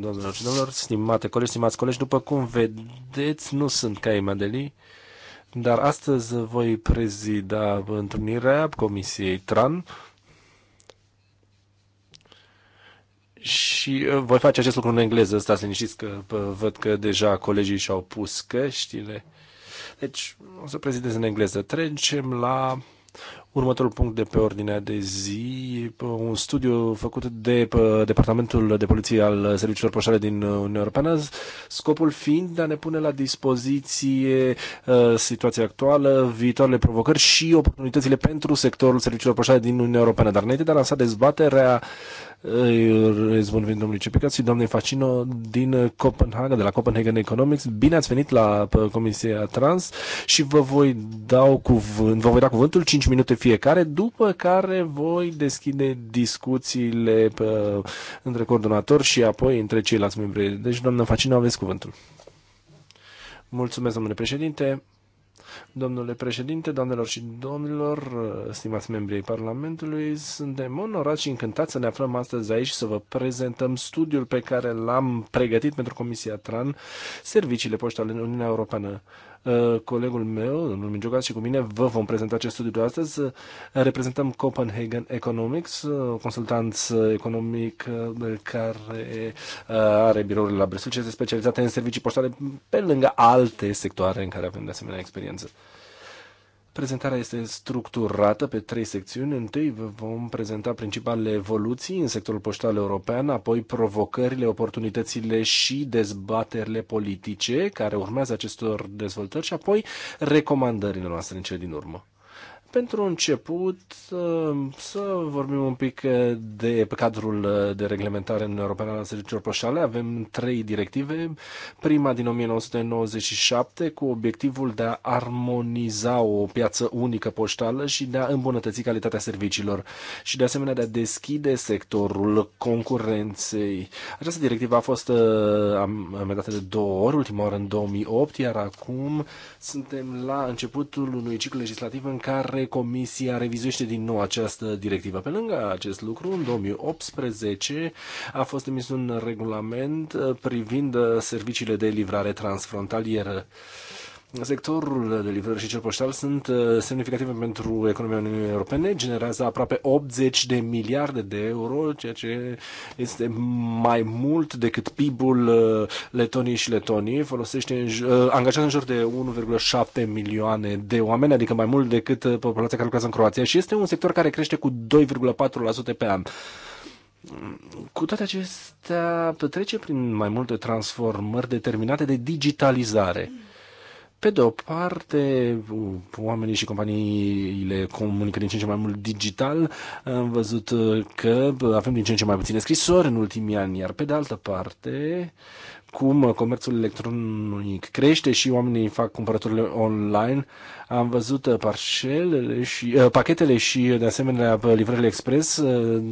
Doamnelor și domnilor, stimate colegi, stimați colegi, după cum vedeți, nu sunt ca Emadeli, dar astăzi voi prezida întâlnirea Comisiei TRAN și uh, voi face acest lucru în engleză, stați liniștiți că uh, văd că deja colegii și-au pus căștile. Deci, o să prezidez în engleză. Trecem la Următorul punct de pe ordinea de zi, un studiu făcut de Departamentul de Poliție al Serviciilor Poștale din Uniunea Europeană, scopul fiind de a ne pune la dispoziție uh, situația actuală, viitoarele provocări și oportunitățile pentru sectorul serviciilor poștale din Uniunea Europeană. Dar înainte de a lansa dezbaterea, îi urez bun venit domnului Cepicat și doamnei Facino din Copenhaga, de la Copenhagen Economics. Bine ați venit la uh, Comisia Trans și vă voi, dau cuvânt, vă voi da cuvântul 5 minute fiecare, după care voi deschide discuțiile pe, uh, între coordonator și apoi între ceilalți membri. Deci, domnul Facino, aveți cuvântul. Mulțumesc, domnule președinte. Domnule președinte, doamnelor și domnilor, stimați membrii Parlamentului, suntem onorați și încântați să ne aflăm astăzi aici să vă prezentăm studiul pe care l-am pregătit pentru Comisia TRAN, Serviciile Poștale în Uniunea Europeană. Uh, colegul meu, domnul Mingiogat și cu mine, vă vom prezenta acest studiu de astăzi. Uh, reprezentăm Copenhagen Economics, uh, consultanți economic care are birourile la Bruxelles ce este specializată în servicii poștale pe lângă alte sectoare în care avem de asemenea experiență. Prezentarea este structurată pe trei secțiuni. Întâi vom prezenta principalele evoluții în sectorul poștal european, apoi provocările, oportunitățile și dezbaterile politice care urmează acestor dezvoltări și apoi recomandările noastre în cele din urmă. Pentru început, uh, să vorbim un pic uh, de pe cadrul uh, de reglementare în Europeană al serviciilor poștale. Avem trei directive. Prima din 1997 cu obiectivul de a armoniza o piață unică poștală și de a îmbunătăți calitatea serviciilor și de asemenea de a deschide sectorul concurenței. Această directivă a fost amendată de două ori, ultima oară în 2008, iar acum suntem la începutul unui ciclu legislativ în care care Comisia revizuiește din nou această directivă. Pe lângă acest lucru, în 2018 a fost emis un regulament uh, privind uh, serviciile de livrare transfrontalieră. Sectorul de livrări și cel poștal sunt uh, semnificative pentru economia Uniunii Europene, generează aproape 80 de miliarde de euro, ceea ce este mai mult decât PIB-ul uh, Letoniei și Letonii. Folosește în, uh, angajează în jur de 1,7 milioane de oameni, adică mai mult decât populația care lucrează în Croația și este un sector care crește cu 2,4% pe an. Cu toate acestea, trece prin mai multe transformări determinate de digitalizare. Pe de o parte, oamenii și companiile comunică din ce în ce mai mult digital. Am văzut că avem din ce în ce mai puține scrisori în ultimii ani, iar pe de altă parte, cum comerțul electronic crește și oamenii fac cumpărăturile online, uh, am văzut uh, parcelele și, uh, pachetele și, de asemenea, livrările expres uh,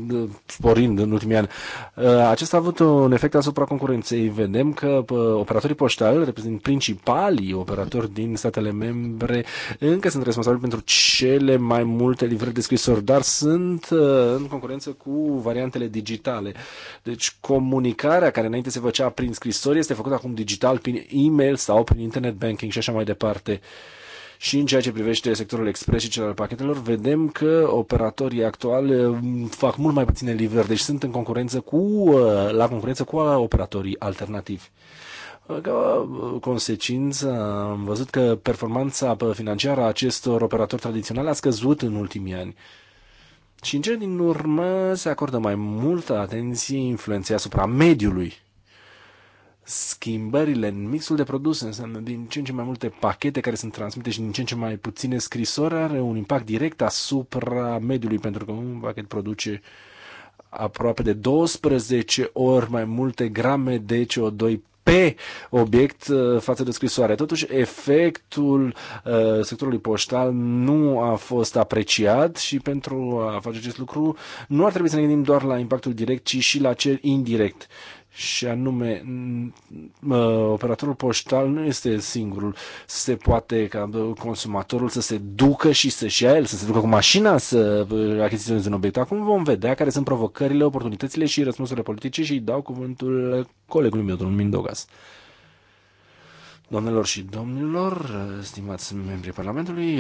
sporind în ultimii ani. Uh, acesta a avut un efect asupra concurenței. Vedem că uh, operatorii poștali, reprezint principalii operatori din statele membre, încă sunt responsabili pentru cele mai multe livrări de scrisori, dar sunt uh, în concurență cu variantele digitale. Deci comunicarea care înainte se făcea prin scrisori este făcută acum digital, prin e-mail sau prin internet banking și așa mai departe. Uh, și în ceea ce privește sectorul expres și cel al pachetelor, vedem că operatorii actuali uh, fac mult mai puține livrări, deci sunt în concurență cu, uh, la concurență cu operatorii alternativi. Uh, ca consecință, am văzut că performanța financiară a acestor operatori tradiționali a scăzut în ultimii ani. Și în cele din urmă se acordă mai multă atenție influenței asupra mediului schimbările în mixul de produse, înseamnă din ce în ce mai multe pachete care sunt transmite și din ce în ce mai puține scrisori, are un impact direct asupra mediului, pentru că un pachet produce aproape de 12 ori mai multe grame de CO2 pe obiect uh, față de scrisoare. Totuși, efectul uh, sectorului poștal nu a fost apreciat și pentru a face acest lucru nu ar trebui să ne gândim doar la impactul direct, ci și la cel indirect și anume operatorul poștal nu este singurul. Se poate ca consumatorul să se ducă și să-și ia el, să se ducă cu mașina să achiziționeze un obiect. Acum vom vedea care sunt provocările, oportunitățile și răspunsurile politice și îi dau cuvântul colegului meu, domnul Mindogas. Doamnelor și domnilor, stimați membrii Parlamentului,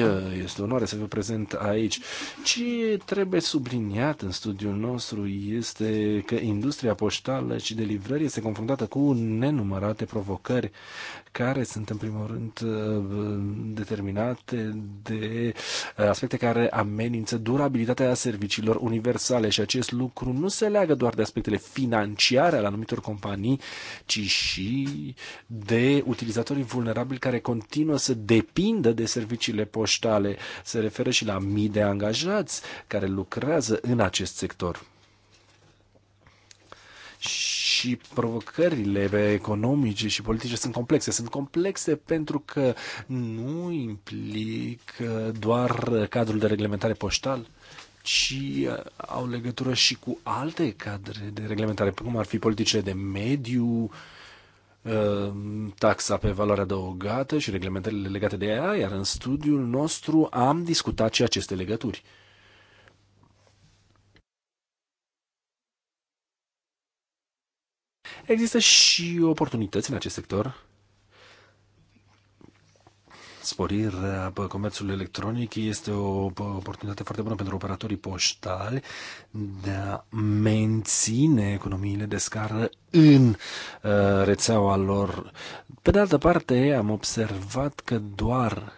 este onoare să vă prezent aici. Ce trebuie subliniat în studiul nostru este că industria poștală și de livrări este confruntată cu nenumărate provocări care sunt în primul rând uh, determinate de uh, aspecte care amenință durabilitatea serviciilor universale și acest lucru nu se leagă doar de aspectele financiare ale anumitor companii, ci și de utilizatorii vulnerabili care continuă să depindă de serviciile poștale. Se referă și la mii de angajați care lucrează în acest sector și provocările economice și politice sunt complexe. Sunt complexe pentru că nu implic doar cadrul de reglementare poștal, ci uh, au legătură și cu alte cadre de reglementare, cum ar fi politicile de mediu, uh, taxa pe valoare adăugată și reglementările legate de ea, iar în studiul nostru am discutat și aceste legături. Există și oportunități în acest sector. Sporirea comerțului electronic este o oportunitate foarte bună pentru operatorii poștali de a menține economiile de scară în uh, rețeaua lor. Pe de altă parte, am observat că doar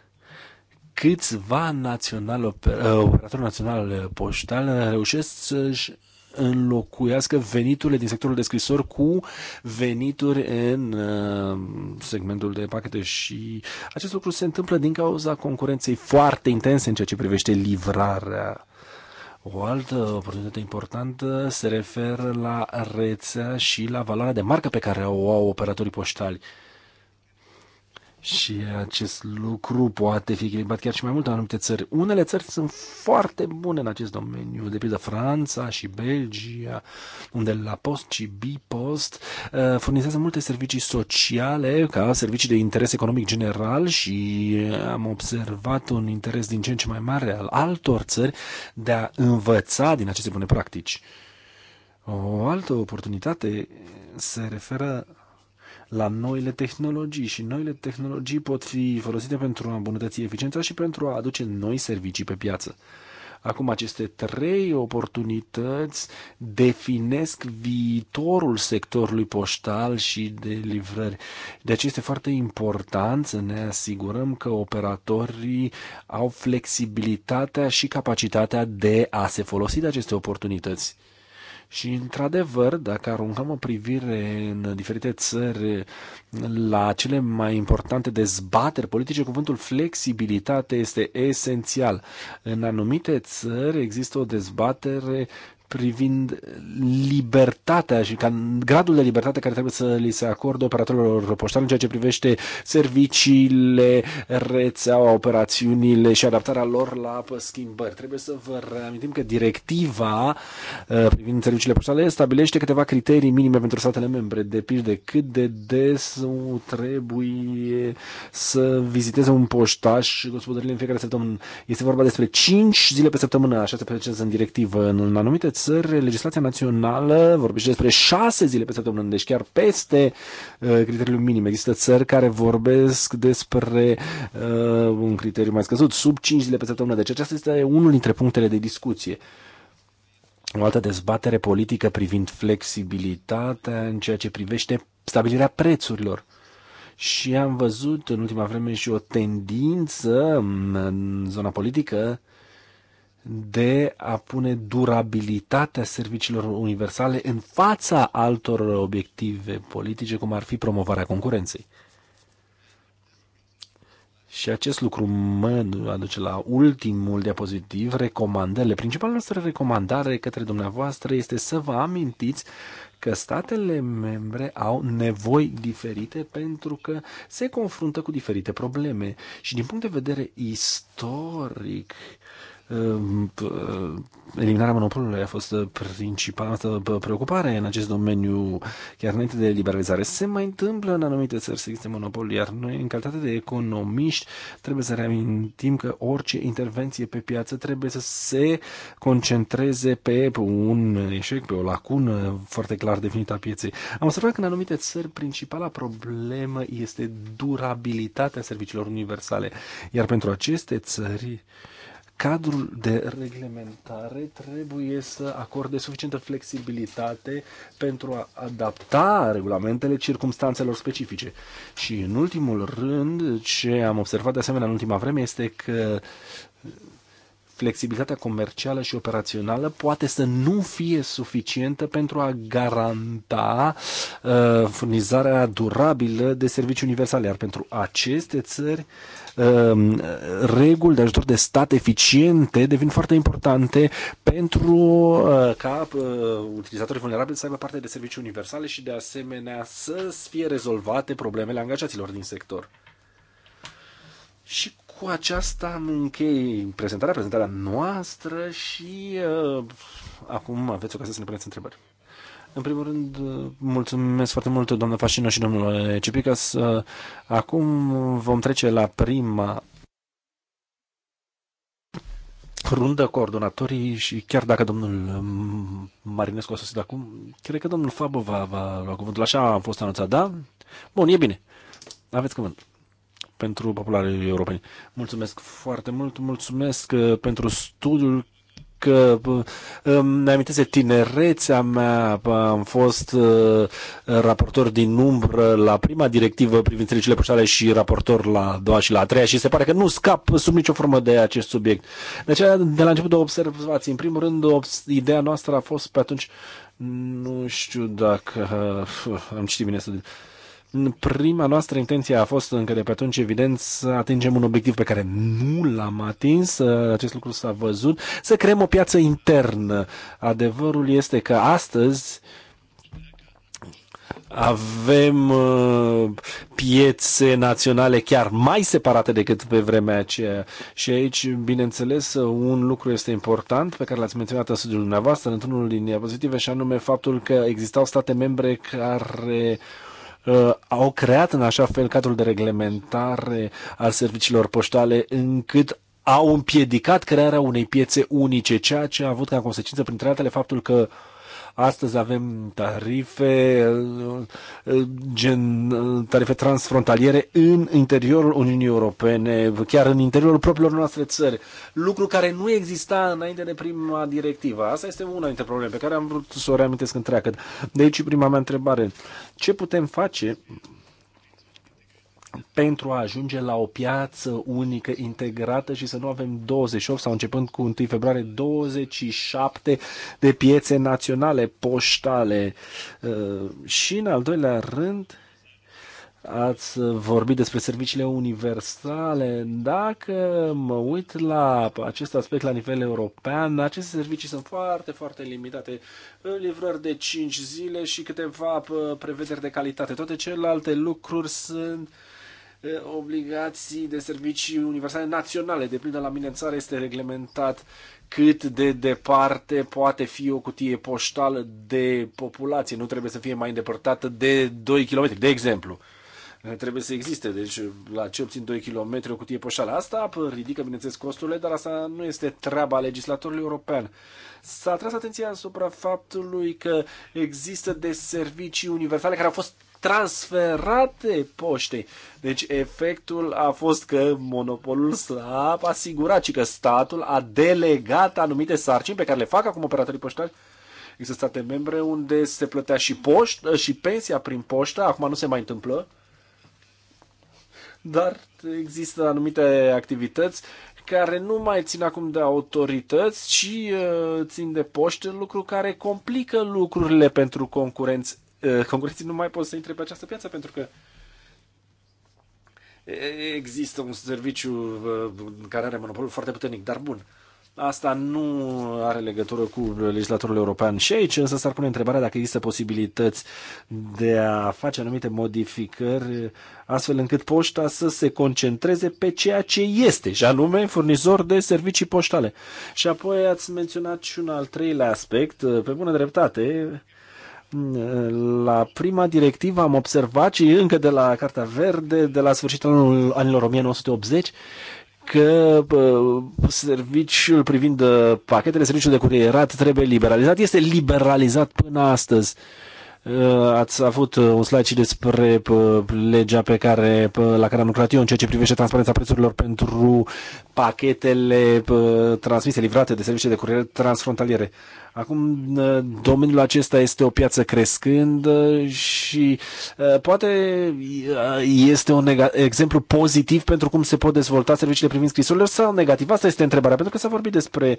câțiva național, uh, operatori național poștali reușesc să-și înlocuiască veniturile din sectorul de scrisori cu venituri în uh, segmentul de pachete și acest lucru se întâmplă din cauza concurenței foarte intense în ceea ce privește livrarea o altă oportunitate importantă se referă la rețea și la valoarea de marcă pe care o au operatorii poștali. Uh, și acest lucru poate fi echilibrat chiar și mai mult în anumite țări. Unele țări sunt foarte bune în acest domeniu, de pildă Franța și Belgia, unde la post și bipost uh, furnizează multe servicii sociale ca servicii de interes economic general și am observat un interes din ce în ce mai mare al altor țări de a învăța din aceste bune practici. O altă oportunitate se referă la noile tehnologii și noile tehnologii pot fi folosite pentru a îmbunătăți eficiența și pentru a aduce noi servicii pe piață. Acum aceste trei oportunități definesc viitorul sectorului poștal și de livrări. Deci este foarte important să ne asigurăm că operatorii au flexibilitatea și capacitatea de a se folosi de aceste oportunități. Și, într-adevăr, dacă aruncăm o privire în diferite țări la cele mai importante dezbateri politice, cuvântul flexibilitate este esențial. În anumite țări există o dezbatere privind libertatea și ca gradul de libertate care trebuie să li se acorde operatorilor poștali în ceea ce privește serviciile, rețeaua, operațiunile și adaptarea lor la schimbări. Trebuie să vă reamintim că directiva uh, privind serviciile poștale stabilește câteva criterii minime pentru statele membre, de pildă cât de des trebuie să viziteze un poștaș gospodările în fiecare săptămână. Este vorba despre 5 zile pe săptămână, așa se precizează în directivă. În anumite țări, legislația națională vorbește despre șase zile pe săptămână, deci chiar peste uh, criteriul minim. Există țări care vorbesc despre uh, un criteriu mai scăzut, sub 5 zile pe săptămână. Deci acesta este unul dintre punctele de discuție. O altă dezbatere politică privind flexibilitatea în ceea ce privește stabilirea prețurilor și am văzut în ultima vreme și o tendință în zona politică de a pune durabilitatea serviciilor universale în fața altor obiective politice, cum ar fi promovarea concurenței. Și acest lucru mă aduce la ultimul diapozitiv, recomandările. Principala noastră recomandare către dumneavoastră este să vă amintiți că statele membre au nevoi diferite pentru că se confruntă cu diferite probleme. Și din punct de vedere istoric, Ehm, eliminarea monopolului a fost principală preocupare în acest domeniu, chiar înainte de liberalizare. Se mai întâmplă în anumite țări să existe monopol, iar noi, în calitate de economiști, trebuie să reamintim că orice intervenție pe piață trebuie să se concentreze pe un eșec, pe o lacună foarte clar definită a pieței. Am observat că în anumite țări principala problemă este durabilitatea serviciilor universale, iar pentru aceste țări, cadrul de reglementare trebuie să acorde suficientă flexibilitate pentru a adapta regulamentele circumstanțelor specifice. Și în ultimul rând, ce am observat de asemenea în ultima vreme este că flexibilitatea comercială și operațională poate să nu fie suficientă pentru a garanta uh, furnizarea durabilă de servicii universale, iar pentru aceste țări Ehm, reguli de ajutor de stat eficiente devin foarte importante pentru eh, ca eh, utilizatorii vulnerabili să aibă parte de servicii universale și de asemenea să fie rezolvate problemele angajaților din sector. Și cu aceasta am închei prezentarea, prezentarea noastră și uh, acum aveți ocazia să ne puneți întrebări. În primul rând, mulțumesc foarte mult, doamnă Fașină și domnule Cipicas. Acum vom trece la prima rundă coordonatorii și chiar dacă domnul Marinescu a sosit acum, cred că domnul Fabo va, va lua cuvântul. Așa am fost anunțat, da? Bun, e bine. Aveți cuvânt pentru popularii europeni. Mulțumesc foarte mult, mulțumesc uh, pentru studiul că îmi amintesc tinerețea mea, am fost uh, raportor din umbră la prima directivă privind serviciile poștale și raportor la a doua și la a treia și se pare că nu scap sub nicio formă de acest subiect. Deci, de la început, o observație. În primul rând, ideea noastră a fost pe atunci, nu știu dacă uh, am citit bine studiul, Prima noastră intenție a fost încă de pe atunci, evident, să atingem un obiectiv pe care nu l-am atins, uh, acest lucru s-a văzut, să creăm o piață internă. Adevărul este că astăzi avem uh, piețe naționale chiar mai separate decât pe vremea aceea. Și aici, bineînțeles, un lucru este important pe care l-ați menționat în studiul dumneavoastră, într-unul din diapozitive, și anume faptul că existau state membre care uh, Uh, au creat în așa fel cadrul de reglementare al serviciilor poștale încât au împiedicat crearea unei piețe unice, ceea ce a avut ca consecință, printre altele, faptul că Astăzi avem tarife, uh, gen, uh, tarife transfrontaliere în interiorul Uniunii Europene, chiar în interiorul propriilor noastre țări, lucru care nu exista înainte de prima directivă. Asta este una dintre probleme pe care am vrut să o reamintesc întreagă. De aici prima mea întrebare. Ce putem face pentru a ajunge la o piață unică integrată și să nu avem 28 sau începând cu 1 februarie 27 de piețe naționale poștale. Uh, și în al doilea rând, ați vorbit despre serviciile universale. Dacă mă uit la acest aspect la nivel european, aceste servicii sunt foarte, foarte limitate. Livrări de 5 zile și câteva uh, prevederi de calitate. Toate celelalte lucruri sunt uh, obligații de servicii universale naționale. De plină la mine în țară este reglementat cât de departe poate fi o cutie poștală de populație. Nu trebuie să fie mai îndepărtată de 2 km, de exemplu. Trebuie să existe, deci la ce obțin 2 km o cutie poștală. Asta ridică, bineînțeles, costurile, dar asta nu este treaba legislatorului european. S-a atras atenția asupra faptului că există de servicii universale care au fost transferate poștei. Deci efectul a fost că monopolul slab a asigurat și că statul a delegat anumite sarcini pe care le fac acum operatorii poștali Există state membre unde se plătea și poștă, și pensia prin poștă, acum nu se mai întâmplă, dar există anumite activități care nu mai țin acum de autorități, ci uh, țin de poște, lucru care complică lucrurile pentru concurenți Eh, concurenții nu mai pot să intre pe această piață pentru că există un serviciu eh, care are monopolul foarte puternic, dar bun. Asta nu are legătură cu legislatorul european și aici însă s-ar pune întrebarea dacă există posibilități de a face anumite modificări astfel încât poșta să se concentreze pe ceea ce este și anume furnizor de servicii poștale. Și apoi ați menționat și un al treilea aspect, eh, pe bună dreptate, la prima directivă am observat și încă de la Carta Verde, de la sfârșitul anilor 1980, că serviciul privind pachetele, serviciul de curierat trebuie liberalizat. Este liberalizat până astăzi. Ați avut un slide și despre legea pe care, la care am lucrat eu în ceea ce privește transparența prețurilor pentru pachetele transmise, livrate de servicii de curierat transfrontaliere. Acum uh, domeniul acesta este o piață crescând și uh, poate uh, este un exemplu pozitiv pentru cum se pot dezvolta serviciile privind scrisurile sau negativ? Asta este întrebarea, pentru că s-a vorbit despre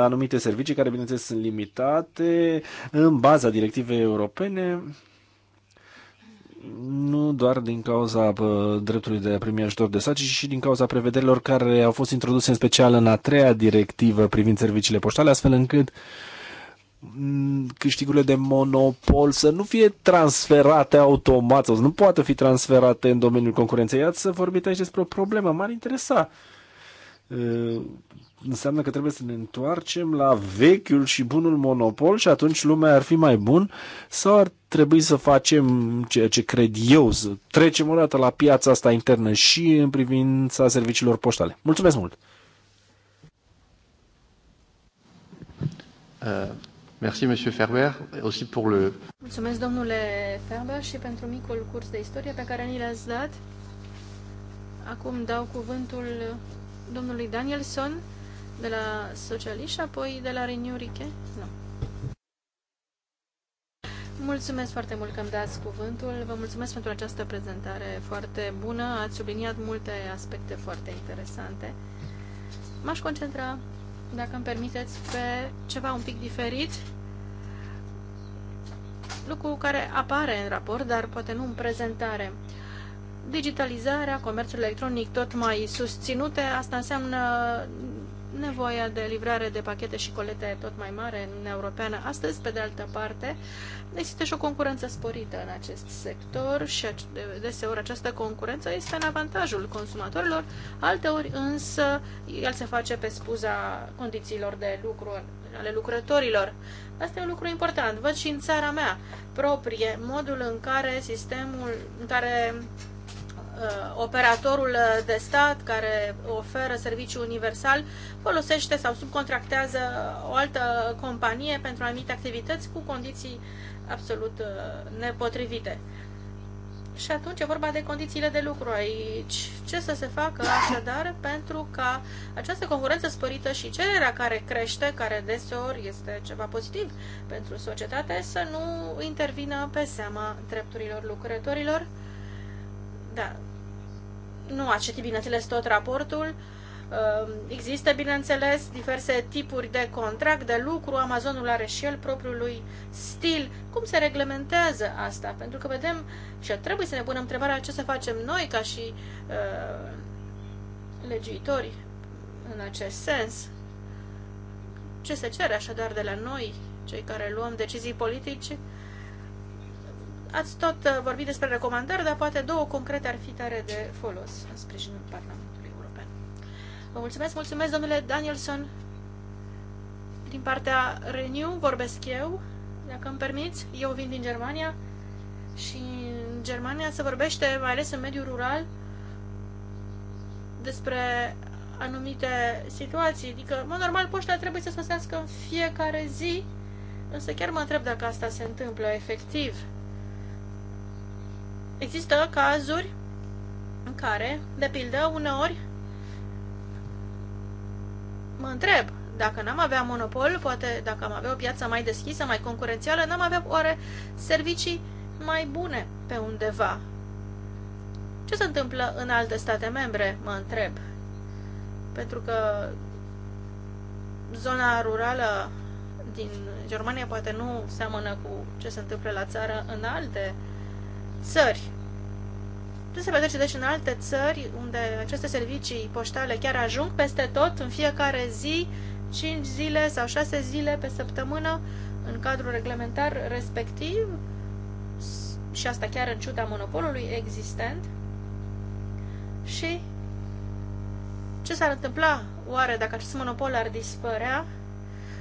anumite servicii care, bineînțeles, sunt limitate în baza directivei europene nu doar din cauza dreptului de a primi ajutor de saci, ci și din cauza prevederilor care au fost introduse în special în a treia directivă privind serviciile poștale, astfel încât uh, Mm, câștigurile de monopol să nu fie transferate automat sau să nu poată fi transferate în domeniul concurenței. Ați vorbit aici despre o problemă, m-ar interesa. Uh, înseamnă că trebuie să ne întoarcem la vechiul și bunul monopol și atunci lumea ar fi mai bun sau ar trebui să facem ceea ce cred eu, să trecem o dată la piața asta internă și în privința serviciilor poștale. Mulțumesc mult! Uh, Merci, Ferber, aussi pour le... Mulțumesc, domnule Ferber, și pentru micul curs de istorie pe care ni l-ați dat. Acum dau cuvântul domnului Danielson de la Socialiști și apoi de la Reniuriche. Nu. Mulțumesc foarte mult că îmi dați cuvântul. Vă mulțumesc pentru această prezentare foarte bună. Ați subliniat multe aspecte foarte interesante. M-aș concentra dacă îmi permiteți, pe ceva un pic diferit, lucru care apare în raport, dar poate nu în prezentare. Digitalizarea, comerțul electronic tot mai susținute, asta înseamnă nevoia de livrare de pachete și colete tot mai mare în Uniunea Europeană astăzi, pe de altă parte, există și o concurență sporită în acest sector și deseori această concurență este în avantajul consumatorilor, alteori însă el se face pe spuza condițiilor de lucru ale lucrătorilor. Asta e un lucru important. Văd și în țara mea proprie modul în care sistemul, în care Uh, operatorul uh, de stat care oferă serviciu universal folosește sau subcontractează o altă companie pentru anumite activități cu condiții absolut uh, nepotrivite. Și atunci e vorba de condițiile de lucru aici. Ce să se facă așadar pentru ca această concurență sporită și cererea care crește, care deseori este ceva pozitiv pentru societate, să nu intervină pe seama drepturilor lucrătorilor? Da, nu a citit, bineînțeles, tot raportul. Ehm, există, bineînțeles, diverse tipuri de contract de lucru. Amazonul are și el propriul lui stil. Cum se reglementează asta? Pentru că vedem și trebuie să ne punem întrebarea ce să facem noi ca și uh, legiuitori în acest sens. Ce se cere așadar de la noi, cei care luăm decizii politice? Ați tot uh, vorbit despre recomandări, dar poate două concrete ar fi tare de folos în sprijinul Parlamentului European. Vă mulțumesc, mulțumesc, domnule Danielson. Din partea Renew vorbesc eu, dacă îmi permiți. Eu vin din Germania și în Germania se vorbește, mai ales în mediul rural, despre anumite situații. Adică, mă, normal, poșta trebuie să se în fiecare zi, însă chiar mă întreb dacă asta se întâmplă efectiv. Există cazuri în care, de pildă, uneori mă întreb dacă n-am avea monopol, poate dacă am avea o piață mai deschisă, mai concurențială, n-am avea oare servicii mai bune pe undeva. Ce se întâmplă în alte state membre, mă întreb. Pentru că zona rurală din Germania poate nu seamănă cu ce se întâmplă la țară în alte uh, țări. Nu se petrece deci în alte țări unde aceste servicii poștale chiar ajung peste tot în fiecare zi, 5 zile sau 6 zile pe săptămână în cadrul reglementar respectiv și asta chiar în ciuda monopolului existent. Și ce s-ar întâmpla oare dacă acest monopol ar dispărea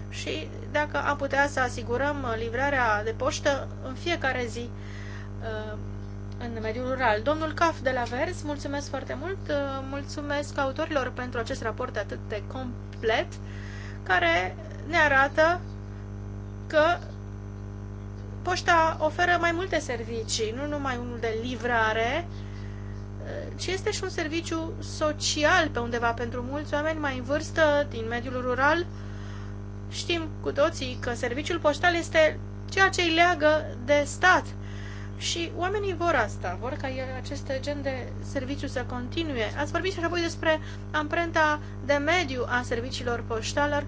și dacă am putea să asigurăm livrarea de poștă în fiecare zi uh, în mediul rural. Domnul Caf de la Vers, mulțumesc foarte mult, uh, mulțumesc autorilor pentru acest raport atât de complet, care ne arată că poșta oferă mai multe servicii, nu numai unul de livrare, uh, ci este și un serviciu social pe undeva pentru mulți oameni mai în vârstă din mediul rural. Știm cu toții că serviciul poștal este ceea ce îi leagă de stat și oamenii vor asta, vor ca acest gen de serviciu să continue. Ați vorbit și apoi despre amprenta de mediu a serviciilor poștalor.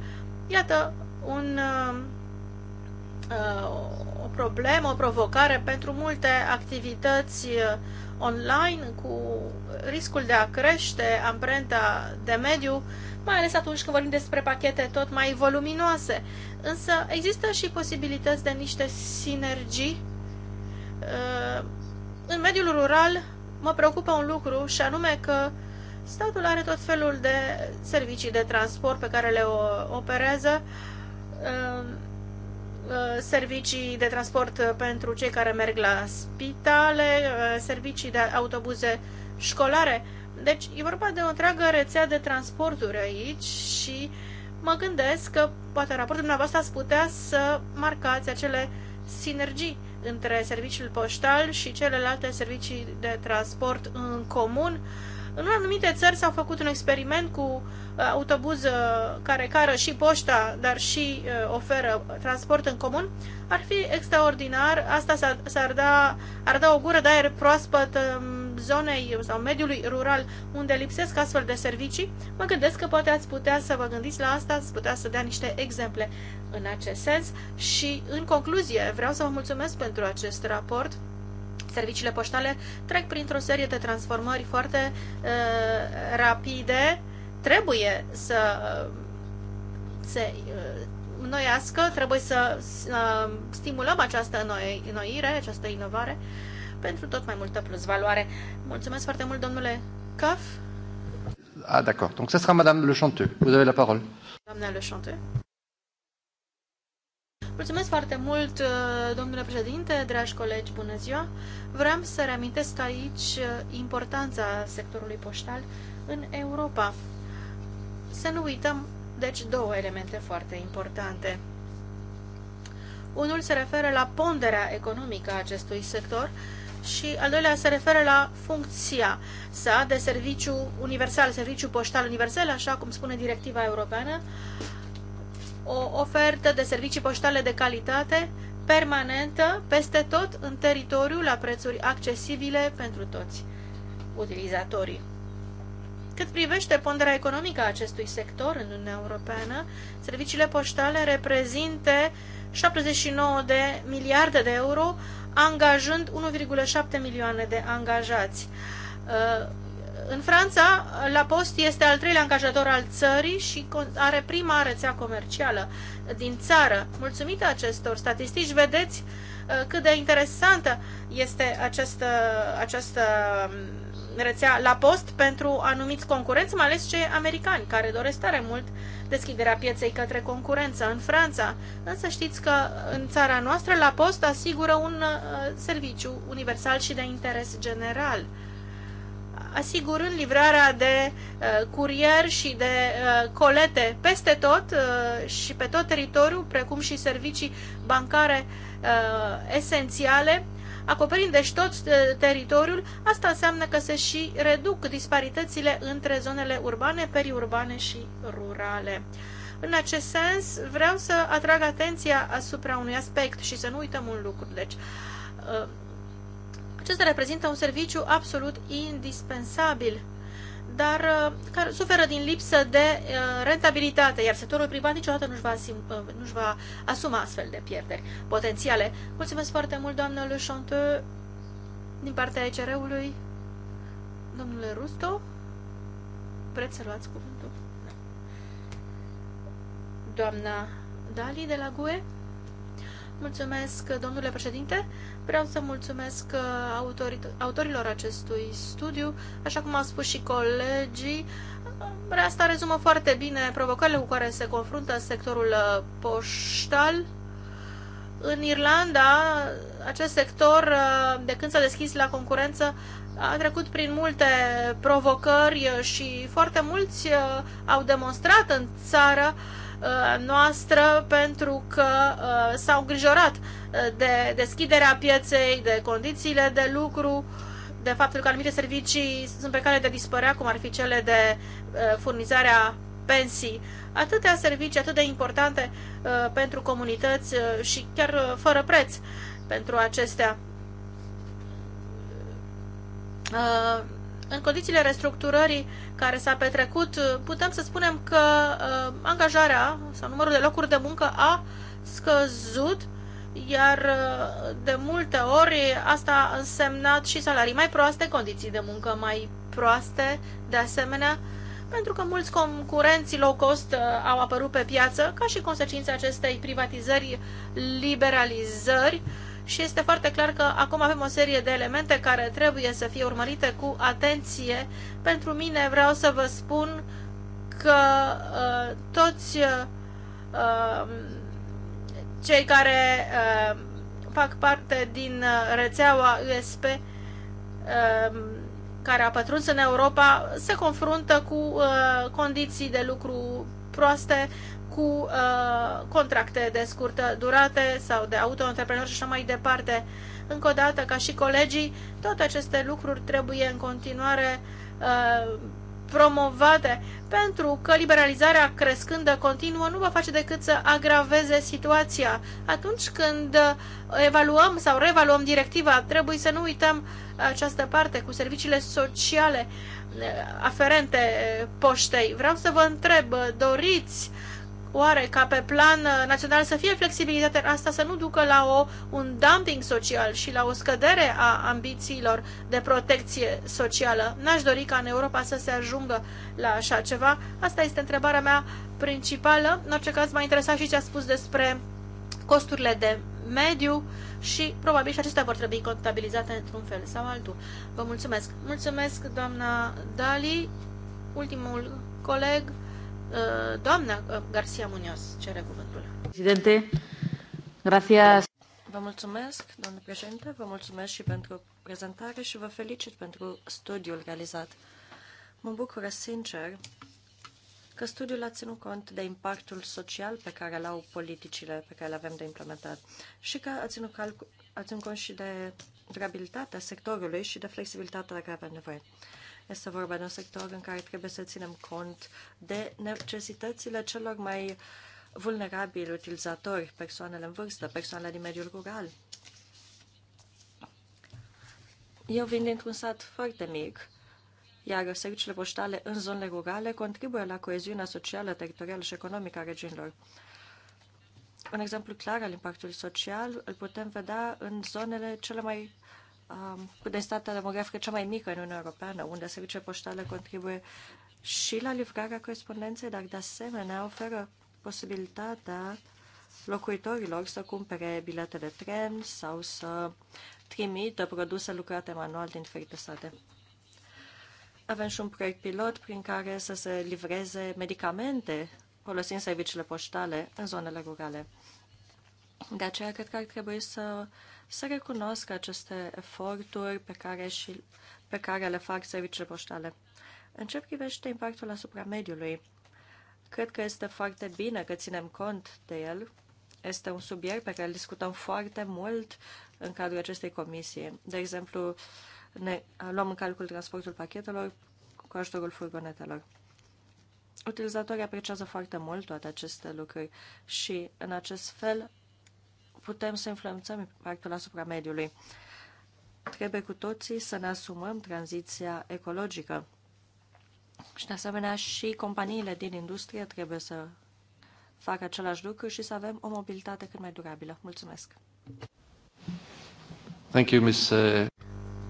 Iată un, uh, uh o problemă, o provocare pentru multe activități uh, online cu riscul de a crește amprenta de mediu, mai ales atunci când vorbim despre pachete tot mai voluminoase. Însă există și posibilități de niște sinergii în mediul rural mă preocupă un lucru și anume că statul are tot felul de servicii de transport pe care le operează, ehm, ehm, servicii de transport pentru cei care merg la spitale, ehm, servicii de autobuze școlare. Deci e vorba de o întreagă rețea de transporturi aici și mă gândesc că poate raportul dumneavoastră ați putea să marcați acele sinergii între serviciul poștal și celelalte servicii de transport în comun. În anumite țări s-a făcut un experiment cu uh, autobuz uh, care cară și poșta, dar și uh, oferă transport în comun. Ar fi extraordinar, asta s-ar da, ar da o gură de aer proaspăt um, zonei sau mediului rural unde lipsesc astfel de servicii, mă gândesc că poate ați putea să vă gândiți la asta, ați putea să dea niște exemple în acest sens și în concluzie vreau să vă mulțumesc pentru acest raport. Serviciile poștale trec printr-o serie de transformări foarte uh, rapide. Trebuie să uh, se uh, înnoiască, trebuie să uh, stimulăm această înnoire, această inovare. Uh, pentru tot mai multă plusvaloare. Mulțumesc foarte mult, domnule Caf. Ah, d'accord. Donc, ce sera Madame Le Chanteux. Vous avez la parole. Doamna Le Chanteux. Mulțumesc foarte mult, uh, domnule președinte, dragi colegi, bună ziua! Vreau să reamintesc aici uh, importanța sectorului poștal în Europa. Să nu uităm, deci, două elemente foarte importante. Unul se referă la ponderea economică a acestui sector și al doilea se referă la funcția sa de serviciu universal, serviciu poștal universal, așa cum spune directiva europeană, o ofertă de servicii poștale de calitate permanentă peste tot în teritoriu la prețuri accesibile pentru toți utilizatorii. Cât privește ponderea economică a acestui sector în Uniunea Europeană, serviciile poștale reprezintă 79 de miliarde de euro angajând 1,7 milioane de angajați. Uh, în Franța, La Post este al treilea angajator al țării și are prima rețea comercială din țară. Mulțumită acestor statistici, vedeți uh, cât de interesantă este această, această um, rețea la post pentru anumiți concurenți, mai ales cei americani, care doresc tare mult deschiderea pieței către concurență în Franța. Însă știți că în țara noastră la post asigură un uh, serviciu universal și de interes general asigurând livrarea de uh, curier și de uh, colete peste tot uh, și pe tot teritoriul, precum și servicii bancare uh, esențiale acoperind deci tot ă, teritoriul, asta înseamnă că se și reduc disparitățile între zonele urbane, periurbane și rurale. În acest sens, vreau să atrag atenția asupra unui aspect și să nu uităm un lucru. Deci, ă, acesta reprezintă un serviciu absolut indispensabil dar uh, care suferă din lipsă de uh, rentabilitate, iar sectorul privat niciodată nu-și va, uh, nu va asuma astfel de pierderi potențiale. Mulțumesc foarte mult, doamnă Le Chanteux, din partea ECR-ului. Domnule Rusto, vreți să luați cuvântul? Doamna Dali de la GUE. Mulțumesc, domnule președinte. Vreau să mulțumesc uh, autorilor acestui studiu, așa cum au spus și colegii. Uh, asta rezumă foarte bine provocările cu care se confruntă sectorul uh, poștal. În Irlanda, acest sector, de când s-a deschis la concurență, a trecut prin multe provocări și foarte mulți au demonstrat în țară uh, Uh, noastră pentru că uh, s-au îngrijorat uh, de deschiderea pieței, de condițiile de lucru, de faptul că anumite servicii sunt pe care de dispărea, cum ar fi cele de furnizarea pensii. Atâtea servicii atât de importante pentru comunități și chiar fără preț pentru acestea în condițiile restructurării care s-a petrecut, putem să spunem că uh, angajarea sau numărul de locuri de muncă a scăzut, iar uh, de multe ori asta a însemnat și salarii mai proaste, condiții de muncă mai proaste, de asemenea, pentru că mulți concurenții low cost uh, au apărut pe piață ca și consecința acestei privatizări, liberalizări, uh, și este foarte clar că acum avem o serie de elemente care trebuie să fie urmărite cu atenție. Pentru mine vreau să vă spun că uh, toți uh, um, cei care uh, fac parte din uh, rețeaua USP uh, um, care a pătruns în Europa se confruntă cu uh, condiții de lucru proaste, cu uh, contracte de scurtă durate sau de auto-antreprenori și așa mai departe. Încă o dată, ca și colegii, toate aceste lucruri trebuie în continuare uh, promovate, pentru că liberalizarea crescândă continuă nu va face decât să agraveze situația. Atunci când uh, evaluăm sau revaluăm directiva, trebuie să nu uităm această parte cu serviciile sociale uh, aferente uh, poștei. Vreau să vă întreb, doriți Oare ca pe plan uh, național să fie flexibilitatea asta să nu ducă la o, un dumping social și la o scădere a ambițiilor de protecție socială? N-aș dori ca în Europa să se ajungă la așa ceva. Asta este întrebarea mea principală. În orice caz m-a interesat și ce a spus despre costurile de mediu și probabil și acestea vor trebui contabilizate într-un fel sau altul. Vă mulțumesc! Mulțumesc, doamna Dali, ultimul coleg Uh, doamna uh, Garcia Munoz cere cuvântul. Presidente, gracias. Vă mulțumesc, domnule președinte, vă mulțumesc și pentru prezentare și vă felicit pentru studiul realizat. Mă bucură sincer că studiul a ținut cont de impactul social pe care îl au politicile pe care le avem de implementat și că a ținut, calc- a ținut cont și de durabilitatea sectorului și de flexibilitatea de care avem nevoie. Este vorba de un sector în care trebuie să ținem cont de necesitățile celor mai vulnerabili utilizatori, persoanele în vârstă, persoanele din mediul rural. Eu vin dintr-un sat foarte mic, iar serviciile poștale în zonele rurale contribuie la coeziunea socială, teritorială și economică a regiunilor. Un exemplu clar al impactului social îl putem vedea în zonele cele mai Um, de stată demografică cea mai mică în Uniunea Europeană, unde serviciile poștale contribuie și la livrarea corespondenței, dar de asemenea oferă posibilitatea locuitorilor să cumpere bilete de tren sau să trimită produse lucrate manual din diferite state. Avem și un proiect pilot prin care să se livreze medicamente folosind serviciile poștale în zonele rurale. De aceea, cred că ar trebui să să recunoască aceste eforturi pe care, și, pe care le fac serviciile poștale. În ce privește impactul asupra mediului, cred că este foarte bine că ținem cont de el. Este un subiect pe care îl discutăm foarte mult în cadrul acestei comisii. De exemplu, ne luăm în calcul transportul pachetelor cu ajutorul furgonetelor. Utilizatorii apreciază foarte mult toate aceste lucruri și, în acest fel, putem să influențăm impactul asupra mediului. Trebuie cu toții să ne asumăm tranziția ecologică. Și, de asemenea, și companiile din industrie trebuie să facă același lucru și să avem o mobilitate cât mai durabilă. Mulțumesc! Thank you, Ms. Uh,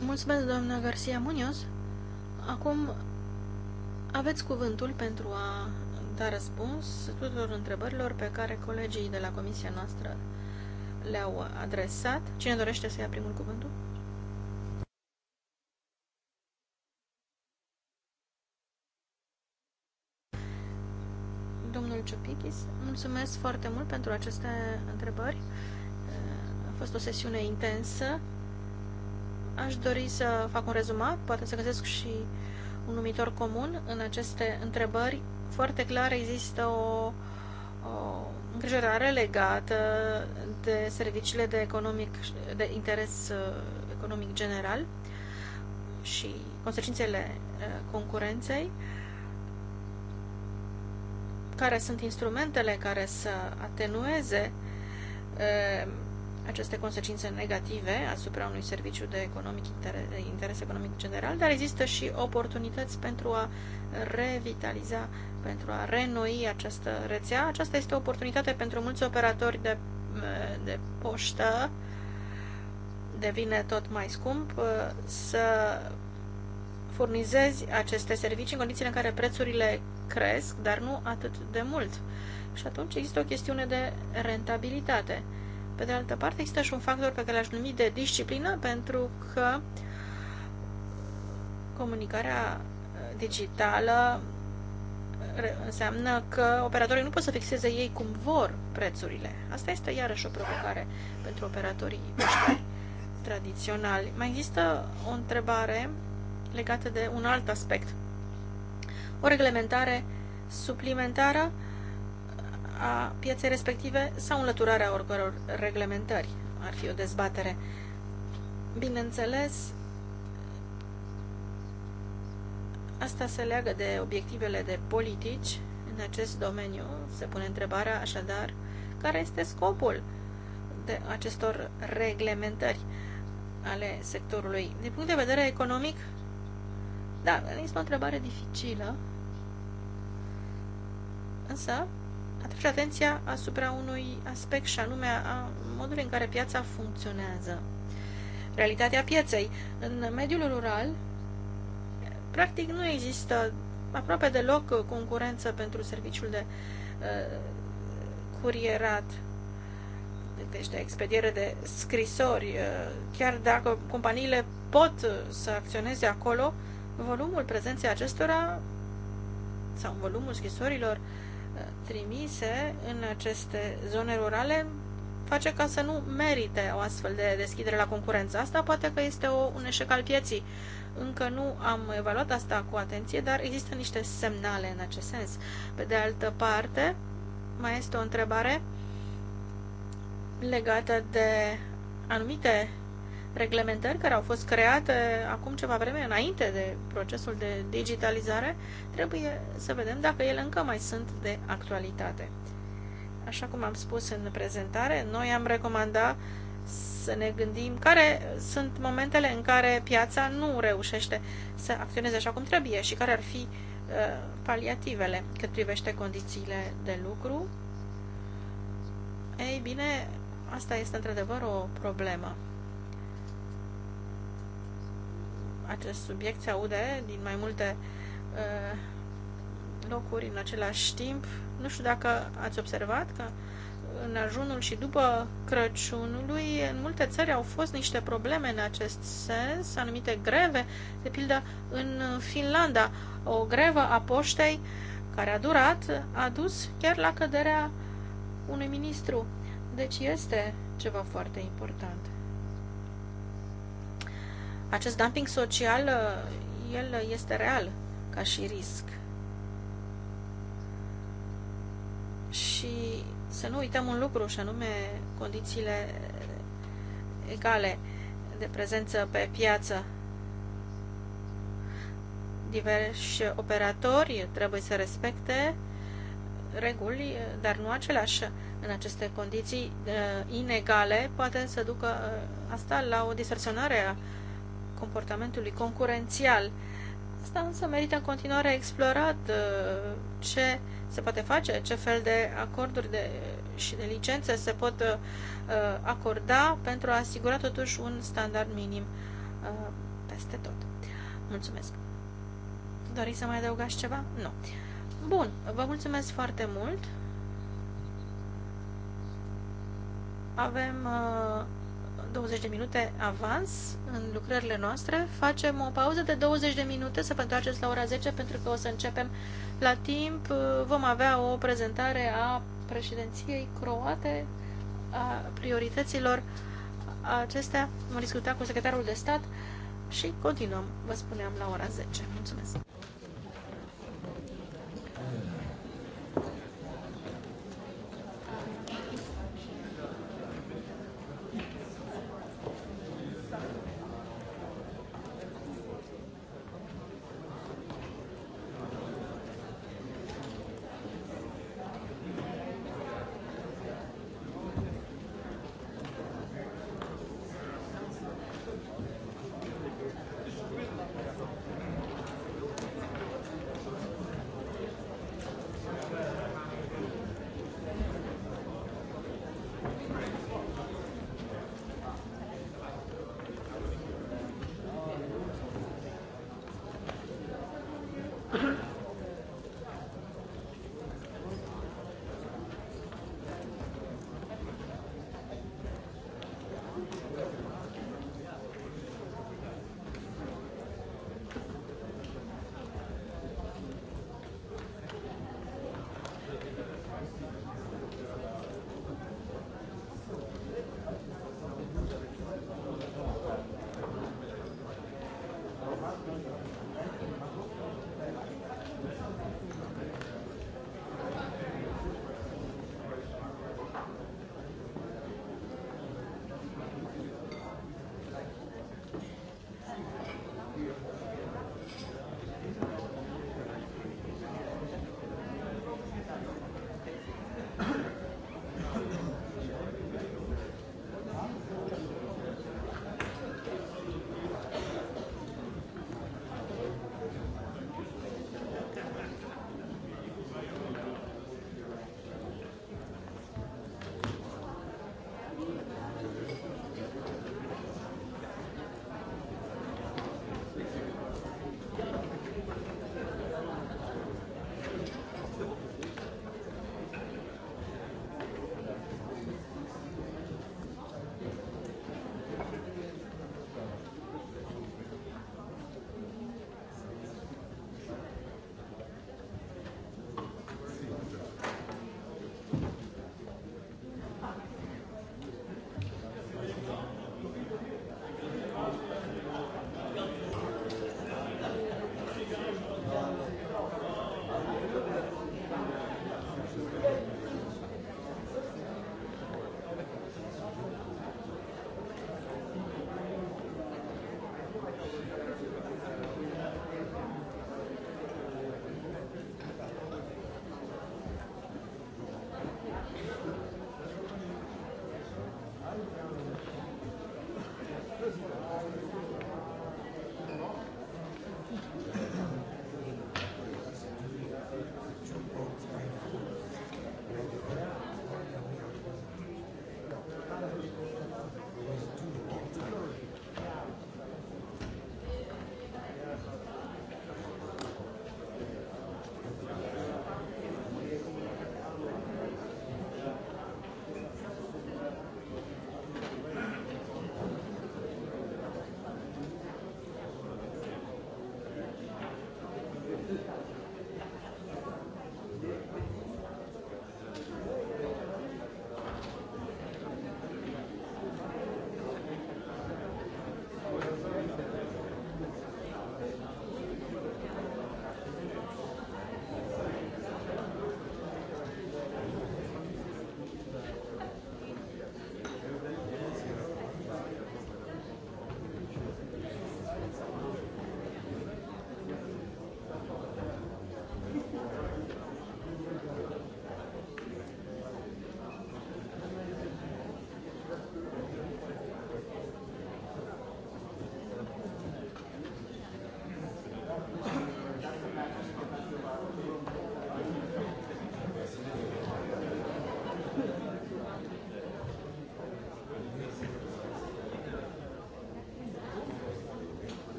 Mulțumesc, doamna Garcia Munoz. Acum aveți cuvântul pentru a da răspuns tuturor întrebărilor pe care colegii de la comisia noastră le-au adresat. Cine dorește să ia primul cuvântul? Domnul Ciopichis, mulțumesc foarte mult pentru aceste întrebări. A fost o sesiune intensă. Aș dori să fac un rezumat, poate să găsesc și un numitor comun în aceste întrebări. Foarte clar există o, o îngrijorare legată de serviciile de, economic, de interes uh, economic general și consecințele uh, concurenței, care sunt instrumentele care să atenueze uh, aceste consecințe negative asupra unui serviciu de economic interes, interes economic general, dar există și oportunități pentru a revitaliza pentru a renoi această rețea. Aceasta este o oportunitate pentru mulți operatori de, de poștă, devine tot mai scump, uh, să furnizezi aceste servicii în condițiile în care prețurile cresc, dar nu atât de mult. Și atunci există o chestiune de rentabilitate. Pe de altă parte, există și un factor pe care l-aș numi de disciplină, pentru că comunicarea uh, digitală înseamnă că operatorii nu pot să fixeze ei cum vor prețurile. Asta este iarăși o provocare pentru operatorii tradiționali. Mai există o întrebare legată de un alt aspect. O reglementare suplimentară a pieței respective sau înlăturarea oricăror reglementări ar fi o dezbatere. Bineînțeles, Asta se leagă de obiectivele de politici în acest domeniu. Se pune întrebarea așadar care este scopul de acestor reglementări ale sectorului. Din punct de vedere economic, da, este o întrebare dificilă, însă atrage atenția asupra unui aspect și anume a modului în care piața funcționează. Realitatea pieței. În mediul rural, Practic nu există aproape deloc uh, concurență pentru serviciul de uh, curierat, deci de expediere de scrisori. Uh, chiar dacă companiile pot uh, să acționeze acolo, volumul prezenței acestora sau volumul scrisorilor uh, trimise în aceste zone rurale face ca să nu merite o astfel de deschidere la concurență. Asta poate că este o, un eșec al pieții. Încă nu am evaluat asta cu atenție, dar există niște semnale în acest sens. Pe de altă parte, mai este o întrebare legată de anumite reglementări care au fost create acum ceva vreme înainte de procesul de digitalizare, trebuie să vedem dacă ele încă mai sunt de actualitate. Așa cum am spus în prezentare, noi am recomandat să ne gândim care sunt momentele în care piața nu reușește să acționeze așa cum trebuie și care ar fi uh, paliativele cât privește condițiile de lucru. Ei bine, asta este într-adevăr o problemă. Acest subiect se aude din mai multe uh, locuri în același timp. Nu știu dacă ați observat că în ajunul și după Crăciunului, în multe țări au fost niște probleme în acest sens, anumite greve, de pildă în Finlanda. O grevă a poștei care a durat a dus chiar la căderea unui ministru. Deci este ceva foarte important. Acest dumping social, el este real ca și risc. Și să nu uităm un lucru, și anume condițiile egale de prezență pe piață. Diversi operatori trebuie să respecte reguli, dar nu aceleași în aceste condiții uh, inegale, poate să ducă uh, asta la o distorsionare a comportamentului concurențial Asta însă merită în continuare explorat uh, ce se poate face, ce fel de acorduri de, și de licențe se pot uh, uh, acorda pentru a asigura totuși un standard minim peste tot. Mulțumesc! Doriți să mai adăugați ceva? Nu. Bun, vă mulțumesc foarte mult. Avem uh, 20 de minute avans în lucrările noastre. Facem o pauză de 20 de minute să vă întoarceți la ora 10 pentru că o să începem la timp. Vom avea o prezentare a președinției croate, a priorităților acestea. Vom discuta cu secretarul de stat și continuăm, vă spuneam, la ora 10. Mulțumesc!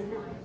Thank you.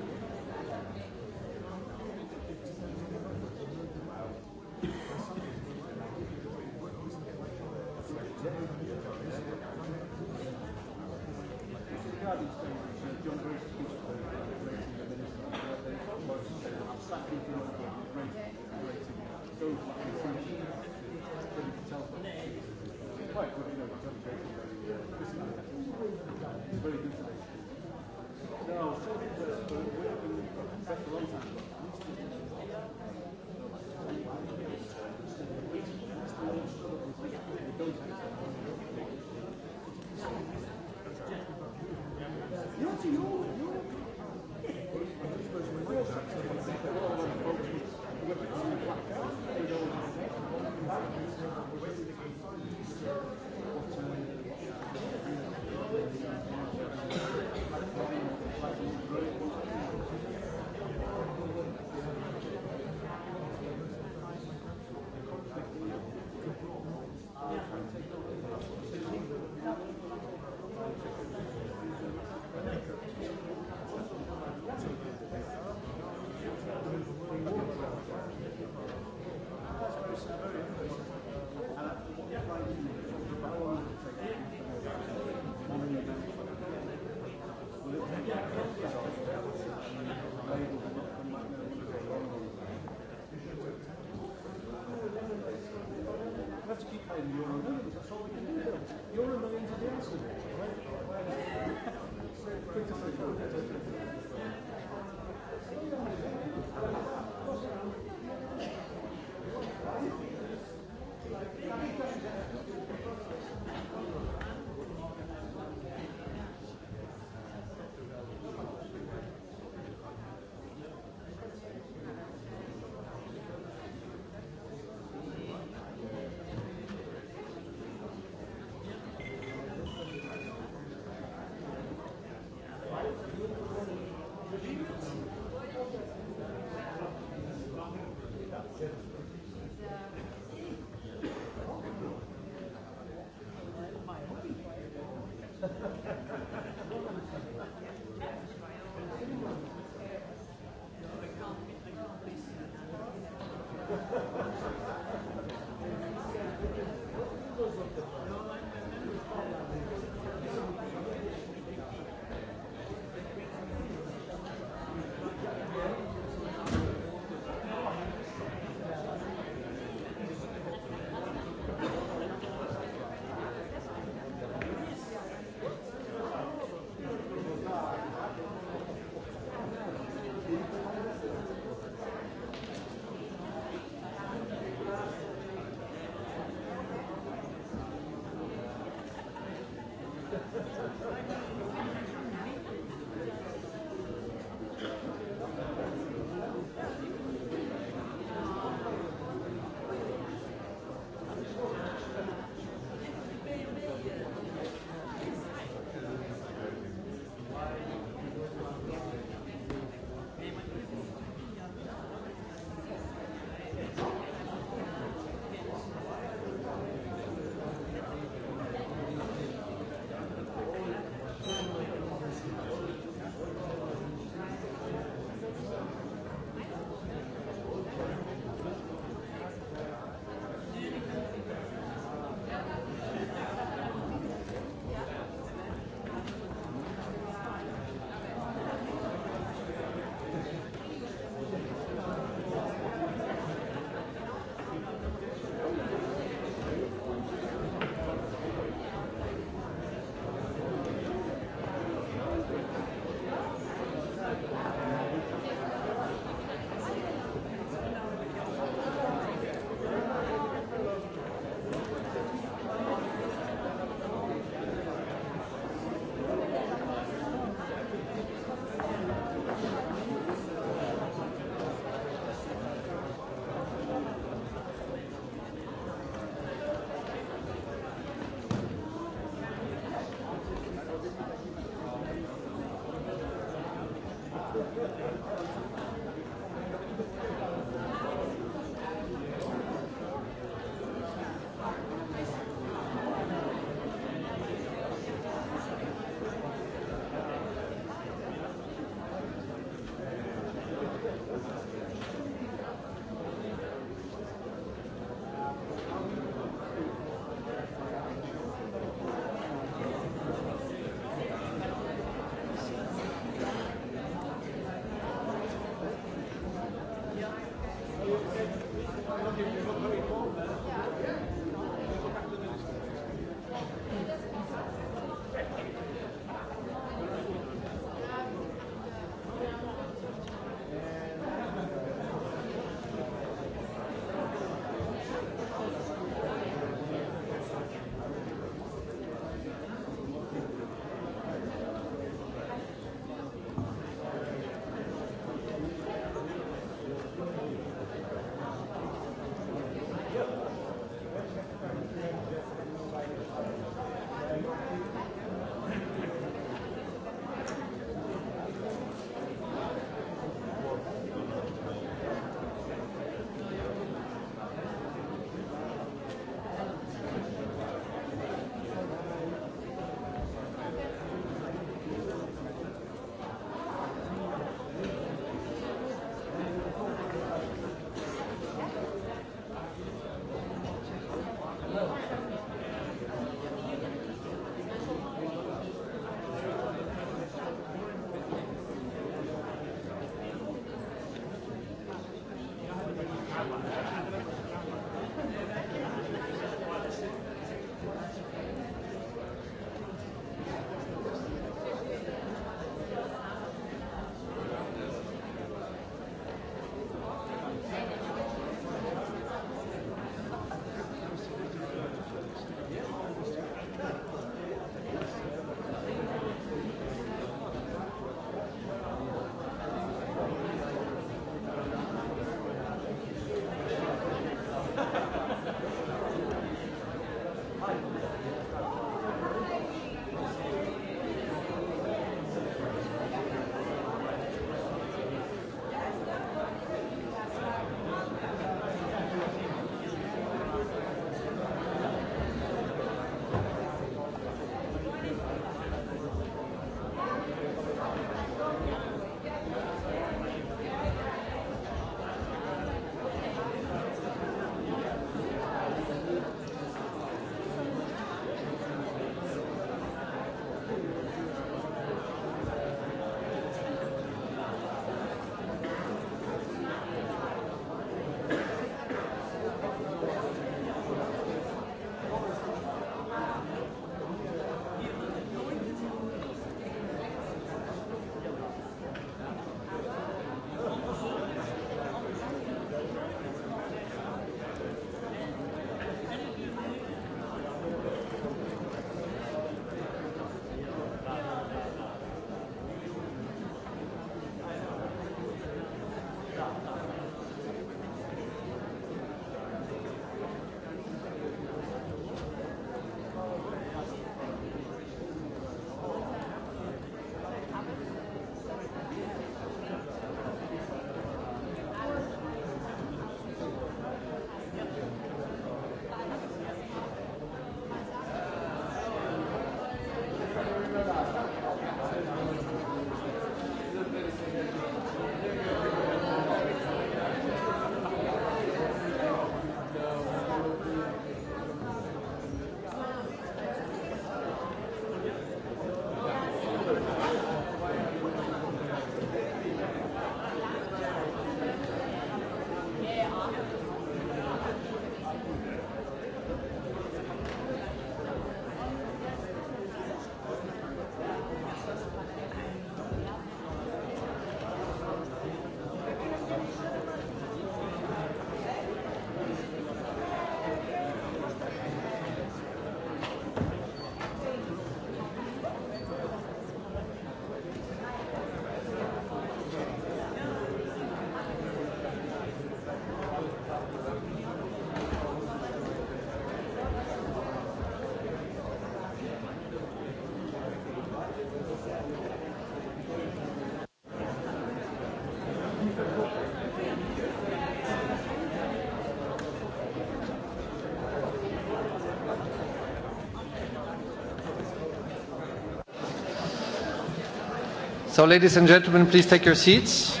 So, ladies and gentlemen, please take your seats.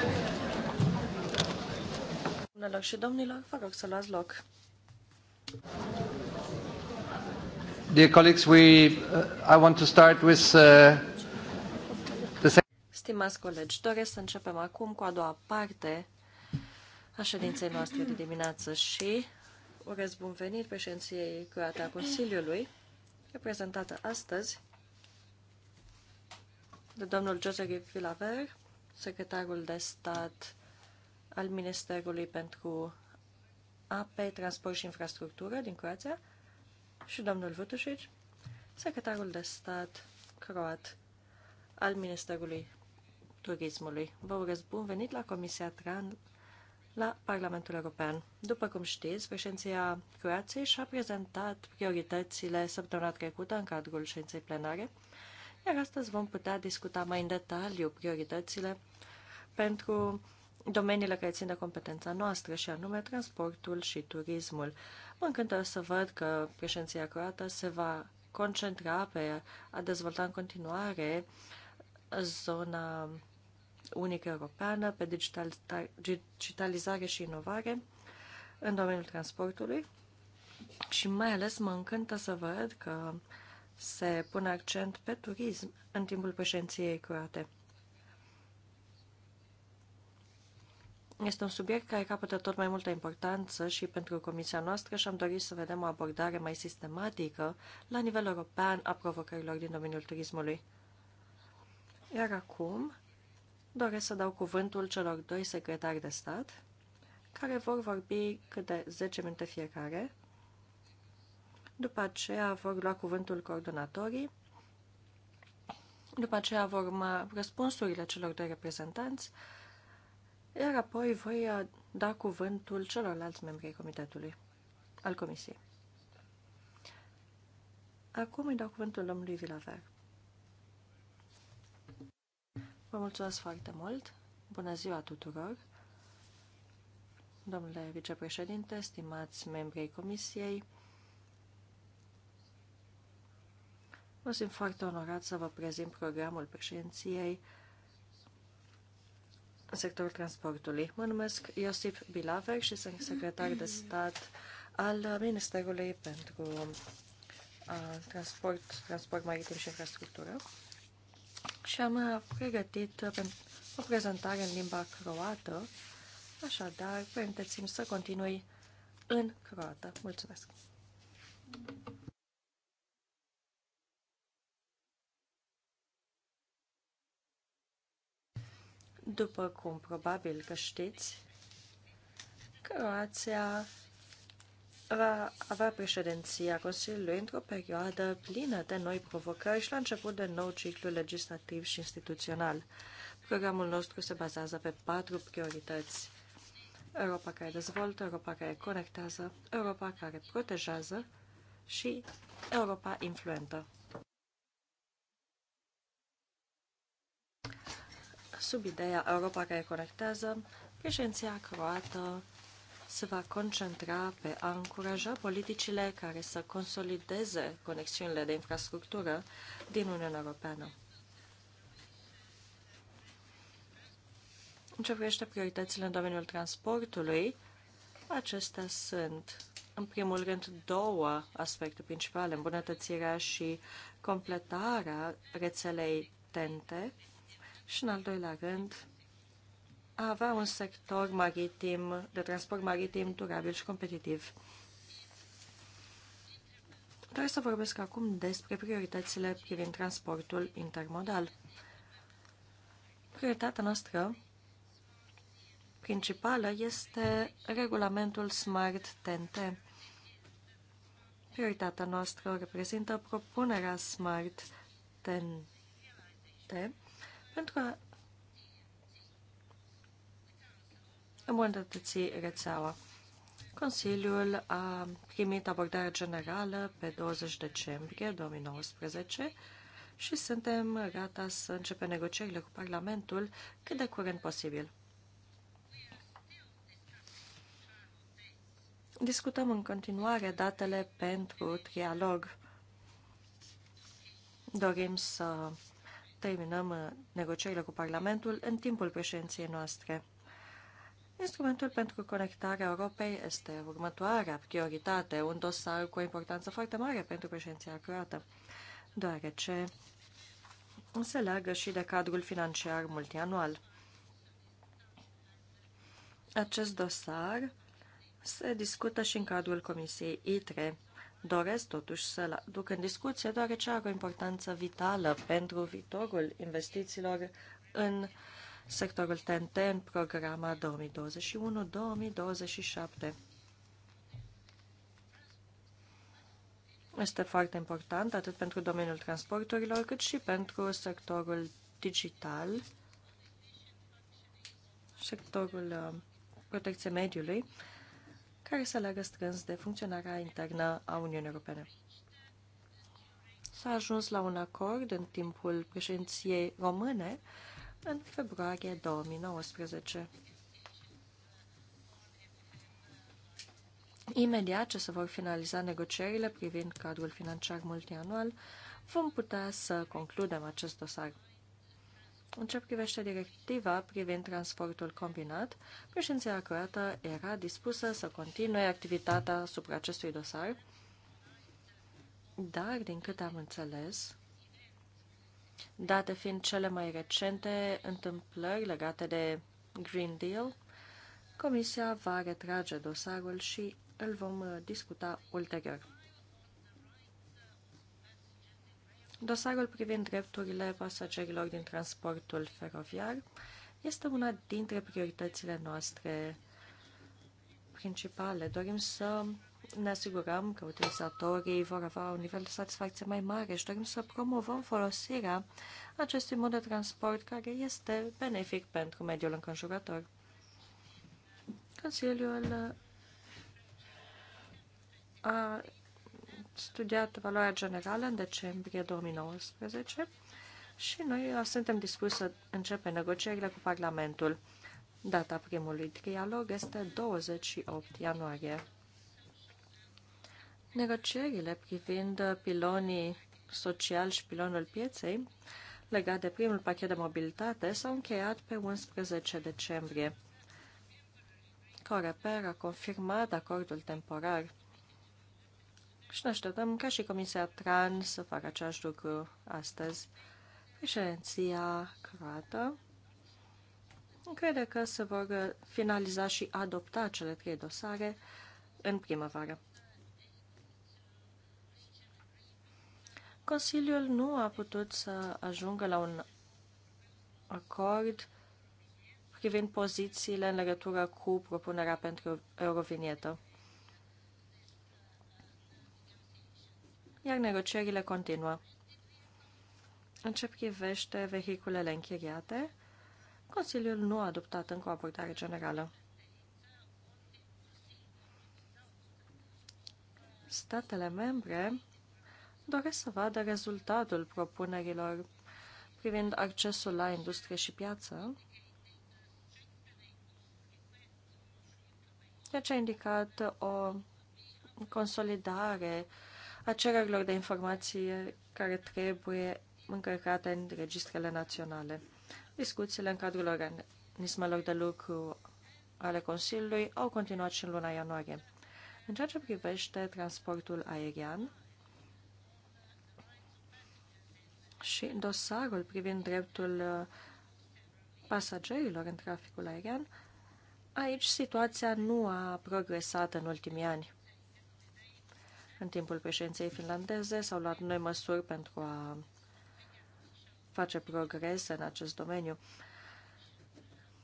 Doamnelor și domnilor, vă rog să luați loc. Dear colleagues, we, uh, I want to start with uh, the Stimați colegi, doresc să începem acum cu a doua parte a ședinței noastre de dimineață și urez bun venit președinției croate a Consiliului, reprezentată astăzi de domnul Joseph Filaver, secretarul de stat al Ministerului pentru Ape, Transport și Infrastructură din Croația, și domnul Vutușic, secretarul de stat croat al Ministerului Turismului. Vă urez bun venit la Comisia Tran la Parlamentul European. După cum știți, președinția Croației și-a prezentat prioritățile săptămâna trecută în cadrul ședinței plenare iar astăzi vom putea discuta mai în detaliu prioritățile pentru domeniile care țin de competența noastră, și anume transportul și turismul. Mă încântă să văd că președinția croată se va concentra pe a dezvolta în continuare zona unică europeană pe digitalizare și inovare în domeniul transportului și mai ales mă încântă să văd că se pune accent pe turism în timpul președinției croate. Este un subiect care capătă tot mai multă importanță și pentru comisia noastră și am dorit să vedem o abordare mai sistematică la nivel european a provocărilor din domeniul turismului. Iar acum doresc să dau cuvântul celor doi secretari de stat, care vor vorbi câte 10 minute fiecare, după aceea vor lua cuvântul coordonatorii. După aceea vor urma răspunsurile celor doi reprezentanți, iar apoi voi uh, da cuvântul celorlalți membri ai comitetului, al comisiei. Acum îi dau cuvântul domnului Vilaver. Vă mulțumesc foarte mult. Bună ziua tuturor. Domnule vicepreședinte, stimați membrii comisiei, Mă simt foarte onorat să vă prezint programul președinției în sectorul transportului. Mă numesc Iosif Bilaver și sunt secretar de stat al Ministerului pentru Transport, Transport Maritim și Infrastructură și am pregătit o prezentare în limba croată, așadar permiteți-mi să continui în croată. Mulțumesc! Thank you. După cum probabil că știți, Croația va avea președinția Consiliului într-o perioadă plină de noi provocări și la început de nou ciclu legislativ și instituțional. Programul nostru se bazează pe patru priorități. Europa care dezvoltă, Europa care conectează, Europa care protejează și Europa influentă. sub ideea Europa care conectează, președinția croată se va concentra pe a încuraja politicile care să consolideze conexiunile de infrastructură din Uniunea Europeană. În ce privește prioritățile în domeniul transportului, acestea sunt, în primul rând, două aspecte principale, îmbunătățirea și completarea rețelei TENTE și, în al doilea rând, a avea un sector maritim, de transport maritim durabil și competitiv. Trebuie să vorbesc acum despre prioritățile privind transportul intermodal. Prioritatea noastră principală este regulamentul Smart TNT. Prioritatea noastră reprezintă propunerea Smart TNT pentru a îmbunătăți rețeaua. Consiliul a primit abordarea generală pe 20 decembrie 2019 și suntem gata să începem negocierile cu Parlamentul cât de curând posibil. Discutăm în continuare datele pentru trialog. Dorim să terminăm uh, negocierile cu Parlamentul în timpul președinției noastre. Instrumentul pentru conectarea Europei este următoarea prioritate, un dosar cu o importanță foarte mare pentru președinția croată, deoarece se leagă și de cadrul financiar multianual. Acest dosar se discută și în cadrul Comisiei ITRE, doresc totuși să-l duc în discuție, deoarece are o importanță vitală pentru viitorul investițiilor în sectorul TNT în programa 2021-2027. Este foarte important atât pentru domeniul transporturilor, cât și pentru sectorul digital, sectorul uh, protecției mediului, care se leagă strâns de funcționarea internă a Uniunii Europene. S-a ajuns la un acord în timpul președinției române în februarie 2019. Imediat ce se vor finaliza negocierile privind cadrul financiar multianual, vom putea să concludem acest dosar. În ce privește directiva privind transportul combinat, președinția croată era dispusă să continue activitatea asupra acestui dosar, dar, din câte am înțeles, date fiind cele mai recente întâmplări legate de Green Deal, Comisia va retrage dosarul și îl vom discuta ulterior. Dosarul privind drepturile pasagerilor din transportul feroviar este una dintre prioritățile noastre principale. Dorim să ne asigurăm că utilizatorii vor avea un nivel de satisfacție mai mare și dorim să promovăm folosirea acestui mod de transport care este benefic pentru mediul înconjurător. Consiliul a studiat valoarea generală în decembrie 2019 și noi uh, suntem dispuși să începem negocierile cu Parlamentul. Data primului trialog este 28 ianuarie. Negocierile privind pilonii social și pilonul pieței legat de primul pachet de mobilitate s-au încheiat pe 11 decembrie. Coreper a confirmat acordul temporar și ne așteptăm ca și Comisia Tran să facă același lucru astăzi. Președinția croată crede că se vor finaliza și adopta cele trei dosare în primăvară. Consiliul nu a putut să ajungă la un acord privind pozițiile în legătură cu propunerea pentru eurovinietă. iar negocierile continuă. În ce privește vehiculele închiriate, Consiliul nu a adoptat încă o abordare generală. Statele membre doresc să vadă rezultatul propunerilor privind accesul la industrie și piață, ceea ce a indicat o consolidare uh, a cererilor de informație care trebuie încărcate în registrele naționale. Discuțiile în cadrul organismelor de lucru ale Consiliului au continuat și în luna ianuarie. În ceea ce privește transportul aerian și dosarul privind dreptul uh, pasagerilor în traficul aerian, aici situația nu a progresat în ultimii ani. În timpul președinției finlandeze s-au luat noi măsuri pentru a face progrese în acest domeniu.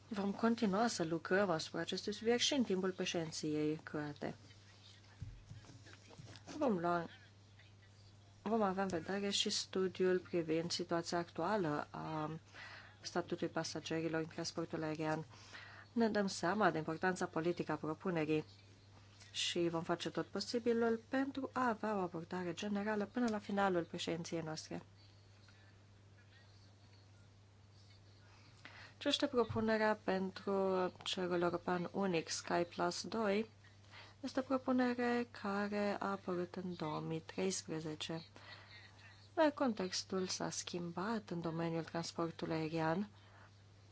Vom continua să lucrăm asupra acestui subiect și în timpul președinției croate. Vom lua vom avea în vedere și studiul privind situația actuală a statutului pasagerilor în transportul aerian. Ne dăm seama de importanța politică a propunerii și vom face tot posibilul pentru a avea o abordare generală până la finalul președinției noastre. Ce este propunerea pentru cerul european unic Sky Plus 2? Este o propunere care a apărut în 2013. Dar contextul s-a schimbat în domeniul transportului aerian,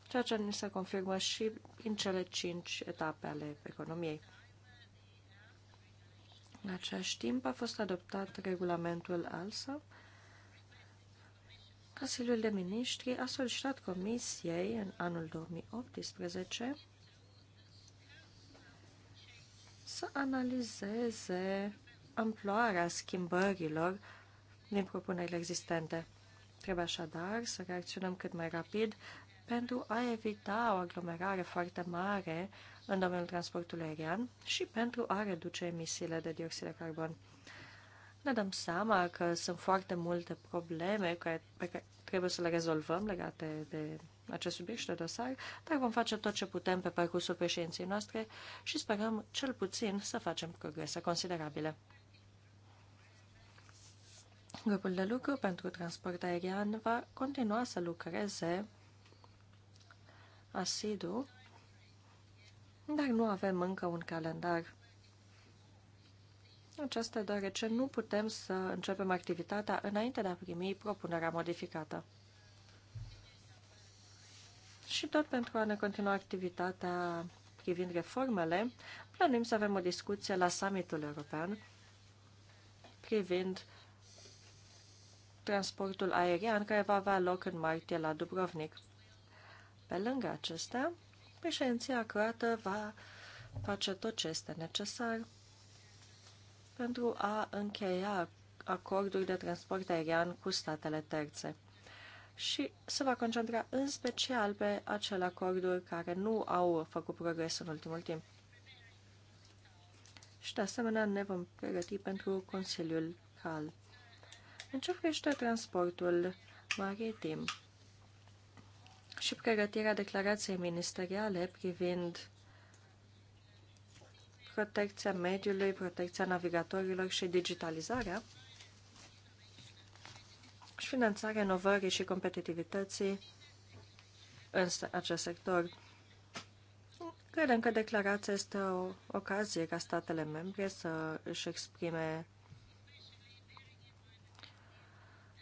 ceea ce ni se confirmă și în cele cinci etape ale economiei. În același timp a fost adoptat regulamentul ALSA. Consiliul de Ministri a solicitat Comisiei în anul 2018 să analizeze amploarea schimbărilor din propunerile existente. Trebuie așadar să reacționăm cât mai rapid pentru a evita o aglomerare foarte mare în domeniul transportului aerian și pentru a reduce emisiile de dioxid de carbon. Ne dăm seama că sunt foarte multe probleme care, pe care trebuie să le rezolvăm legate de acest subiect și de dosar, dar vom face tot ce putem pe parcursul președinției noastre și sperăm cel puțin să facem progrese considerabile. Grupul de lucru pentru transport aerian va continua să lucreze asidu dar nu avem încă un calendar. Aceasta deoarece nu putem să începem activitatea înainte de a primi propunerea modificată. Și tot pentru a ne continua activitatea privind reformele, planuim să avem o discuție la summitul european privind transportul aerian care va avea loc în martie la Dubrovnik. Pe lângă acestea, Președinția croată va face tot ce este necesar pentru a încheia acorduri de transport aerian cu statele terțe și se va concentra în special pe acele acorduri care nu au făcut progres în ultimul timp. Și de asemenea ne vom pregăti pentru Consiliul CAL. În ce transportul maritim, și pregătirea declarației ministeriale privind protecția mediului, protecția navigatorilor și digitalizarea și finanțarea inovării și competitivității în acest sector. Credem că declarația este o ocazie ca statele membre să își exprime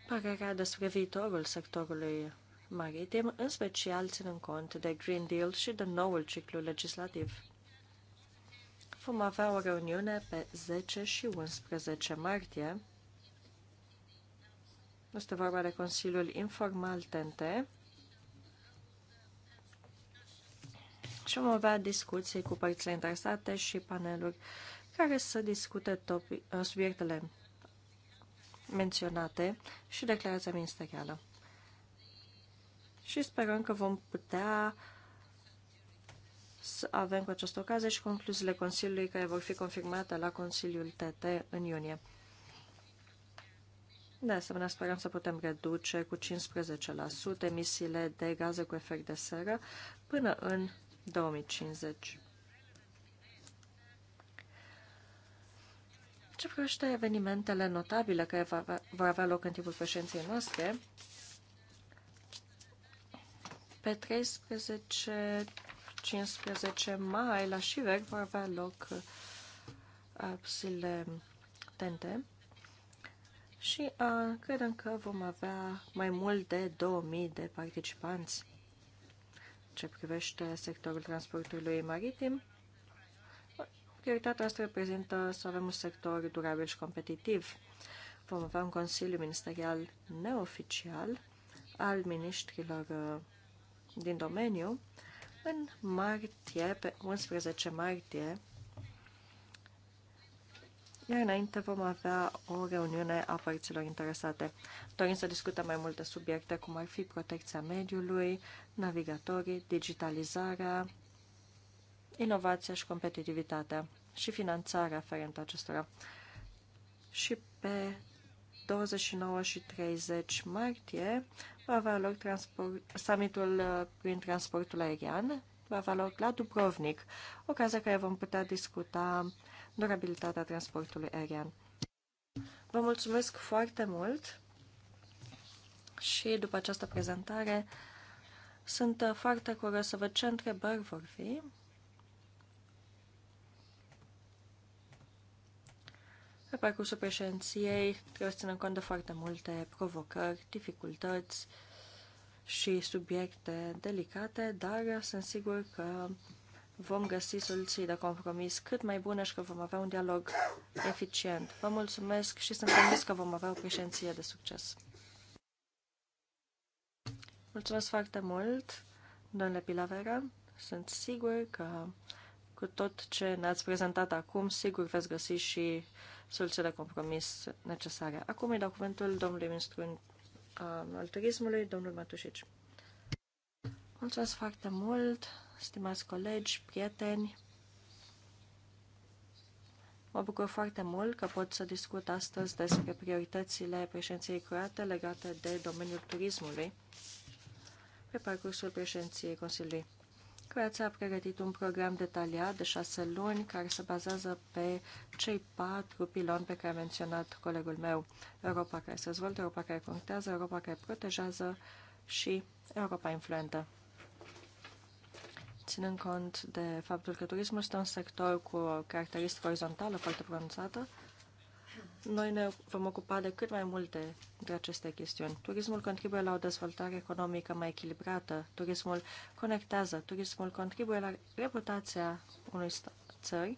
părerea despre viitorul sectorului maritim, în special ținând cont de Green Deal și de noul ciclu legislativ. Vom avea o reuniune pe 10 și 11 martie. Este vorba de Consiliul Informal TNT și vom avea discuții cu părțile interesate și paneluri care să discute subiectele menționate și declarația ministerială și sperăm că vom putea să avem cu această ocazie și concluziile Consiliului care vor fi confirmate la Consiliul TT în iunie. De asemenea, sperăm să putem reduce cu 15% emisiile de gaze cu efect de seră până în 2050. Ce privește evenimentele notabile care vor avea loc în timpul președinției noastre, pe 13 15 mai la Șiver vor avea loc psile uh, tente și a, uh, credem că vom avea mai mult de 2000 de participanți ce privește sectorul transportului maritim. Prioritatea asta reprezintă să avem un sector durabil și competitiv. Vom avea un Consiliu Ministerial neoficial al ministrilor uh, din domeniu, în martie, pe 11 martie, iar înainte vom avea o reuniune a părților interesate. Dorim să discutăm mai multe subiecte, cum ar fi protecția mediului, navigatorii, digitalizarea, inovația și competitivitatea și finanțarea aferentă acestora. Și pe 29 și 30 martie va avea loc transport, summitul uh, prin transportul aerian, va avea loc la Dubrovnik, ocazia care vom putea discuta durabilitatea transportului aerian. Vă mulțumesc foarte mult și după această prezentare sunt uh, foarte curios să văd ce întrebări vor fi. Pe parcursul președinției trebuie să ținem cont de foarte multe provocări, dificultăți și subiecte delicate, dar sunt sigur că vom găsi soluții de compromis cât mai bune și că vom avea un dialog eficient. Vă mulțumesc și sunt convins că vom avea o președinție de succes. Mulțumesc foarte mult, domnule Pilavera. Sunt sigur că cu tot ce ne-ați prezentat acum, sigur veți găsi și soluția de compromis necesare. Acum îi dau cuvântul domnului ministru um, al turismului, domnul Matușici. Mulțumesc foarte mult, stimați colegi, prieteni. Mă bucur foarte mult că pot să discut astăzi despre prioritățile președinției croate legate de domeniul turismului pe parcursul președinției Consiliului. Croația a pregătit un program detaliat de șase luni care se bazează pe cei patru piloni pe care a menționat colegul meu. Europa care se dezvoltă, Europa care contează, Europa care protejează și Europa influentă. Ținând cont de faptul că turismul este un sector cu o caracteristică orizontală foarte pronunțată, noi ne vom ocupa de cât mai multe dintre aceste chestiuni. Turismul contribuie la o dezvoltare economică mai echilibrată, turismul conectează, turismul contribuie la reputația unei țări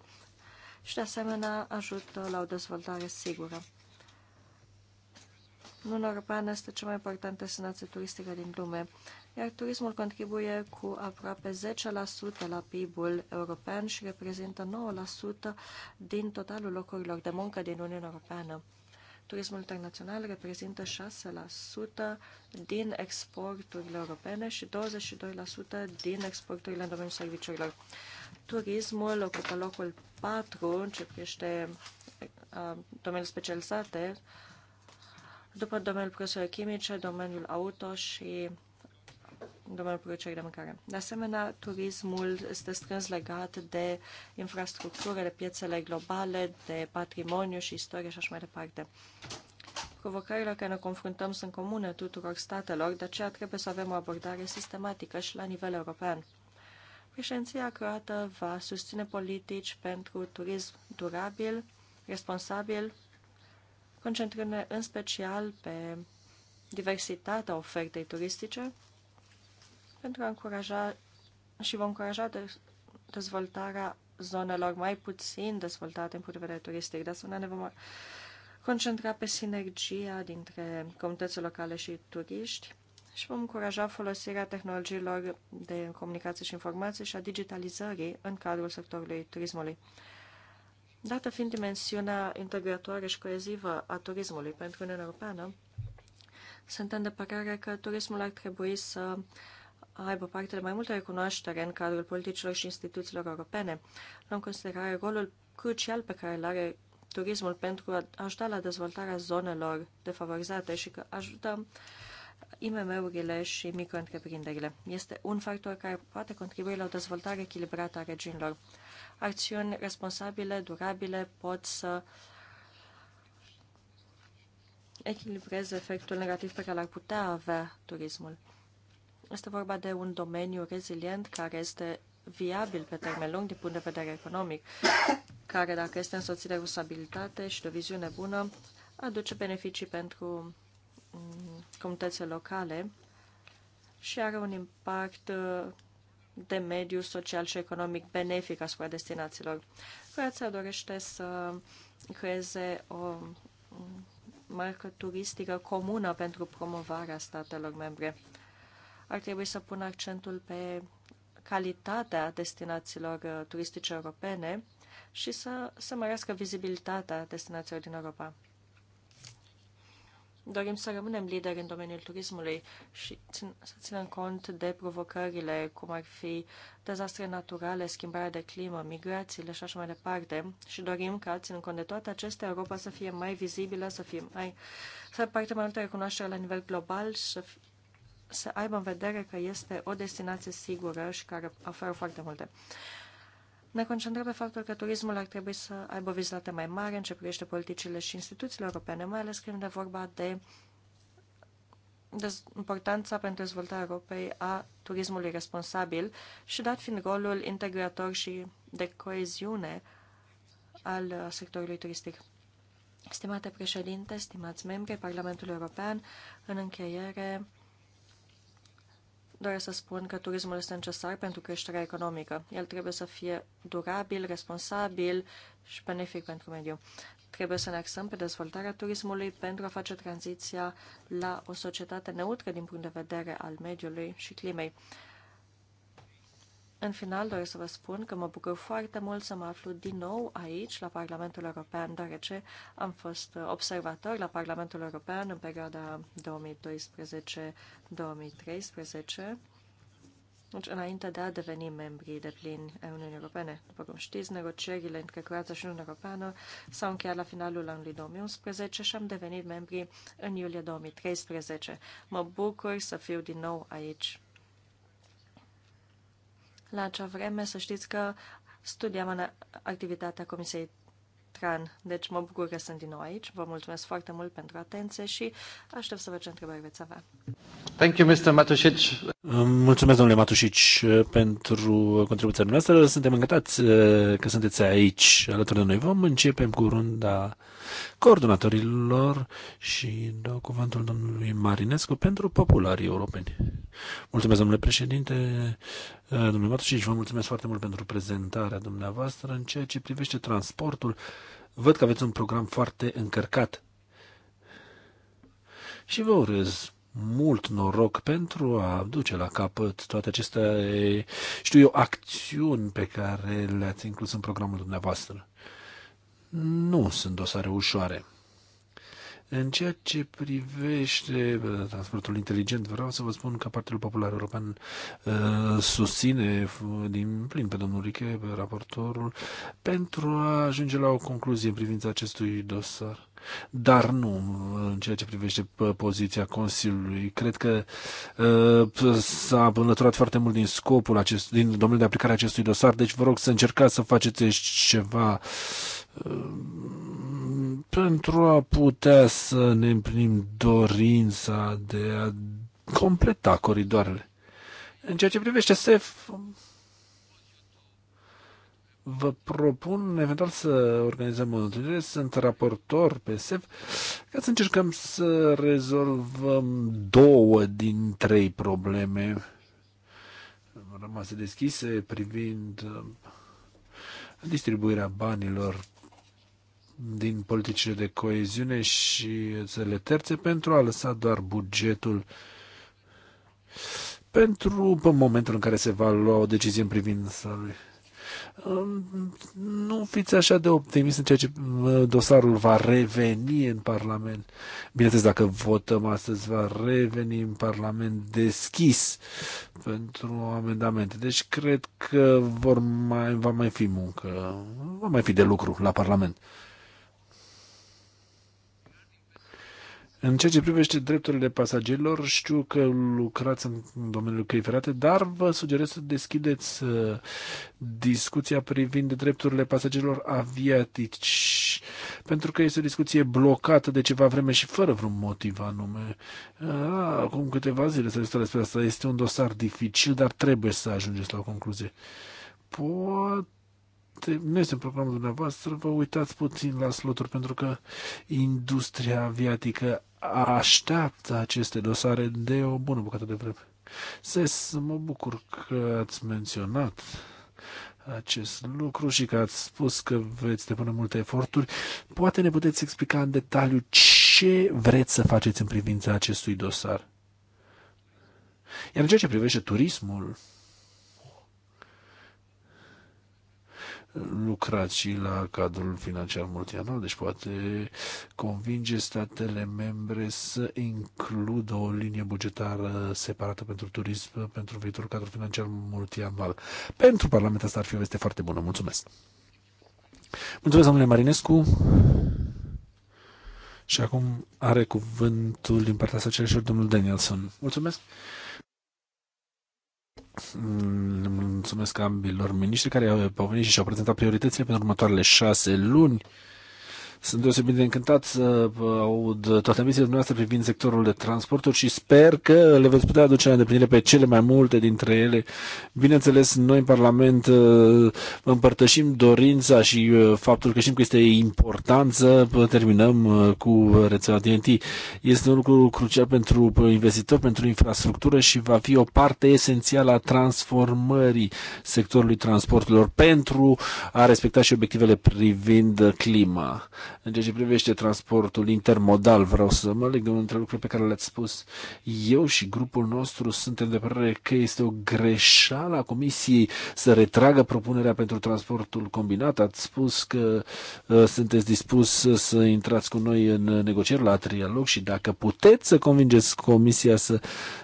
și, de asemenea, ajută la o dezvoltare sigură. Uniunea Europeană este cea mai importantă destinație turistică din lume iar turismul contribuie cu aproape 10% la PIB-ul european și reprezintă 9% din totalul locurilor de muncă din Uniunea Europeană. Turismul internațional reprezintă 6% din exporturile europene și 22% din exporturile în domeniul serviciilor. Turismul ocupă locul 4 în ce privește domeniul specializate, după domeniul profesor chimice, domeniul auto și domeniul de mâncare. De asemenea, turismul este strâns legat de infrastructură, de piețele globale, de patrimoniu și istorie și așa mai departe. Provocările care ne confruntăm sunt comune tuturor statelor, de aceea trebuie să avem o abordare sistematică și la nivel european. Președinția croată va susține politici pentru turism durabil, responsabil, concentrându-ne în special pe diversitatea ofertei turistice, pentru a încuraja și vom încuraja dezvoltarea zonelor mai puțin dezvoltate în punct de vedere turistic. De asemenea, ne vom concentra pe sinergia dintre comunități locale și turiști și vom încuraja folosirea tehnologiilor de comunicație și informație și a digitalizării în cadrul sectorului turismului. Dată fiind dimensiunea integratoare și coezivă a turismului pentru Uniunea Europeană, suntem de părere că turismul ar trebui să uh, aibă parte de mai multă recunoaștere în cadrul politicilor și instituțiilor europene, luăm considerare rolul crucial pe care îl are turismul pentru a ajuta la dezvoltarea zonelor defavorizate și că ajută IMM-urile și micro-întreprinderile. Este un factor care poate contribui la o dezvoltare echilibrată a regiunilor. Acțiuni responsabile, durabile, pot să echilibreze efectul negativ pe care l-ar putea avea turismul. Este vorba de un domeniu rezilient care este viabil pe termen lung din punct de vedere economic, care dacă este însoțit de usabilitate și de o viziune bună, aduce beneficii pentru mm, comunitățile locale și are un impact de mediu social și economic benefic asupra destinațiilor. Croația dorește să creeze o mm, marcă turistică comună pentru promovarea statelor membre ar trebui să pun accentul pe calitatea destinațiilor uh, turistice europene și să se mărească vizibilitatea destinațiilor din Europa. Dorim să rămânem lideri în domeniul turismului și țin, să ținem cont de provocările, cum ar fi dezastre naturale, schimbarea de climă, migrațiile și așa mai departe. Și dorim ca, ținând cont de toate acestea, Europa să fie mai vizibilă, să fie mai, să parte mai multă recunoaștere la nivel global și să să aibă în vedere că este o destinație sigură și care oferă foarte multe. Ne concentrăm pe faptul că turismul ar trebui să aibă vizitate mai mare în ce privește politicile și instituțiile europene, mai ales când e vorba de importanța pentru dezvoltarea Europei a turismului responsabil și dat fiind rolul integrator și de coeziune al sectorului turistic. Stimate președinte, stimați membri Parlamentului European, în încheiere doresc să spun că turismul este necesar pentru creșterea economică. El trebuie să fie durabil, responsabil și benefic pentru mediu. Trebuie să ne axăm pe dezvoltarea turismului pentru a face tranziția la o societate neutră din punct de vedere al mediului și climei. În final, doresc să vă spun că mă bucur foarte mult să mă aflu din nou aici, la Parlamentul European, deoarece am fost observator la Parlamentul European în perioada 2012-2013, deci înainte de a deveni membri de plin ai Uniunii Europene. După cum știți, negocierile între Croația și Uniunea Europeană s-au încheiat la finalul anului 2011 și am devenit membri în iulie 2013. Mă bucur să fiu din nou aici la acea vreme, să știți că studiam în activitatea Comisiei Tran. Deci mă bucur că sunt din nou aici. Vă mulțumesc foarte mult pentru atenție și aștept să vă ce întrebări veți avea. Thank you, Mr. Matușic. Mulțumesc, domnule Matușic, pentru contribuția noastră. Suntem încătați uh, că sunteți aici alături de noi. Vom începem cu runda coordonatorilor și dau cuvântul domnului Marinescu pentru popularii europeni. Mulțumesc, domnule președinte, eh, domnule și vă mulțumesc foarte mult pentru prezentarea dumneavoastră. În ceea ce privește transportul, văd că aveți un program foarte încărcat și vă urez mult noroc pentru a duce la capăt toate aceste, știu eu, acțiuni pe care le-ați inclus în programul dumneavoastră nu sunt dosare ușoare. În ceea ce privește transportul inteligent, vreau să vă spun că Partidul Popular European uh, susține din plin pe domnul Riche, pe raportorul, pentru a ajunge la o concluzie în privința acestui dosar. Dar nu în ceea ce privește poziția Consiliului. Cred că uh, s-a înlăturat foarte mult din scopul acest, din domeniul de aplicare a acestui dosar, deci vă rog să încercați să faceți ceva uh, pentru a putea să ne împlinim dorința de a completa coridoarele. În ceea ce privește SEF, vă propun eventual să organizăm o întâlnire, sunt raportor pe SEF, ca să încercăm să rezolvăm două din trei probleme rămase deschise privind uh, distribuirea banilor din politicile de coeziune și țările terțe pentru a lăsa doar bugetul pentru pe momentul în care se va lua o decizie în privința lui. Nu fiți așa de optimist în ceea ce dosarul va reveni în Parlament. Bineînțeles, dacă votăm astăzi, va reveni în Parlament deschis pentru amendamente. Deci cred că vor mai, va mai fi muncă, va mai fi de lucru la Parlament. În ceea ce privește drepturile pasagerilor, știu că lucrați în domeniul căi ferate, dar vă sugerez să deschideți uh, discuția privind drepturile pasagerilor aviatici, pentru că este o discuție blocată de ceva vreme și fără vreun motiv anume. Ah, acum câteva zile să despre asta. Este un dosar dificil, dar trebuie să ajungeți la o concluzie. Poate nu este în programul dumneavoastră, vă uitați puțin la sloturi, pentru că industria aviatică așteaptă aceste dosare de o bună bucată de vreme. Ses, mă bucur că ați menționat acest lucru și că ați spus că veți depune multe eforturi. Poate ne puteți explica în detaliu ce vreți să faceți în privința acestui dosar. Iar în ceea ce privește turismul, lucrat și la cadrul financiar multianual, deci poate convinge statele membre să includă o linie bugetară separată pentru turism pentru viitorul cadru financiar multianual. Pentru Parlament asta ar fi o veste foarte bună. Mulțumesc! Mulțumesc, domnule Marinescu! Și acum are cuvântul din partea socialiștilor domnul Danielson. Mulțumesc! Mm, mulțumesc ambilor miniștri care au venit și și-au prezentat prioritățile pentru următoarele șase luni. Sunt deosebit de încântat să aud toate ambițiile noastre privind sectorul de transporturi și sper că le veți putea aduce la îndeplinire pe cele mai multe dintre ele. Bineînțeles, noi în Parlament uh, împărtășim dorința și uh, faptul că știm că este important să terminăm uh, cu rețeaua TNT. Este un lucru crucial pentru investitori, pentru infrastructură și va fi o parte esențială a transformării sectorului transporturilor pentru a respecta și obiectivele privind clima. În ceea ce privește transportul intermodal, vreau să mă leg de unul dintre lucrurile pe care le-ați spus. Eu și grupul nostru suntem de părere că este o greșeală a Comisiei să retragă propunerea pentru transportul combinat. Ați spus că uh, sunteți dispus să intrați cu noi în negocieri la trialog și dacă puteți să convingeți Comisia să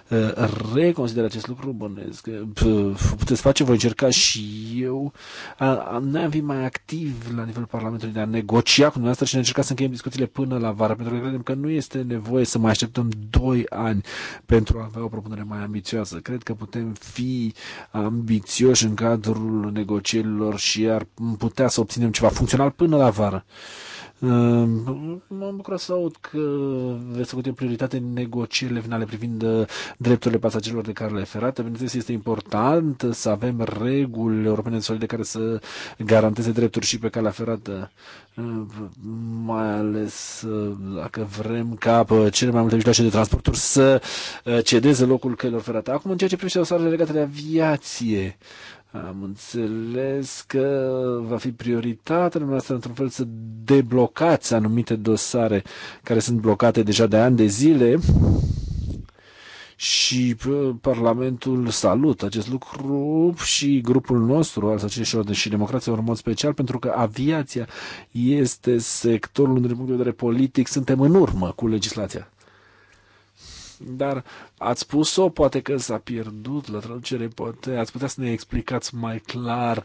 uh, reconsidere acest lucru, bănesc, uh, puteți face, voi încerca și eu. Uh, noi am fi mai activ la nivelul Parlamentului de a negocia cu noi asta și ne încerca să încheiem discuțiile până la vară, pentru că credem că nu este nevoie să mai așteptăm 2 ani pentru a avea o propunere mai ambițioasă. Cred că putem fi ambițioși în cadrul negocierilor și ar putea să obținem ceva funcțional până la vară. Mă ehm, bucur să aud că veți să o prioritate în negocierile finale privind uh, drepturile pasagerilor de carele ferate. Bineînțeles, este important să avem reguli europene solide care să garanteze drepturi și pe calea ferată, ehm, mai ales uh, dacă vrem ca uh, cele mai multe mijloace de transporturi să cedeze locul căilor ferate. Acum, în ceea ce privește dosarele legate de aviație, am înțeles că va fi prioritatea dumneavoastră într-un fel să deblocați anumite dosare care sunt blocate deja de ani de zile și Parlamentul salut acest lucru și grupul nostru al Societăților și Democrația în mod special pentru că aviația este sectorul unde din punct de vedere politic suntem în urmă cu legislația. Dar ați spus-o, poate că s-a pierdut la traducere, poate ați putea să ne explicați mai clar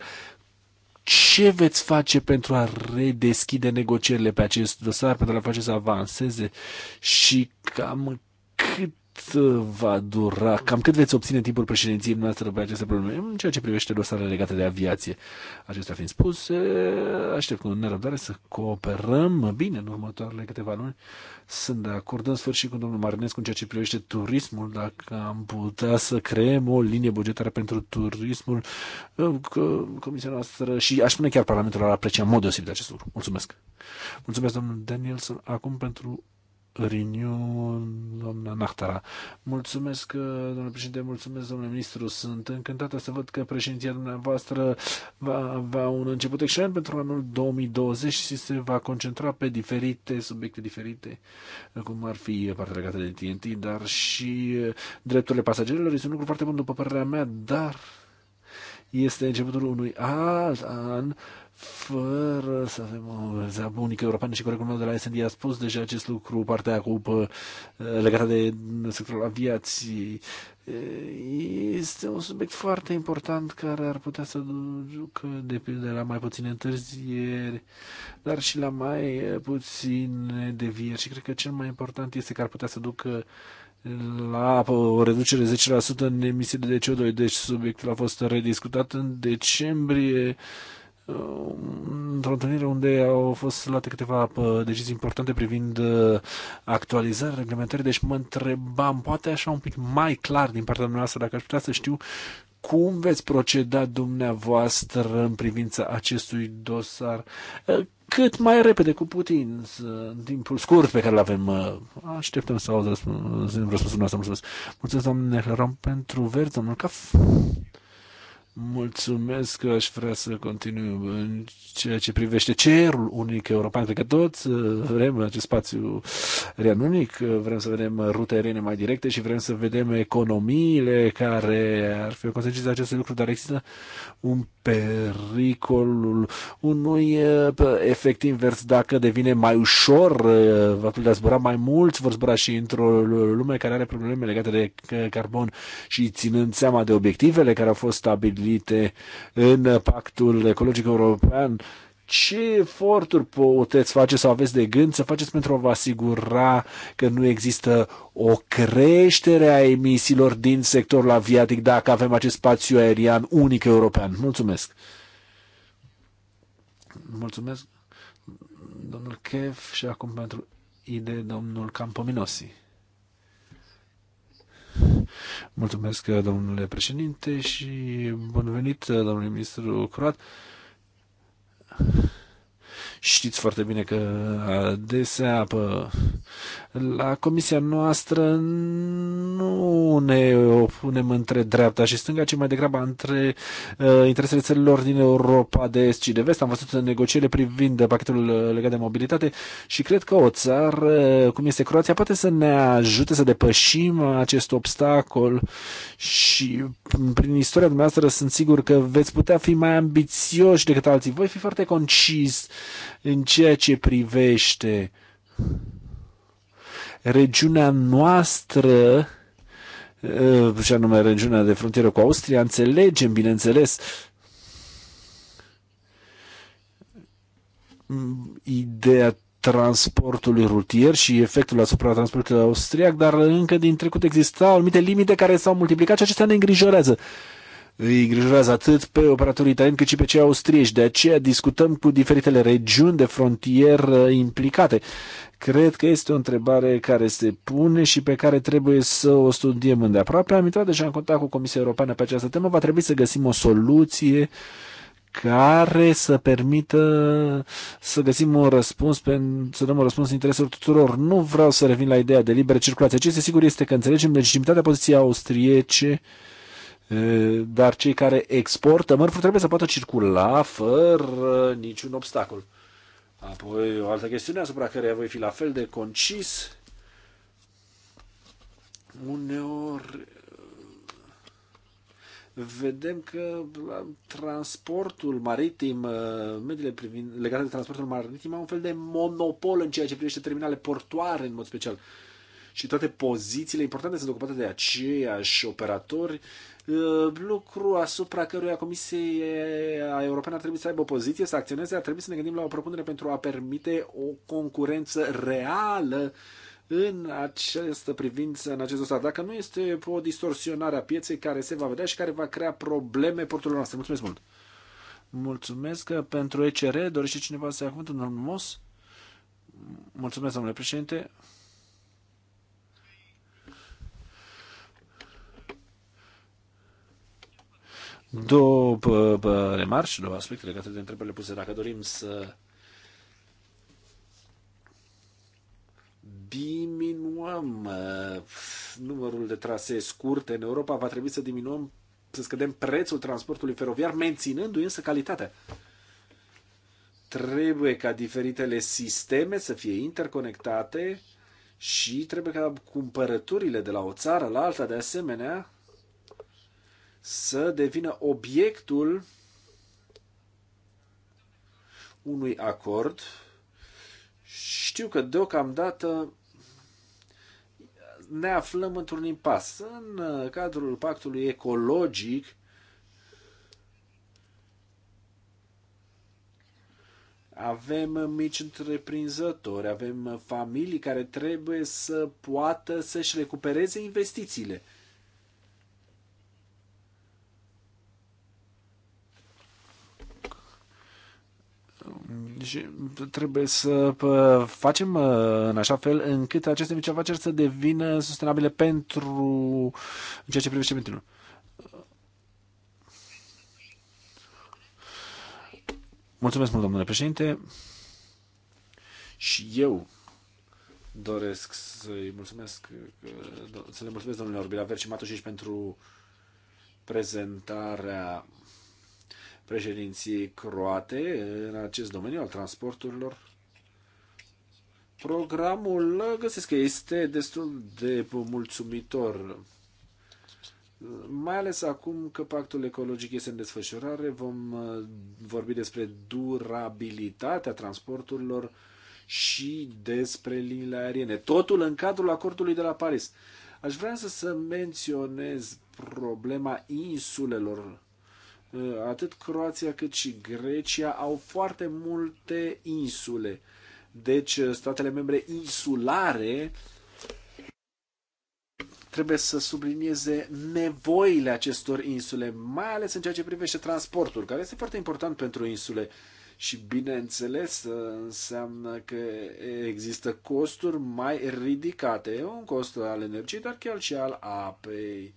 ce veți face pentru a redeschide negocierile pe acest dosar, pentru a face să avanseze și cam cât Uh, va dura? Cam cât veți obține timpul președinției noastre pe aceste probleme? În ceea ce privește dosarele legate de aviație. Acestea fiind spuse, aștept cu nerăbdare să cooperăm bine în următoarele câteva luni. Sunt de acord în sfârșit cu domnul Marinescu în ceea ce privește turismul, dacă am putea să creăm o linie bugetară pentru turismul, uh, comisia noastră și aș spune chiar Parlamentul ar aprecia în mod deosebit acest lucru. Mulțumesc! Mulțumesc, domnul Danielson, acum pentru Renew, doamna Nahtara. Mulțumesc, uh, domnule președinte, mulțumesc, domnule ministru. Sunt încântată să văd că președinția dumneavoastră va avea un început excelent pentru anul 2020 și se va concentra pe diferite subiecte diferite, cum ar fi partea legată de TNT, dar și uh, drepturile pasagerilor. Este un lucru foarte bun, după părerea mea, dar este începutul unui alt an fără să avem o rețea unică europeană și colegul meu de la SND a spus deja acest lucru, partea cu legată de sectorul aviației. Este un subiect foarte important care ar putea să ducă de pildă la mai puține întârzieri, dar și la mai puține devieri și cred că cel mai important este că ar putea să ducă la o reducere 10% în emisiile de CO2. Deci subiectul a fost rediscutat în decembrie Uh, într-o întâlnire unde au fost luate câteva uh, decizii importante privind uh, actualizarea reglementării, deci mă întrebam, poate așa un pic mai clar din partea dumneavoastră, dacă aș putea să știu cum veți proceda dumneavoastră în privința acestui dosar cât mai repede, cu putin, în timpul scurt pe care îl avem. Așteptăm să auzim răspunsul nostru. Mulțumesc, mulțumesc doamne pentru verzi, domnul Caf. Mulțumesc că aș vrea să continui în ceea ce privește cerul unic european. Cred că toți uh, vrem acest spațiu real unic, uh, vrem să vedem rute aeriene mai directe și vrem să vedem economiile care ar fi o consecință acest acestui lucru, dar există un pericolul unui uh, efect invers dacă devine mai ușor vatul de a zbura, mai mulți vor zbura și într-o lume care are probleme legate de carbon și ținând seama de obiectivele care au fost stabilite stabilite în Pactul Ecologic European, ce eforturi puteți face sau aveți de gând să faceți pentru a vă asigura că nu există o creștere a emisiilor din sectorul aviatic dacă avem acest spațiu aerian unic european? Mulțumesc! Mulțumesc, domnul Chef, și acum pentru idee, domnul Campominosi. Mulțumesc, domnule președinte, și bun venit, domnule ministru Croat. Știți foarte bine că adesea pă, la comisia noastră nu ne opunem între dreapta și stânga, ci mai degrabă între uh, interesele țărilor din Europa de Est și de Vest. Am văzut negocierile privind pachetul ă, legat de mobilitate și cred că o țară, ă, cum este Croația, poate să ne ajute să depășim acest obstacol și prin istoria dumneavoastră sunt sigur că veți putea fi mai ambițioși decât alții. Voi fi foarte concis în ceea ce privește regiunea noastră, uh, și anume regiunea de frontieră cu Austria, înțelegem, bineînțeles, mm, ideea transportului rutier și efectul asupra transportului austriac, dar încă din trecut existau anumite limite care s-au multiplicat și acestea ne îngrijorează. Uh, îi îngrijorează atât pe operatorii italieni cât și pe cei austrieci. De aceea discutăm cu diferitele regiuni de frontier implicate. Cred că este o întrebare care se pune și pe care trebuie să o studiem îndeaproape. Am intrat deja în contact cu Comisia Europeană pe această temă. Va trebui să găsim o soluție care să permită să găsim un răspuns, să dăm un răspuns în interesul tuturor. Nu vreau să revin la ideea de liberă circulație. Ce este sigur este că înțelegem legitimitatea poziției austriece uh, Eh, dar cei care exportă mărfuri trebuie să poată circula fără niciun obstacol. Apoi, o altă chestiune asupra care voi fi la fel de concis. Uneori eh, vedem că transportul maritim, eh, mediile privind, legate de transportul maritim, au un fel de monopol în ceea ce privește terminale portoare, în mod special. Uh, și toate pozițiile importante sunt ocupate de aceiași operatori, lucru asupra căruia Comisia Europeană ar trebui să aibă o poziție, să acționeze, ar trebui să ne gândim la o propunere pentru a permite o concurență reală în această privință, în acest dosar. Dacă nu este o distorsionare a pieței care se va vedea și care va crea probleme porturilor noastre. Mulțumesc mult! Mulțumesc pentru ECR. Dorește cineva să ia cuvântul? Domnul Mos? Mulțumesc, domnule președinte. două remarci, două aspecte legate de întrebările puse. Dacă dorim să diminuăm numărul de trasee scurte în Europa, va trebui să diminuăm, să scădem prețul transportului feroviar, menținându-i însă calitatea. Trebuie ca diferitele sisteme să fie interconectate și trebuie ca cumpărăturile de la o țară la alta de asemenea să devină obiectul unui acord. Știu că deocamdată ne aflăm într-un impas. În uh, cadrul pactului ecologic avem mici întreprinzători, avem familii care trebuie să poată să-și recupereze investițiile. și trebuie să facem uh, în așa fel încât aceste mici afaceri să devină sustenabile pentru ceea ce privește mediul. Mulțumesc mult, domnule președinte. Și eu doresc să-i mulțumesc, uh, să le mulțumesc domnului Orbila Verci Matușici pentru prezentarea președinției croate în acest domeniu al transporturilor. Programul găsesc că este destul de mulțumitor mai ales acum că pactul ecologic este în desfășurare, vom uh, vorbi despre durabilitatea transporturilor și despre liniile aeriene. Totul în cadrul acordului de la Paris. Aș vrea să, să menționez problema insulelor Uh, atât Croația cât și Grecia au foarte multe insule. Deci uh, statele membre insulare trebuie să sublinieze nevoile acestor insule, mai ales în ceea ce privește transportul, care este foarte important pentru insule. Și bineînțeles uh, înseamnă că există costuri mai ridicate, un cost al energiei, dar chiar și al apei.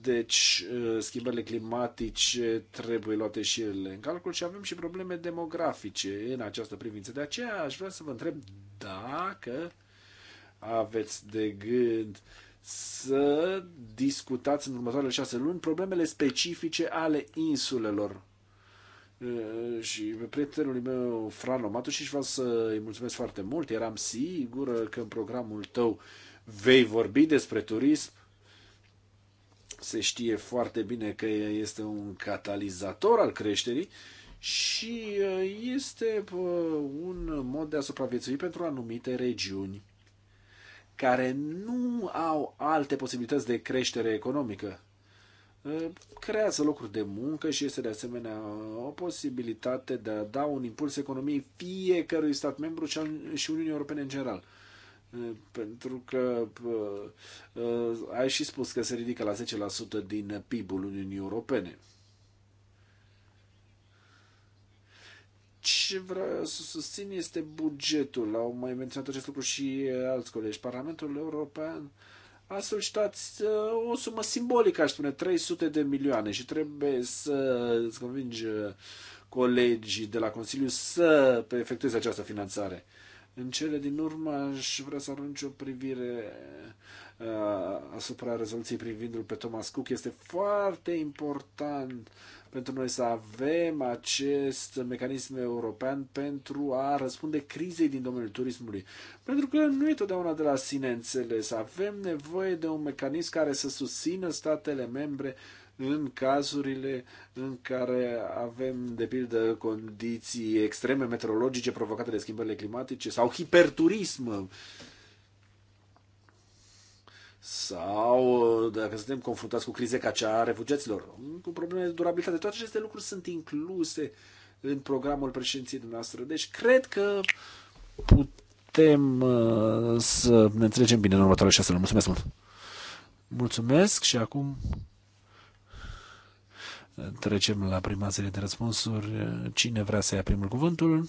Deci, uh, schimbările climatice trebuie luate și ele în calcul și avem și probleme demografice în această privință. De aceea aș vrea să vă întreb dacă aveți de gând să discutați în următoarele șase luni problemele specifice ale insulelor. Uh, și prietenului meu, Frano și vreau să îi mulțumesc foarte mult. Eram sigur că în programul tău vei vorbi despre turism se știe foarte bine că este un catalizator al creșterii și uh, este uh, un mod de a supraviețui pentru anumite regiuni care nu au alte posibilități de creștere economică. Uh, creează locuri de muncă și este de asemenea o posibilitate de a da un impuls economiei fiecărui stat membru și Uniunii Europene în general pentru că uh, ai și spus că se ridică la 10% din PIB-ul Uniunii Europene. ce vreau să susțin este bugetul. Au mai menționat acest lucru și alți colegi. Parlamentul European a solicitat uh, o sumă simbolică, aș spune, 300 de milioane și trebuie să îți convingi uh, colegii de la Consiliu să efectueze această finanțare. În cele din urmă aș vrea să arunc o privire uh, asupra rezoluției privindul pe Thomas Cook. Este foarte important pentru noi să avem acest mecanism european pentru a răspunde crizei din domeniul turismului. Pentru că nu e totdeauna de la sine înțeles. Avem nevoie de un mecanism care să susțină statele membre uh, în cazurile în care avem, de pildă, condiții extreme meteorologice provocate de schimbările climatice sau hiperturism sau dacă suntem confruntați cu crize ca cea a refugiaților, cu probleme de durabilitate. Toate aceste lucruri sunt incluse în programul președinției noastre. Deci cred că putem uh, să ne înțelegem bine în următoarele șase luni. Mulțumesc mult! Mulțumesc și acum Trecem la prima serie de răspunsuri. Cine vrea să ia primul cuvântul?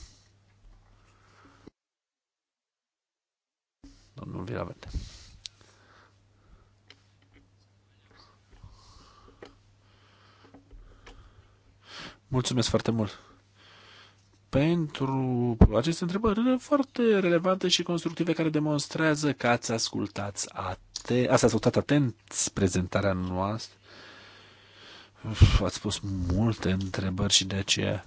Domnul Viravete. Mulțumesc foarte mult pentru aceste întrebări foarte relevante și constructive care demonstrează că ați ascultat, ate- ați ascultat atent prezentarea noastră Ați pus multe întrebări și de aceea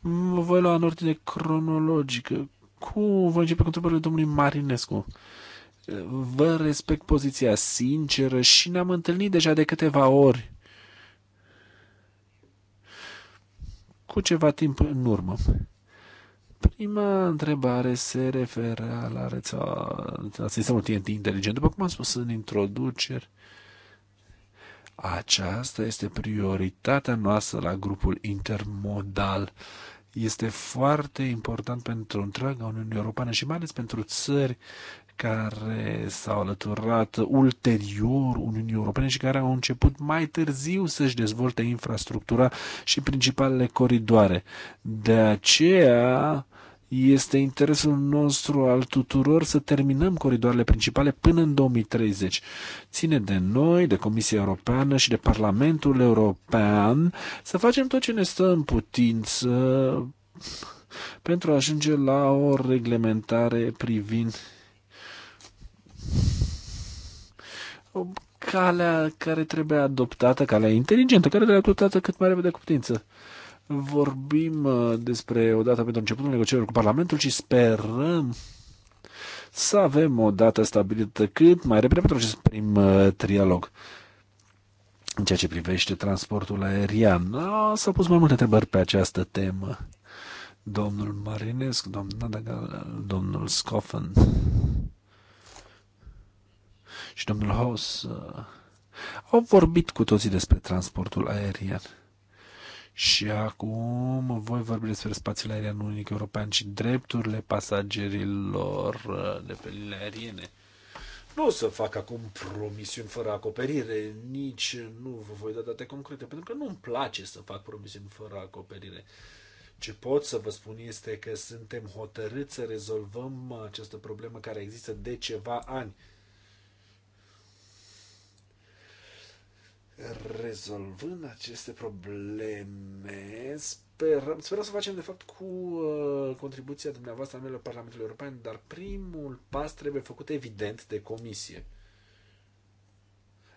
mă voi lua în ordine cronologică. Cu, voi începe cu întrebările domnului Marinescu. Vă respect poziția sinceră și ne-am întâlnit deja de câteva ori. Cu ceva timp în urmă. Prima întrebare se referă la rețeaua, la sistemul TNT inteligent. După cum am spus în introduceri. Aceasta este prioritatea noastră la grupul intermodal. Este foarte important pentru întreaga Uniune Europeană și mai ales pentru țări care s-au alăturat ulterior Uniunii Europene și care au început mai târziu să-și dezvolte infrastructura și principalele coridoare. De aceea, este interesul nostru al tuturor să terminăm coridoarele principale până în 2030. Ține de noi, de Comisia Europeană și de Parlamentul European să facem tot ce ne stă în putință pentru a ajunge la o reglementare privind calea care trebuie adoptată, calea inteligentă, care trebuie adoptată cât mai repede cu putință vorbim uh, despre o dată pentru începutul negocierilor cu Parlamentul și sperăm să avem o dată stabilită cât mai repede pentru acest prim uh, trialog. În ceea ce privește transportul aerian, uh, s-au pus mai multe întrebări pe această temă. Domnul Marinescu, domnul Nadagal, da, da, domnul Scoffen și domnul Haus au vorbit cu toții despre transportul aerian. Și acum voi vorbi despre spațiul aerian unic european și drepturile pasagerilor uh, de pe linile aeriene. Nu o să fac acum promisiuni fără acoperire, nici nu vă voi da date concrete, pentru că nu-mi place să fac promisiuni fără acoperire. Ce pot să vă spun este că suntem hotărâți să rezolvăm această problemă care există de ceva ani rezolvând aceste probleme, sperăm, sperăm să facem de fapt cu uh, contribuția dumneavoastră a membrilor Parlamentului European, dar primul pas trebuie făcut evident de comisie.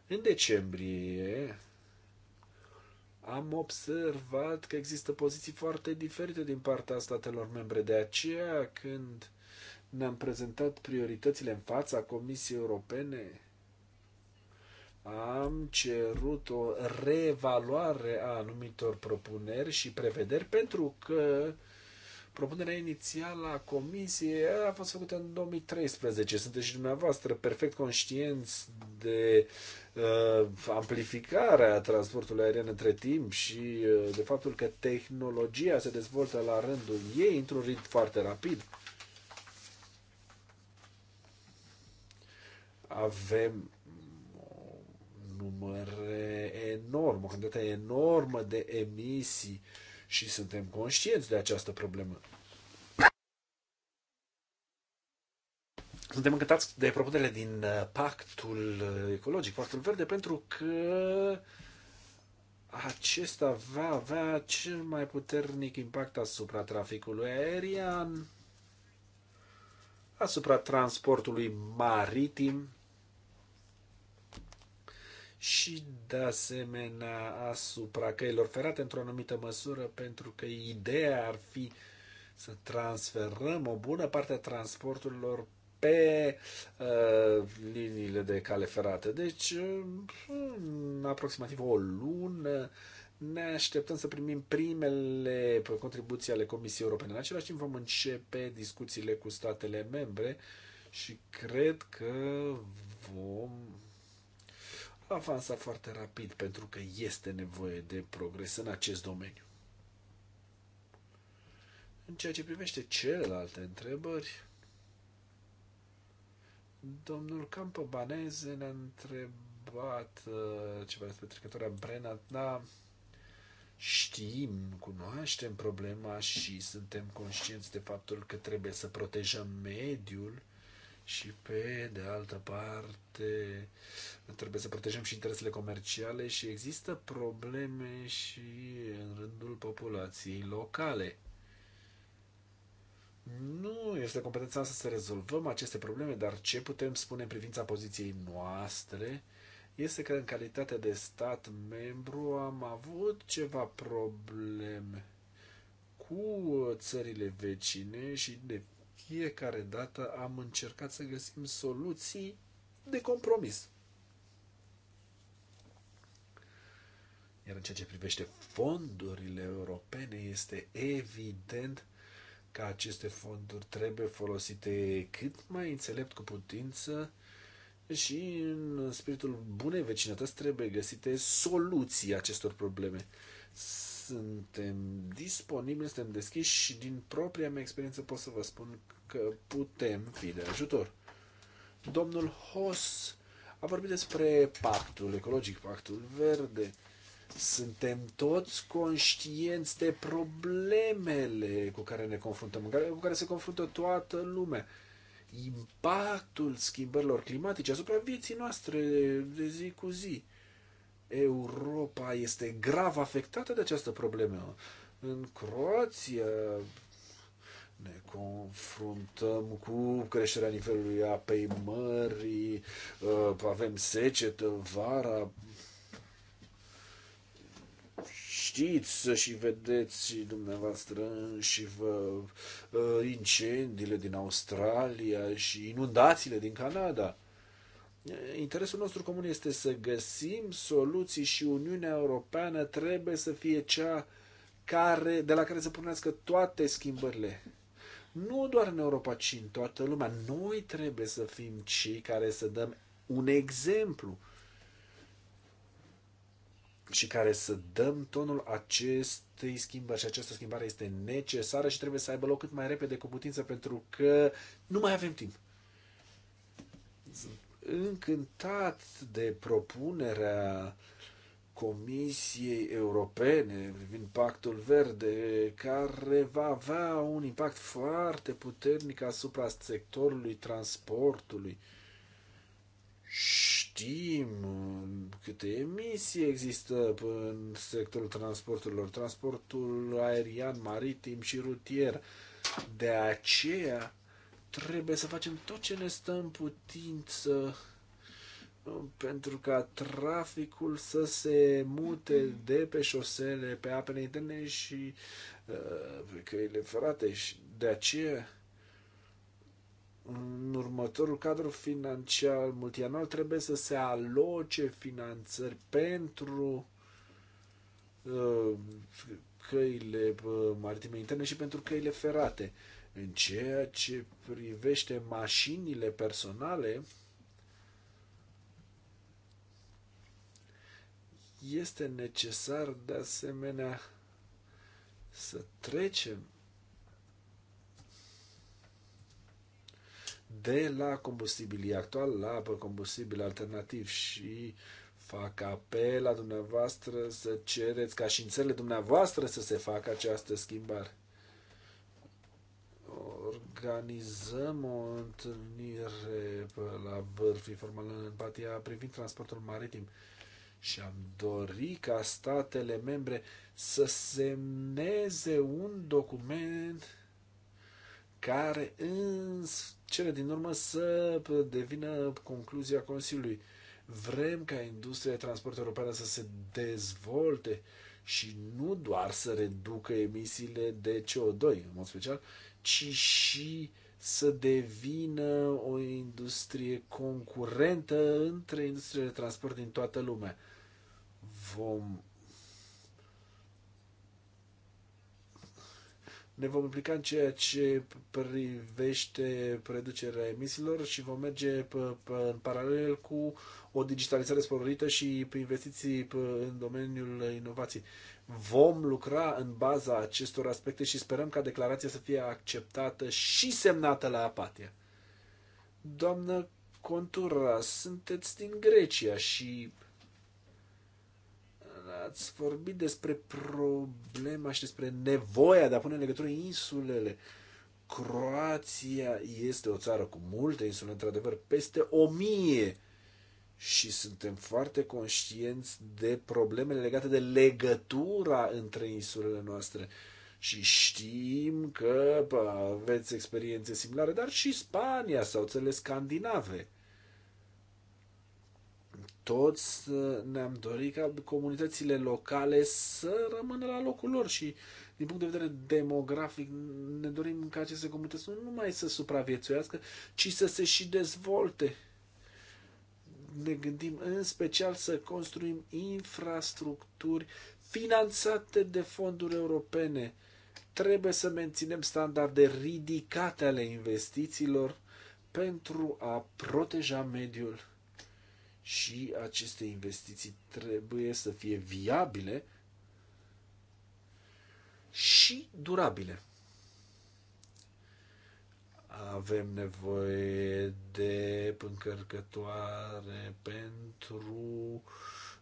În decembrie am observat că există poziții foarte diferite din partea statelor membre. De aceea, când ne-am prezentat prioritățile în fața Comisiei Europene, am cerut o reevaluare a anumitor propuneri și prevederi pentru că propunerea inițială a comisiei a fost făcută în 2013. Sunteți și dumneavoastră perfect conștienți de uh, amplificarea transportului aerian între timp și uh, de faptul că tehnologia se dezvoltă la rândul ei într-un ritm foarte rapid. Avem număr enorm, o cantitate enormă de emisii și suntem conștienți de această problemă. Suntem încântați de propunerile din uh, pactul uh, ecologic, pactul verde, pentru că acesta va avea cel mai puternic impact asupra traficului aerian, asupra transportului maritim, și de asemenea asupra căilor ferate într-o anumită măsură, pentru că ideea ar fi să transferăm o bună parte a transporturilor pe uh, liniile de cale ferată. Deci, în uh, aproximativ o lună, ne așteptăm să primim primele contribuții ale Comisiei Europene. În același timp vom începe discuțiile cu statele membre și cred că vom avansa foarte rapid pentru că este nevoie de progres în acest domeniu. În ceea ce privește celelalte întrebări, domnul Campo Baneze ne-a întrebat uh, ceva despre trecătoarea Brenat. Da, știm, cunoaștem problema și suntem conștienți de faptul că trebuie să protejăm mediul și pe de altă parte trebuie să protejăm și interesele comerciale și există probleme și în rândul populației locale. Nu este competența asta să rezolvăm aceste probleme, dar ce putem spune în privința poziției noastre este că în calitate de stat membru am avut ceva probleme cu țările vecine și de fiecare dată am încercat să găsim soluții de compromis. Iar în ceea ce privește fondurile europene, este evident că aceste fonduri trebuie folosite cât mai înțelept cu putință și în spiritul bunei vecinătăți trebuie găsite soluții acestor probleme suntem disponibili, suntem deschiși și din propria mea experiență pot să vă spun că putem fi de ajutor. Domnul Hoss a vorbit despre pactul ecologic, pactul verde. Suntem toți conștienți de problemele cu care ne confruntăm, cu care se confruntă toată lumea. Impactul schimbărilor climatice asupra vieții noastre de zi cu zi Europa este grav afectată de această problemă. În Croația ne confruntăm cu creșterea nivelului apei mării, uh, avem secetă vara. Știți și vedeți și dumneavoastră și vă uh, incendiile din Australia și inundațiile din Canada Interesul nostru comun este să găsim soluții și Uniunea Europeană trebuie să fie cea care, de la care să pornească toate schimbările. Nu doar în Europa, ci în toată lumea. Noi trebuie să fim cei care să dăm un exemplu și care să dăm tonul acestei schimbări. Și această schimbare este necesară și trebuie să aibă loc cât mai repede cu putință, pentru că nu mai avem timp încântat de propunerea Comisiei Europene privind Pactul Verde, care va avea un impact foarte puternic asupra sectorului transportului. Știm câte emisii există în sectorul transporturilor, transportul aerian, maritim și rutier. De aceea, Trebuie să facem tot ce ne stă în putință um, pentru ca traficul să se mute de pe șosele, pe apele interne și uh, pe căile ferate și de aceea în următorul cadru financiar multianual trebuie să se aloce finanțări pentru uh, căile uh, maritime interne și pentru căile ferate. În ceea ce privește mașinile personale, este necesar de asemenea să trecem de la combustibilii actual la combustibil alternativ și fac apel la dumneavoastră să cereți ca și în țările dumneavoastră să se facă această schimbare organizăm o întâlnire la vârf informal în Empatia privind transportul maritim și am dori ca statele membre să semneze un document care în cele din urmă să devină concluzia Consiliului. Vrem ca industria transport europeană să se dezvolte și nu doar să reducă emisiile de CO2, în mod special, ci și să devină o industrie concurentă între industriile de transport din toată lumea. Vom ne vom implica în ceea ce privește reducerea emisiilor și vom merge în paralel cu o digitalizare sporită și investiții în domeniul inovației. Vom lucra în baza acestor aspecte și sperăm ca declarația să fie acceptată și semnată la Apatia. Doamnă Contura, sunteți din Grecia și ați vorbit despre problema și despre nevoia de a pune în legătură insulele. Croația este o țară cu multe insule, într-adevăr, peste o mie și suntem foarte conștienți de problemele legate de legătura între insulele noastre. Și știm că bă, aveți experiențe similare, dar și Spania sau țările scandinave. Toți ă, ne-am dorit ca comunitățile locale să rămână la locul lor și din punct de vedere demografic, ne dorim ca aceste comunități nu numai să supraviețuiască, ci să se și dezvolte ne gândim în special să construim infrastructuri finanțate de fonduri europene. Trebuie să menținem standarde ridicate ale investițiilor pentru a proteja mediul și aceste investiții trebuie să fie viabile și durabile. Avem nevoie de încărcătoare pentru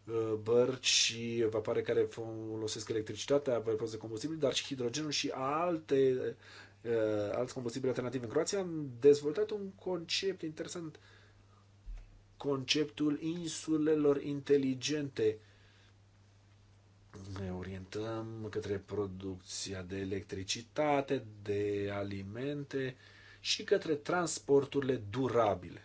uh, bărci și vapoare care folosesc electricitatea pe post de combustibil, dar și hidrogenul și alte uh, alți combustibili alternativi. În Croația am dezvoltat un concept interesant, conceptul insulelor inteligente. Ne orientăm către producția de electricitate, de alimente, și către transporturile durabile.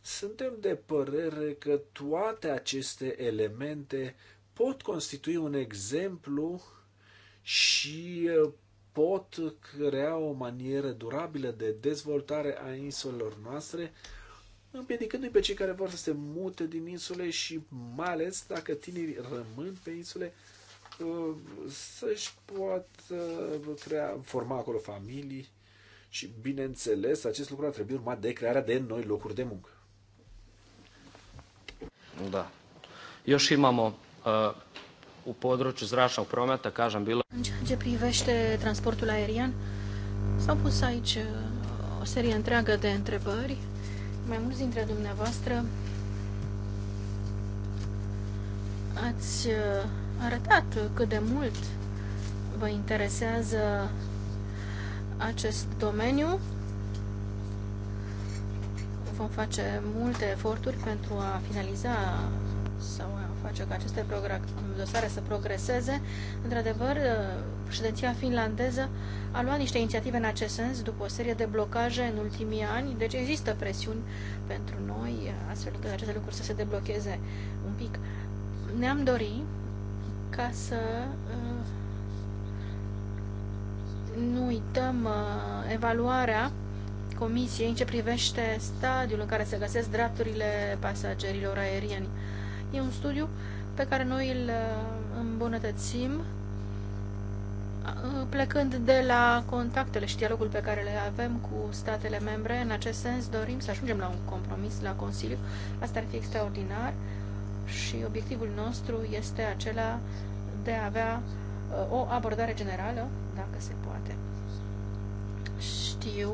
Suntem de părere că toate aceste elemente pot constitui un exemplu și pot crea o manieră durabilă de dezvoltare a insulelor noastre, împiedicându-i pe cei care vor să se mute din insule și mai ales dacă tinerii rămân pe insule, uh, să-și poată crea, forma acolo familii și, bineînțeles, acest lucru ar trebui urmat de crearea de noi locuri de muncă. Da. Eu și mamă uh, u području zračnog prometa, kažem, bilo... În ceea ce privește transportul aerian, s-au pus aici uh, o serie întreagă de întrebări. Mai mulți dintre dumneavoastră ați uh, arătat cât de mult vă interesează acest domeniu. Vom face multe eforturi pentru a finaliza sau a face ca aceste dosare să progreseze. Într-adevăr, președinția finlandeză a luat niște inițiative în acest sens după o serie de blocaje în ultimii ani, deci există presiuni pentru noi astfel încât aceste lucruri să se deblocheze un pic. Ne-am dorit ca să nu uităm uh, evaluarea Comisiei în ce privește stadiul în care se găsesc drepturile pasagerilor aerieni. E un studiu pe care noi îl uh, îmbunătățim uh, plecând de la contactele și dialogul pe care le avem cu statele membre. În acest sens dorim să ajungem la un compromis la Consiliu. Asta ar fi extraordinar și obiectivul nostru este acela de a avea o abordare generală dacă se poate. Știu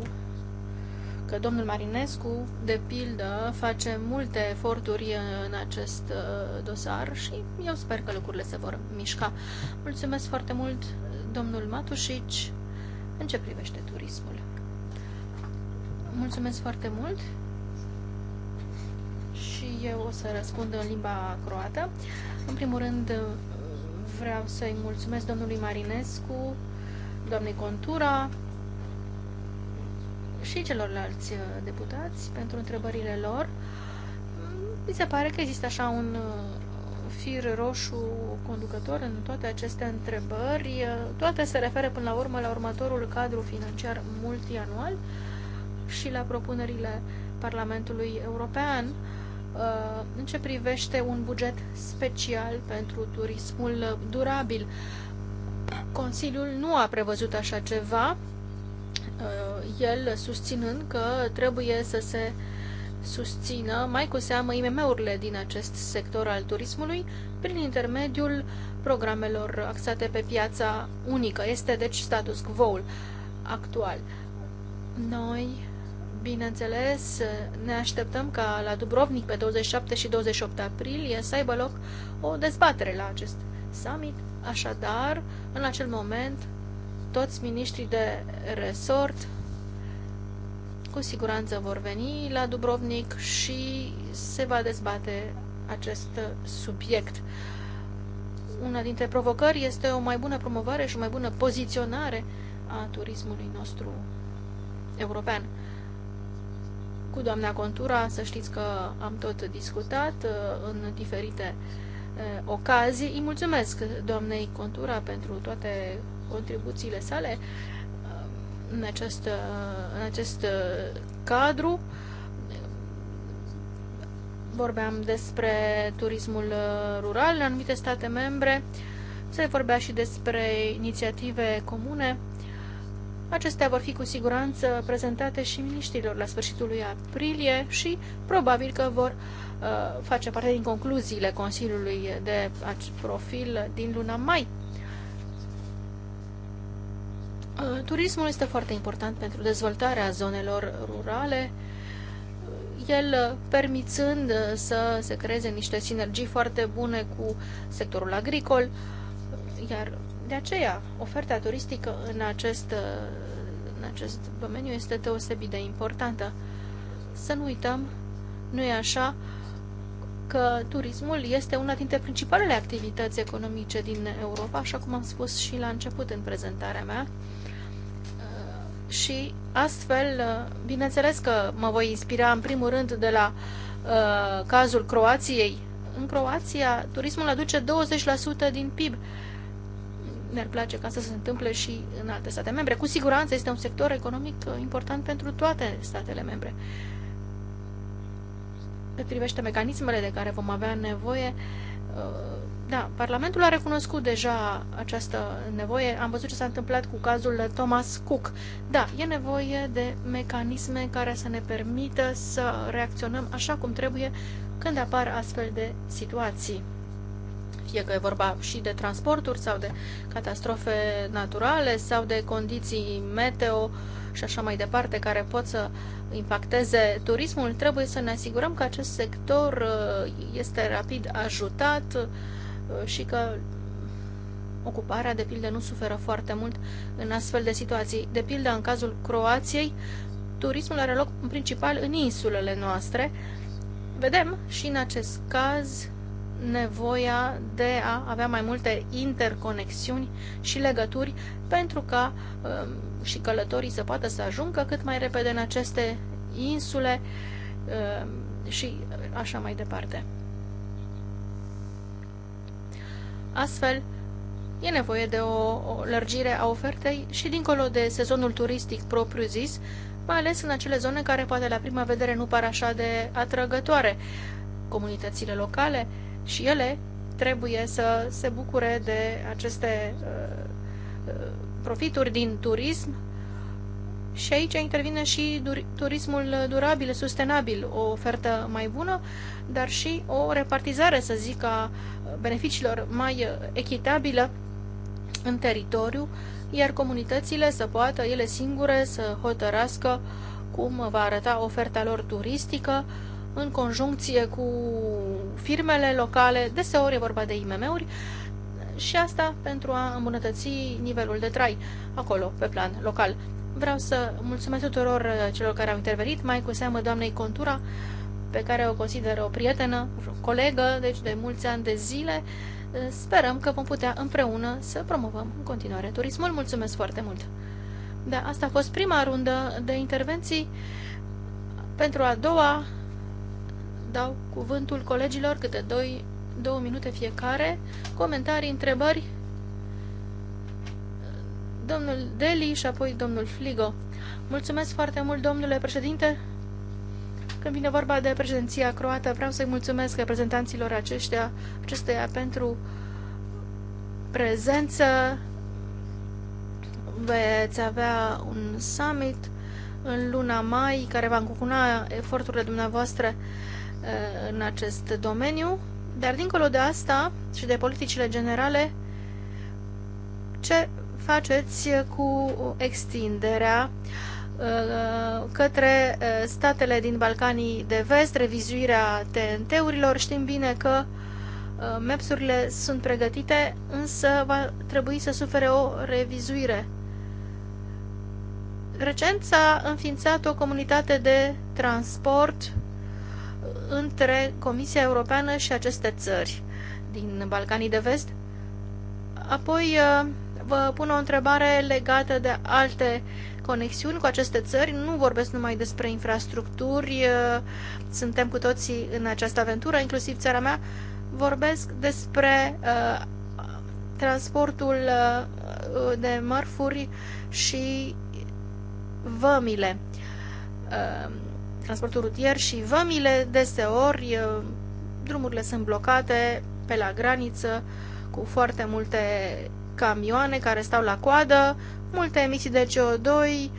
că domnul Marinescu, de pildă, face multe eforturi în acest uh, dosar și eu sper că lucrurile se vor mișca. Mulțumesc foarte mult, domnul Matușici, în ce privește turismul. Mulțumesc foarte mult și eu o să răspund în limba croată. În primul rând, vreau să-i mulțumesc domnului Marinescu doamnei Contura și celorlalți uh, deputați pentru întrebările lor. Mi se pare că există așa un uh, fir roșu conducător în toate aceste întrebări. Uh, toate se referă până la urmă la următorul cadru financiar multianual și la propunerile Parlamentului European în ce privește un buget special pentru turismul durabil. Consiliul nu a prevăzut așa ceva, uh, el susținând că trebuie să se susțină mai cu seamă IMM-urile din acest sector al turismului prin intermediul programelor axate pe piața unică. Este deci status quo-ul actual. Noi, bineînțeles, ne așteptăm ca la Dubrovnik pe 27 și 28 aprilie să aibă loc o dezbatere la acest summit Așadar, în acel moment, toți miniștrii de resort cu siguranță vor veni la Dubrovnik și se va dezbate acest subiect. Una dintre provocări este o mai bună promovare și o mai bună poziționare a turismului nostru european. Cu doamna Contura, să știți că am tot discutat uh, în diferite uh, Eh, ocazii. Îi mulțumesc doamnei Contura pentru toate contribuțiile sale eh, în acest, eh, în acest cadru. Vorbeam despre turismul rural în anumite state membre. Se vorbea și despre inițiative comune. Acestea vor fi cu siguranță prezentate și miniștrilor la sfârșitul lui aprilie și probabil că vor uh, Uh, face parte din concluziile Consiliului de profil din luna mai. Uh, turismul este foarte important pentru dezvoltarea zonelor rurale, uh, el permițând să se creeze niște sinergii foarte bune cu sectorul agricol, iar de aceea oferta turistică în acest, în acest domeniu este deosebit de importantă. Să nu uităm, nu e așa, că turismul este una dintre principalele activități economice din Europa, așa cum am spus și la început în prezentarea mea. Uh, și astfel, uh, bineînțeles că mă voi inspira în primul rând de la uh, cazul Croației. În Croația, turismul aduce 20% din PIB. Ne-ar place ca să se întâmple și în alte state membre. Cu siguranță este un sector economic important pentru toate statele membre. Uh, cât privește mecanismele de care vom avea nevoie, uh, da, Parlamentul a recunoscut deja această nevoie. Am văzut ce s-a întâmplat cu cazul Thomas Cook. Da, e nevoie de mecanisme care să ne permită să reacționăm așa cum trebuie când apar astfel de situații fie că e vorba și de transporturi sau de catastrofe naturale sau de condiții meteo și așa mai departe care pot să impacteze turismul, trebuie să ne asigurăm că acest sector uh, este rapid ajutat uh, și că ocuparea, de pildă, nu suferă foarte mult în astfel de situații. De pildă, în cazul Croației, turismul are loc în principal în insulele noastre. Vedem și în acest caz nevoia de a avea mai multe interconexiuni și legături pentru ca um, și călătorii să poată să ajungă cât mai repede în aceste insule um, și așa mai departe. Astfel, e nevoie de o, lărgire a ofertei și dincolo de sezonul turistic propriu-zis, mai ales în acele zone care poate la prima vedere nu par așa de atrăgătoare. Comunitățile locale și ele trebuie să se bucure de aceste uh, uh, profituri din turism și aici intervine și turismul durabil, sustenabil, o ofertă mai bună, dar și o repartizare, să zic, a beneficiilor mai echitabilă în teritoriu, iar comunitățile să poată ele singure să hotărască cum va arăta oferta lor turistică, în conjuncție cu firmele locale, deseori e vorba de IMM-uri, și asta pentru a îmbunătăți nivelul de trai acolo, pe plan local. Vreau să mulțumesc tuturor uh, celor care au intervenit, mai cu seamă doamnei Contura, pe care o consider o prietenă, o colegă, deci de mulți ani de zile. Uh, sperăm că vom putea împreună să promovăm în continuare turismul. Mulțumesc foarte mult! Da, asta a fost prima rundă de intervenții. Pentru a doua dau cuvântul colegilor câte doi, două minute fiecare. Comentarii, întrebări? Domnul Deli și apoi domnul Fligo. Mulțumesc foarte mult, domnule președinte. Când vine vorba de președinția croată, vreau să-i mulțumesc reprezentanților aceștia, acesteia pentru prezență. Veți avea un summit în luna mai, care va încucuna eforturile dumneavoastră Uh, în acest domeniu, dar dincolo de asta și de politicile generale, ce faceți cu extinderea uh, către uh, statele din Balcanii de Vest, revizuirea TNT-urilor. Știm bine că MEPS-urile sunt pregătite, însă va trebui să sufere o revizuire. Recent s-a înființat o comunitate de transport între Comisia Europeană și aceste țări din Balcanii de Vest. Apoi uh, vă pun o întrebare legată de alte conexiuni cu aceste țări. Nu vorbesc numai despre infrastructuri, uh, suntem cu toții în această aventură, inclusiv țara mea. Vorbesc despre uh, transportul de mărfuri și vămile transportul rutier și vămile deseori, eh, drumurile sunt blocate pe la graniță cu foarte multe camioane care stau la coadă, multe emisii de CO2,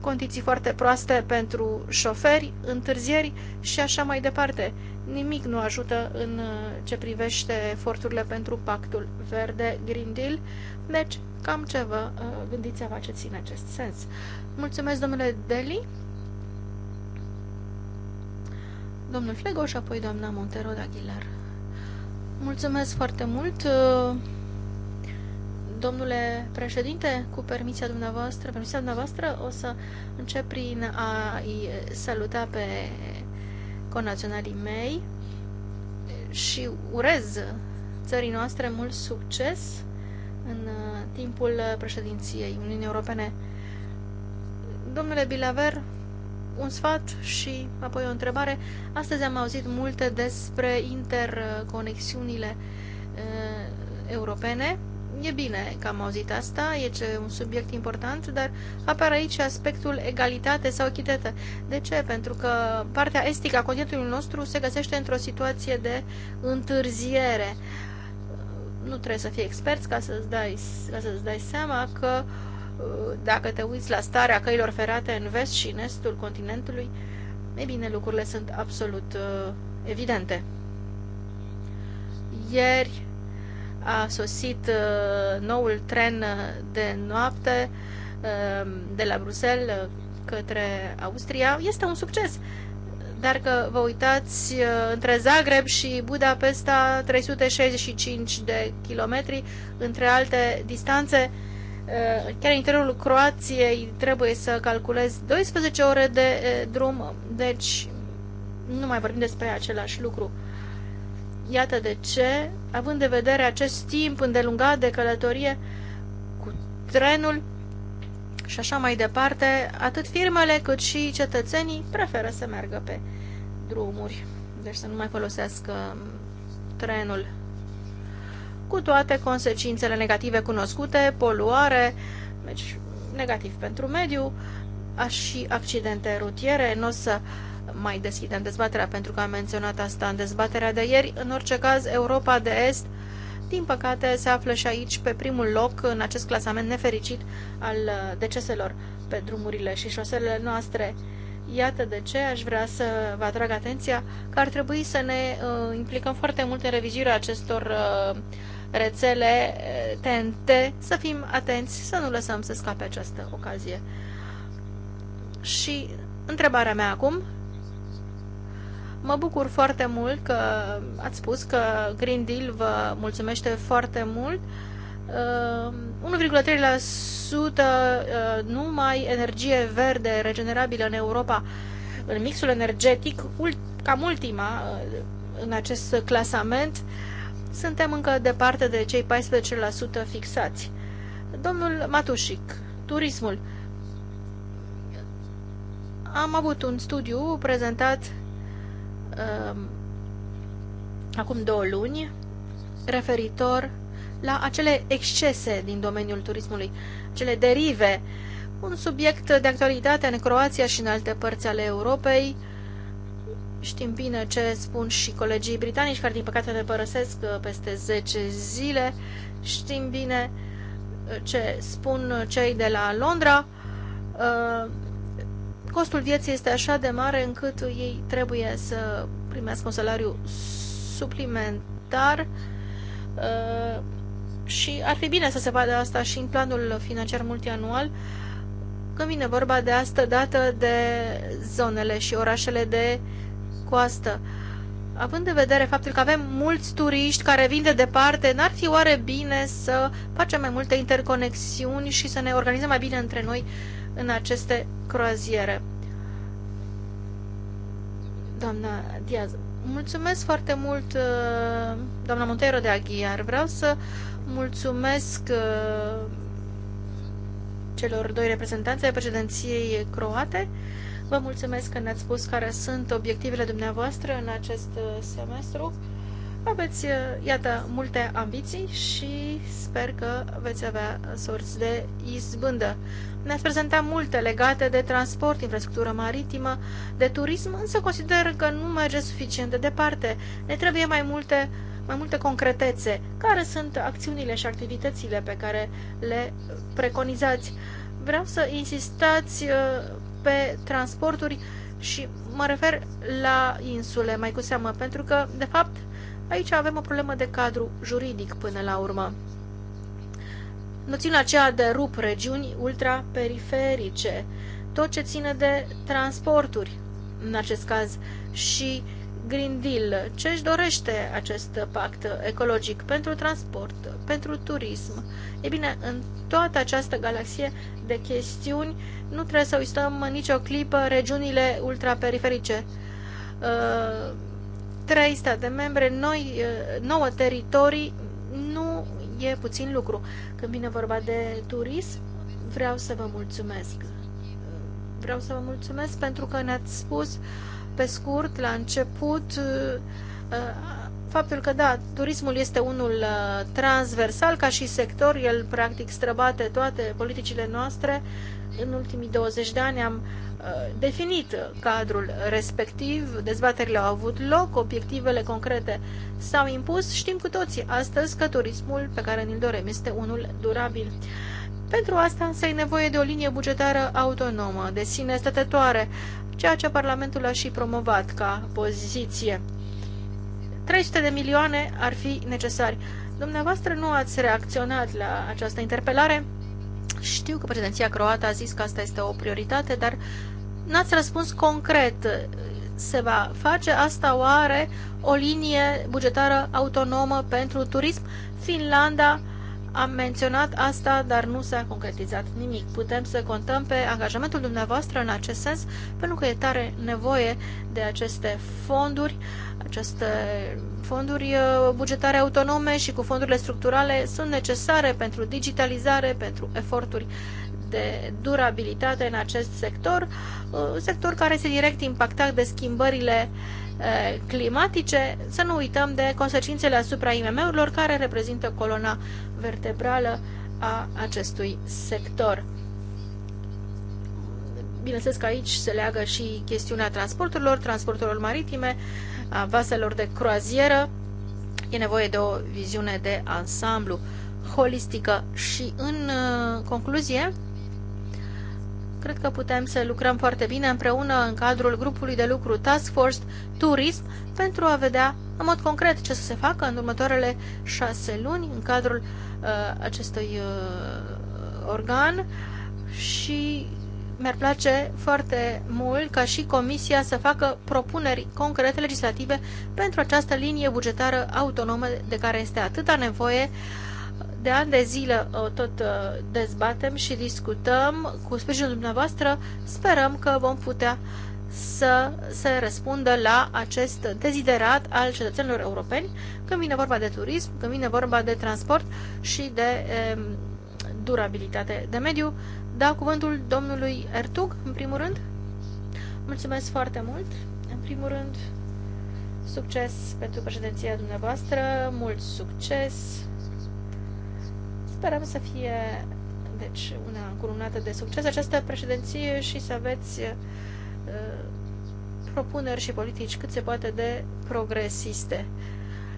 condiții foarte proaste pentru șoferi, întârzieri și așa mai departe. Nimic nu ajută în eh, ce privește eforturile pentru pactul verde Green Deal, deci cam ce vă eh, gândiți a faceți în acest sens. Mulțumesc, domnule Deli! domnul Flego și apoi doamna Montero Aguilar. Mulțumesc foarte mult, domnule președinte, cu permisia dumneavoastră, permisia dumneavoastră o să încep prin a-i saluta pe conaționalii mei și urez țării noastre mult succes în uh, timpul președinției Uniunii Europene. Domnule Bilaver, un sfat și apoi o întrebare. Astăzi am auzit multe despre interconexiunile uh, europene. E bine că am auzit asta, e ce, un subiect important, dar apare aici aspectul egalitate sau echitate. De ce? Pentru că partea estică a continentului nostru se găsește într-o situație de întârziere. Nu trebuie să fii expert ca să-ți dai, ca să-ți dai seama că uh, dacă te uiți la starea căilor ferate în vest și în estul continentului, e bine, lucrurile sunt absolut uh, evidente. Ieri a sosit uh, noul tren de noapte uh, de la Bruxelles uh, către Austria. Este un succes, dar că vă uitați uh, între Zagreb și Budapesta 365 de kilometri, între alte distanțe, uh, Eh, chiar în interiorul Croației trebuie să calculezi 12 ore de eh, drum, deci nu mai vorbim despre același lucru. Iată de ce, având în vedere acest timp îndelungat de călătorie cu trenul și așa mai departe, atât firmele cât și cetățenii preferă să meargă pe drumuri, deci să nu mai folosească mm, trenul cu toate consecințele negative cunoscute, poluare, deci negativ pentru mediu, și accidente rutiere. Nu o să mai deschidem dezbaterea pentru că am menționat asta în dezbaterea de ieri. În orice caz, Europa de Est, din păcate, se află și aici pe primul loc în acest clasament nefericit al deceselor pe drumurile și șoselele noastre. Iată de ce aș vrea să vă atrag atenția că ar trebui să ne uh, implicăm foarte mult în revizuirea acestor uh, rețele TNT, eh, să fim atenți, să nu lăsăm să scape această ocazie. Și întrebarea mea acum, mă bucur foarte mult că ați spus că Green Deal vă mulțumește foarte mult. 1,3% eh, eh, numai energie verde regenerabilă în Europa, în mixul energetic, cam ultima în acest clasament suntem încă departe de cei 14% fixați. Domnul Matușic, turismul. Am avut un studiu prezentat uh, acum două luni referitor la acele excese din domeniul turismului, cele derive, un subiect de actualitate în Croația și în alte părți ale Europei, uh, Știm bine ce spun și colegii britanici, care din păcate ne părăsesc uh, peste 10 zile. Știm bine uh, ce spun cei de la Londra. Uh, costul vieții este așa de mare încât ei trebuie să primească un salariu suplimentar și ar fi bine să se vadă asta și în planul financiar multianual când vine vorba de asta dată de zonele și orașele de coastă. Având în vedere faptul că avem mulți turiști care vin de departe, n-ar fi oare bine să facem mai multe interconexiuni și să ne organizăm mai bine între noi în aceste croaziere? Doamna Diaz, mulțumesc foarte mult, uh, doamna Monteiro de Aghiar. Vreau să mulțumesc uh, celor doi reprezentanți ai președinției croate Vă mulțumesc că ne-ați spus care sunt obiectivele dumneavoastră în acest uh, semestru. Aveți, uh, iată, multe ambiții și sper că veți avea sorți de izbândă. Ne-ați prezentat multe legate de transport, infrastructură maritimă, de turism, însă consider că nu merge suficient de departe. Ne trebuie mai multe mai multe concretețe. Care sunt acțiunile și activitățile pe care le preconizați? Vreau să insistați uh, pe transporturi și mă refer la insule, mai cu seamă, pentru că, de fapt, aici avem o problemă de cadru juridic până la urmă. Noțiunea aceea de rup regiuni ultraperiferice, tot ce ține de transporturi, în acest caz, și uh, Green Deal, ce își dorește acest pact ecologic pentru transport, pentru turism. E bine, în toată această galaxie de chestiuni nu trebuie să uităm nicio clipă regiunile ultraperiferice. Uh, trei state membre, noi, uh, nouă teritorii, nu e puțin lucru. Când vine vorba de turism, vreau să vă mulțumesc. Vreau să vă mulțumesc pentru că ne-ați spus uh, pe scurt, la început, uh, uh, faptul că, da, turismul este unul uh, transversal ca și sector, el practic străbate toate politicile noastre. În ultimii 20 de ani am definit cadrul respectiv, dezbaterile au avut loc, obiectivele concrete s-au impus. Știm cu toții astăzi că turismul pe care ne-l dorem este unul durabil. Pentru asta însă e nevoie de o linie bugetară autonomă, de sine stătătoare, ceea ce Parlamentul a și promovat ca poziție. 300 de milioane ar fi necesari. Dumneavoastră nu ați reacționat la această interpelare. Știu că președinția croată a zis că asta este o prioritate, dar n-ați răspuns concret. Se va face asta oare o linie bugetară autonomă pentru turism? Finlanda am menționat asta, dar nu s-a concretizat nimic. Putem să contăm pe angajamentul dumneavoastră în acest sens, pentru că e tare nevoie de aceste fonduri, aceste fonduri uh, bugetare autonome și cu fondurile structurale sunt necesare pentru digitalizare, pentru eforturi de durabilitate în acest sector, un uh, sector care este direct impactat de schimbările uh, climatice, să nu uităm de consecințele asupra IMM-urilor care reprezintă coloana vertebrală a acestui sector. Bineînțeles că aici se leagă și chestiunea transporturilor, transporturilor maritime, a vaselor de croazieră. E nevoie de o viziune de ansamblu holistică și în uh, concluzie Cred că putem să lucrăm foarte bine împreună în cadrul grupului de lucru Task Force Turism pentru a vedea în mod concret ce să se facă în următoarele șase luni în cadrul uh, acestui uh, organ și mi-ar place foarte mult ca și Comisia să facă propuneri concrete legislative pentru această linie bugetară autonomă de care este atâta nevoie uh, de ani de zile uh, tot uh, dezbatem și discutăm cu sprijinul dumneavoastră. Sperăm că vom putea să se răspundă la acest deziderat al cetățenilor europeni când vine vorba de turism, când vine vorba de transport și de e, um, durabilitate de mediu. Da cuvântul domnului Ertug, în primul rând. Mulțumesc foarte mult. În primul rând, succes pentru președinția dumneavoastră, mult succes Sperăm să fie deci, una încurunată de succes această președinție și să aveți uh, propuneri și politici cât se poate de progresiste.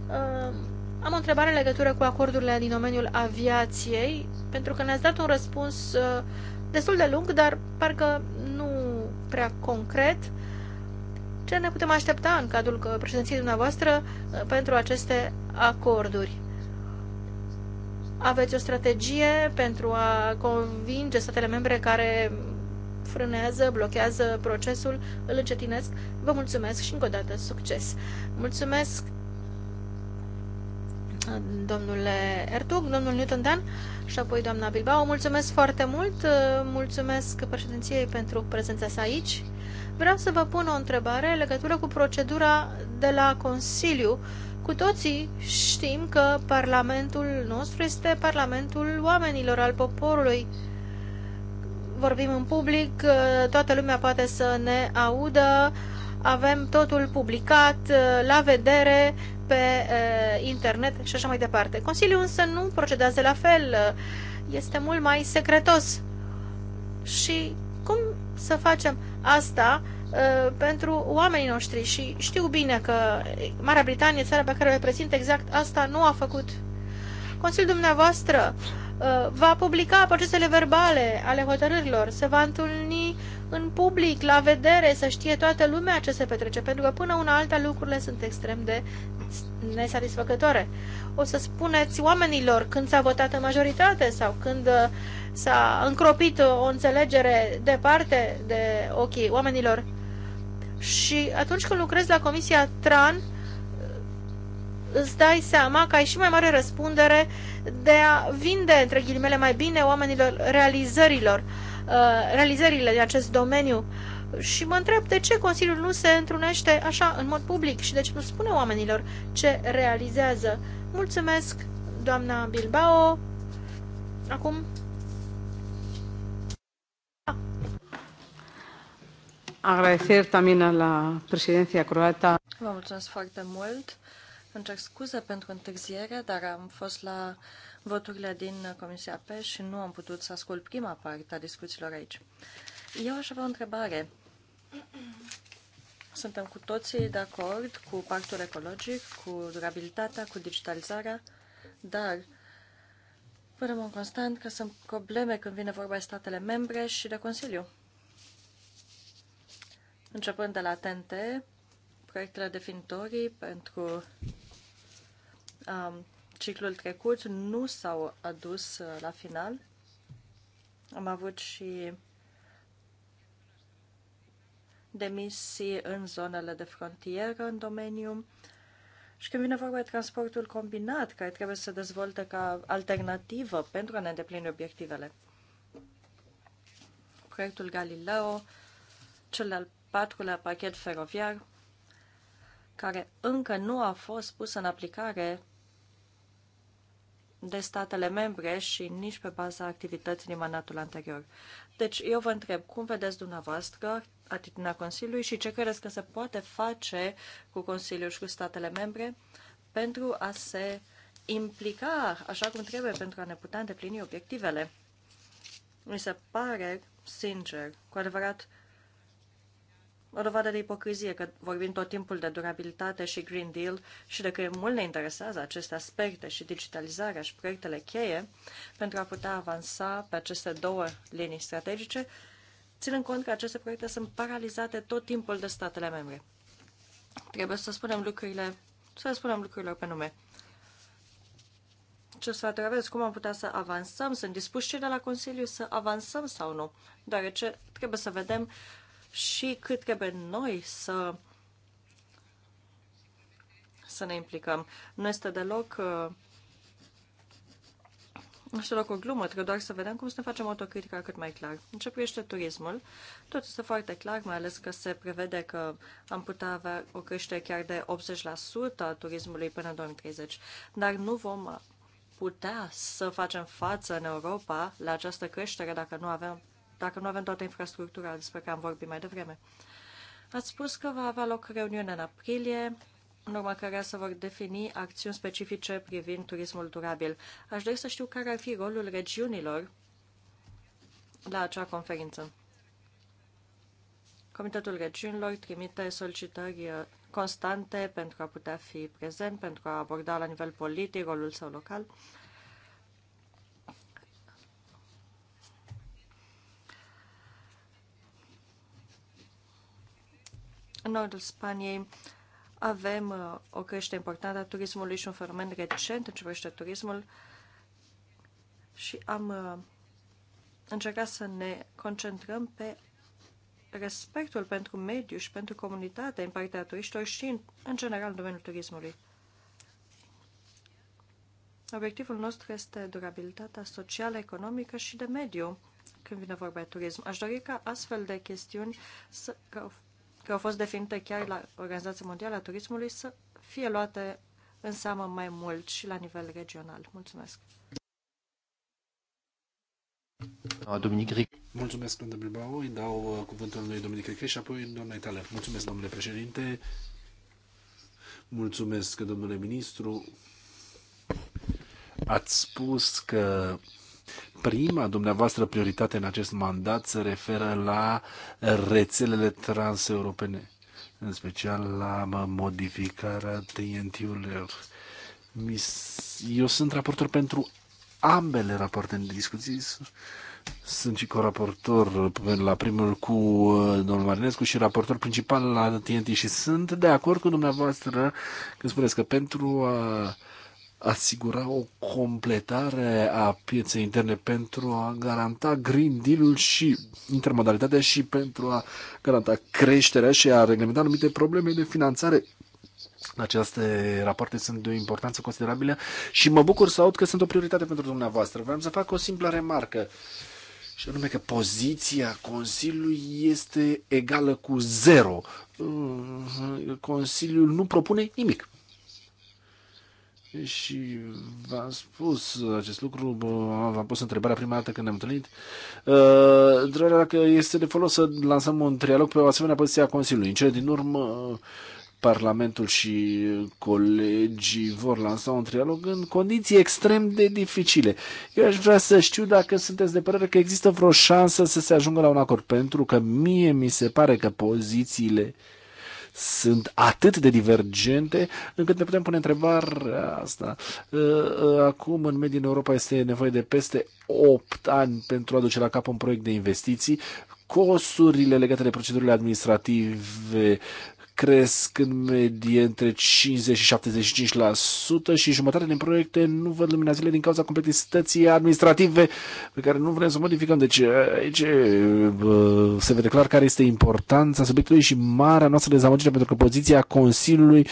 Uh, am o întrebare în legătură cu acordurile din domeniul aviației, pentru că ne-ați dat un răspuns uh, destul de lung, dar parcă nu prea concret. Ce ne putem aștepta în cadrul președinției dumneavoastră pentru aceste acorduri? Aveți o strategie pentru a convinge statele membre care frânează, blochează procesul, îl încetinesc. Vă mulțumesc și încă o dată succes! Mulțumesc, domnule Ertug, domnul Newton Dan și apoi doamna Bilbao. Mulțumesc foarte mult, mulțumesc președinției pentru prezența sa aici. Vreau să vă pun o întrebare legătură cu procedura de la Consiliu cu toții știm că Parlamentul nostru este Parlamentul oamenilor, al poporului. Vorbim în public, toată lumea poate să ne audă, avem totul publicat, la vedere, pe eh, internet și așa mai departe. Consiliul însă nu procedează la fel, este mult mai secretos. Și cum să facem asta? Uh, pentru oamenii noștri și știu bine că Marea Britanie, țara pe care o reprezint exact asta, nu a făcut. Consiliul dumneavoastră uh, va publica procesele verbale ale hotărârilor, se va întâlni în public, la vedere, să știe toată lumea ce se petrece, pentru că până una alta lucrurile sunt extrem de nesatisfăcătoare. O să spuneți oamenilor când s-a votat în majoritate sau când uh, s-a încropit o înțelegere departe de ochii oamenilor și atunci când lucrezi la Comisia TRAN, îți dai seama că ai și mai mare răspundere de a vinde, între ghilimele, mai bine oamenilor realizărilor, uh, realizările din acest domeniu. Și mă întreb de ce Consiliul nu se întrunește așa în mod public și de ce nu spune oamenilor ce realizează. Mulțumesc, doamna Bilbao. Acum... Agradecer también a la presidencia croata. Vă mulțumesc foarte mult. Îmi cer scuze pentru întârziere, dar am fost la voturile din Comisia PES și nu am putut să ascult prima parte a discuțiilor aici. Eu aș avea o întrebare. Suntem cu toții de acord cu pactul ecologic, cu durabilitatea, cu digitalizarea, dar punem în constant că sunt probleme când vine vorba de statele membre și de Consiliu. Începând de la TNT, proiectele definitorii pentru um, ciclul trecut nu s-au adus uh, la final. Am avut și demisii în zonele de frontieră în domeniu. Și când vine vorba de transportul combinat, care trebuie să se dezvolte ca alternativă pentru a ne îndeplini obiectivele. Proiectul Galileo, cel de-al patrulea pachet feroviar, care încă nu a fost pus în aplicare de statele membre și nici pe baza activității din mandatul anterior. Deci eu vă întreb, cum vedeți dumneavoastră atitudinea Consiliului și ce credeți că se poate face cu Consiliul și cu statele membre pentru a se implica așa cum trebuie pentru a ne putea îndeplini obiectivele? Mi se pare, sincer, cu adevărat o dovadă de ipocrizie că vorbim tot timpul de durabilitate și Green Deal și de că mult ne interesează aceste aspecte și digitalizarea și proiectele cheie pentru a putea avansa pe aceste două linii strategice, ținând cont că aceste proiecte sunt paralizate tot timpul de statele membre. Trebuie să spunem lucrurile, să spunem lucrurilor pe nume. Ce sfaturi aveți? Cum am putea să avansăm? Sunt dispuși cei de la Consiliu să avansăm sau nu? Deoarece trebuie să vedem uh, și cât trebuie noi să să ne implicăm. Nu este deloc uh, nu este deloc o glumă, trebuie doar să vedem cum să ne facem autocritica cât mai clar. În ce privește turismul, tot este foarte clar, mai ales că se prevede că am putea avea o creștere chiar de 80% a turismului până în 2030, dar nu vom putea să facem față în Europa la această creștere dacă nu avem dacă nu avem toată infrastructura despre care am vorbit mai devreme. Ați spus că va avea loc reuniune în aprilie, în urma care se vor defini acțiuni specifice privind turismul durabil. Aș dori să știu care ar fi rolul regiunilor la acea conferință. Comitetul Regiunilor trimite solicitări uh, constante pentru a putea fi prezent, pentru a aborda la nivel politic rolul său local. În nordul Spaniei avem uh, o creștere importantă a turismului și un fenomen recent în ce turismul și am uh, încercat să ne concentrăm pe respectul pentru mediu și pentru comunitate în partea turiștilor și, în, în general, în domeniul turismului. Obiectivul nostru este durabilitatea socială, economică și de mediu când vine vorba de turism. Aș dori ca astfel de chestiuni să că au fost definite chiar la Organizația Mondială a Turismului, să fie luate în seamă mai mult și la nivel regional. Mulțumesc! Dominic Mulțumesc, domnule Bilbao. Îi dau uh, cuvântul lui Dominic Ricri și apoi doamna Italia. Mulțumesc, domnule președinte. Mulțumesc, domnule ministru. Ați spus că Prima dumneavoastră prioritate în acest mandat se referă la rețelele transeuropene, în special la modificarea TNT-urilor. Eu sunt raportor pentru ambele rapoarte în discuții. Sunt și coraportor la primul cu uh, domnul Marinescu și raportor principal la TNT și sunt de acord cu dumneavoastră când spuneți că pentru a asigura o completare a pieței interne pentru a garanta Green Deal-ul și intermodalitatea și pentru a garanta creșterea și a reglementa anumite probleme de finanțare aceste rapoarte sunt de o importanță considerabilă și mă bucur să aud că sunt o prioritate pentru dumneavoastră. Vreau să fac o simplă remarcă și anume că poziția Consiliului este egală cu zero. Consiliul nu propune nimic și v-am spus acest lucru, v-am pus întrebarea prima dată când ne-am întâlnit. Uh, întrebarea dacă este de folos să lansăm un trialog pe o asemenea poziție a Consiliului. În cele din urmă, Parlamentul și colegii vor lansa un trialog în condiții extrem de dificile. Eu aș vrea să știu dacă sunteți de părere că există vreo șansă să se ajungă la un acord, pentru că mie mi se pare că pozițiile uh, sunt atât de divergente încât ne putem pune întrebarea asta. Uh, uh, acum, în medie, în Europa este nevoie de peste 8 ani pentru a duce la cap un proiect de investiții costurile legate de procedurile administrative cresc în medie între 50 și 75% și jumătate din proiecte nu văd lumina zile din cauza complexității administrative pe care nu vrem să o modificăm. Deci aici se vede clar care este importanța subiectului și marea noastră dezamăgire pentru că poziția Consiliului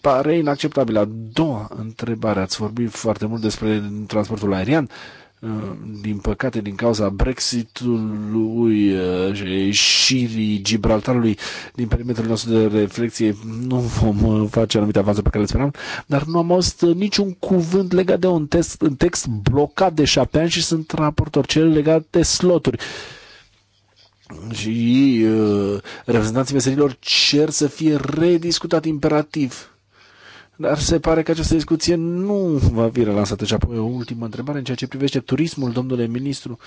pare inacceptabilă. A doua întrebare, ați vorbit foarte mult despre transportul aerian Ehm, din păcate, din cauza Brexitului eh, și ieșirii Gibraltarului din perimetrul nostru de reflexie, nu vom eh, face anumite avanțe pe care le speram, dar nu am auzit eh, niciun cuvânt legat de un text, un text blocat de șapte ani și sunt raportor cel legat de sloturi și uh, reprezentanții meserilor cer să fie rediscutat imperativ dar se pare că această discuție nu va fi relansată. Și apoi o ultimă întrebare în ceea ce privește turismul, domnule ministru.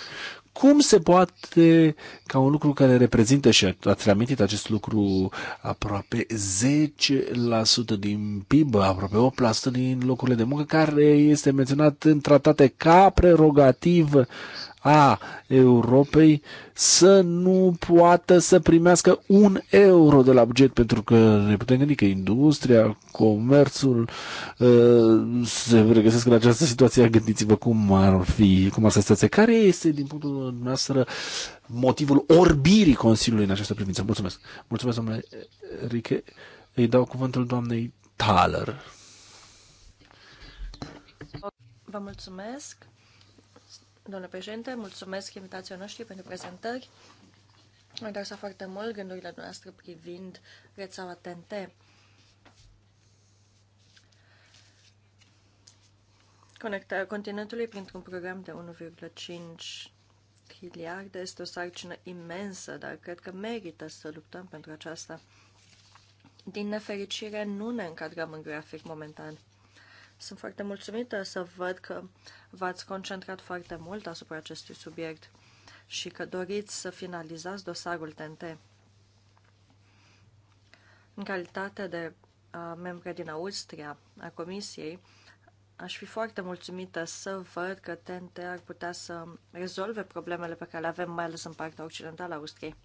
Cum se poate ca un lucru care reprezintă, și ați reamintit acest lucru, aproape 10% din PIB, aproape 8% din locurile de muncă, care este menționat în tratate ca prerogativ a Europei să nu poată să primească un euro de la buget, pentru că ne putem gândi că industria, comerțul uh, se regăsesc în această situație. Gândiți-vă cum ar fi, cum ar fi situația. Care este, din punctul noastră, motivul orbirii Consiliului în această privință? Mulțumesc. Mulțumesc, domnule Riche. Îi dau cuvântul doamnei Thaler. Vă mulțumesc. Domnule președinte, mulțumesc invitația noștri pentru prezentări. Mă interesa foarte mult gândurile noastre privind rețeaua TNT. Conectarea continentului printr-un program de 1,5 triliarde este o sarcină imensă, dar cred că merită să luptăm pentru aceasta. Din nefericire, nu ne încadrăm în grafic momentan. Sunt foarte mulțumită să văd că v-ați concentrat foarte mult asupra acestui subiect și că doriți să finalizați dosarul TNT. În calitate de membre din Austria a Comisiei, aș fi foarte mulțumită să văd că TNT ar putea să rezolve problemele pe care le avem, mai ales în partea occidentală a Austriei.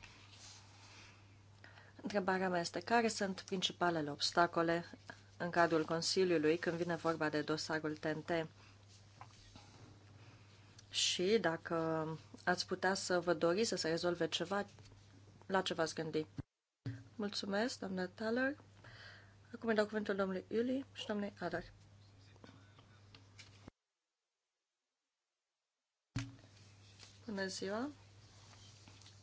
Întrebarea mea este, care sunt principalele obstacole în cadrul Consiliului când vine vorba de dosarul TNT. Și dacă ați putea să vă doriți să se rezolve ceva, la ce v-ați gândi? Mulțumesc, doamna Taller. Acum îi dau cuvântul domnului Iuli și domnului Adar. Bună ziua!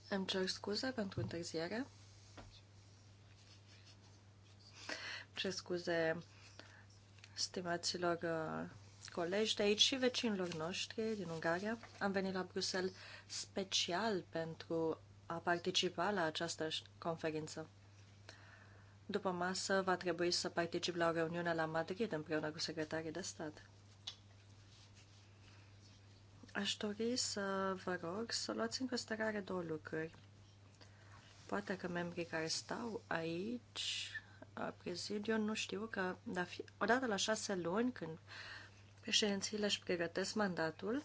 Îmi cer scuze pentru întârziere. cer scuze stimaților uh, colegi de aici și vecinilor noștri din Ungaria. Am venit la Bruxelles special pentru a participa la această conferință. După masă, va trebui să particip la o reuniune la Madrid împreună cu secretarii de stat. Aș dori să vă rog să luați în considerare două lucruri. Poate că membrii care stau aici Uh, prezidiu, nu știu că odată la șase luni, când președințiile își pregătesc mandatul,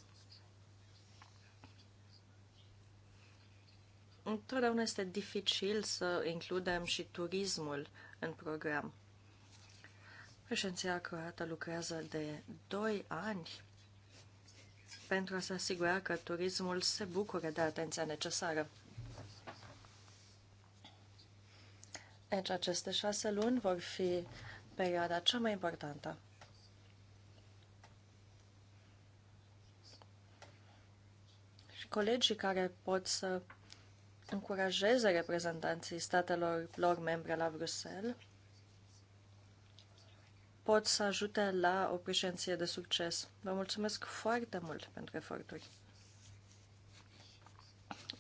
întotdeauna este dificil să includem și turismul în program. Președinția croată lucrează de 2 ani pentru a se asigura că turismul se bucură de atenția necesară. Deci aceste șase luni vor fi perioada cea mai importantă. Și colegii care pot să încurajeze reprezentanții statelor lor membre la Bruxelles pot să ajute la o președinție de succes. Vă mulțumesc foarte mult pentru eforturi.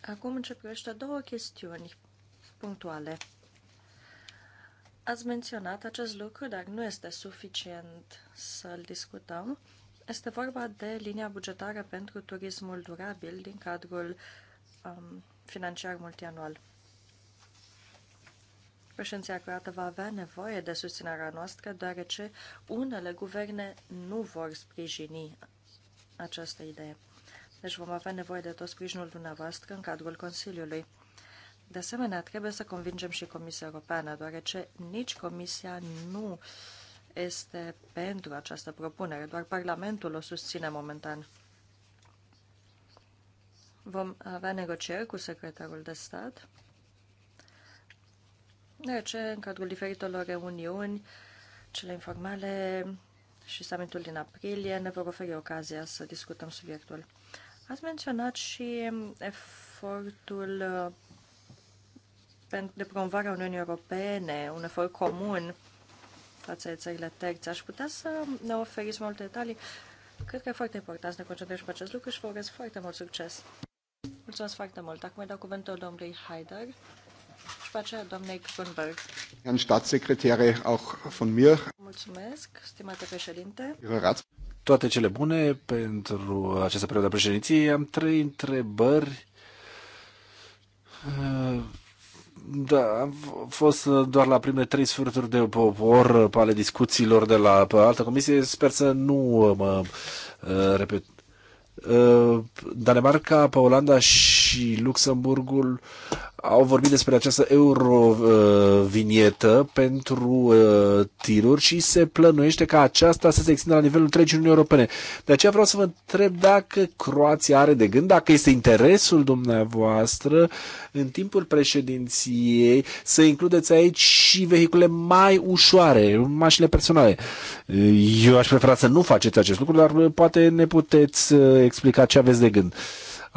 Acum începește două chestiuni punctuale. Ați menționat acest lucru, dar nu este suficient să-l discutăm. Este vorba de linia bugetară pentru turismul durabil din cadrul um, financiar multianual. Președinția croată va avea nevoie de susținerea noastră, deoarece unele guverne nu vor sprijini această idee. Deci vom avea nevoie de tot sprijinul dumneavoastră în cadrul Consiliului. De asemenea, trebuie să convingem și Comisia Europeană, deoarece nici Comisia nu este pentru această propunere, doar Parlamentul o susține momentan. Vom avea negocieri cu secretarul de stat, deoarece în cadrul diferitelor reuniuni, cele informale și summitul din aprilie ne vor oferi ocazia să discutăm subiectul. Ați menționat și efortul de promovarea Uniunii Europene, un efort comun față de țările terțe. Aș putea să ne oferiți multe detalii. Cred că e foarte important să ne concentrăm și pe acest lucru și vă urez foarte mult succes. Mulțumesc foarte mult. Acum îi dau cuvântul domnului Haider și pe aceea domnului Grunberg. Herrn Staatssekretäre, auch von mir. Mulțumesc, stimate președinte. Toate cele bune pentru această perioadă președinției. Am trei întrebări. Uh da, am fost uh, doar la primele trei sferturi de oră uh, ale discuțiilor de la altă comisie. Sper să nu uh, mă repet. Danemarca, pe Olanda și și Luxemburgul au vorbit despre această eurovinietă pentru uh, tiruri și se plănuiește ca aceasta să se extindă la nivelul întregii Uniunii Europene. De aceea vreau să vă întreb dacă Croația are de gând, dacă este interesul dumneavoastră în timpul președinției să includeți aici și vehicule mai ușoare, mașinile personale. Eu aș prefera să nu faceți acest lucru, dar poate ne puteți uh, explica ce aveți de gând. Uh,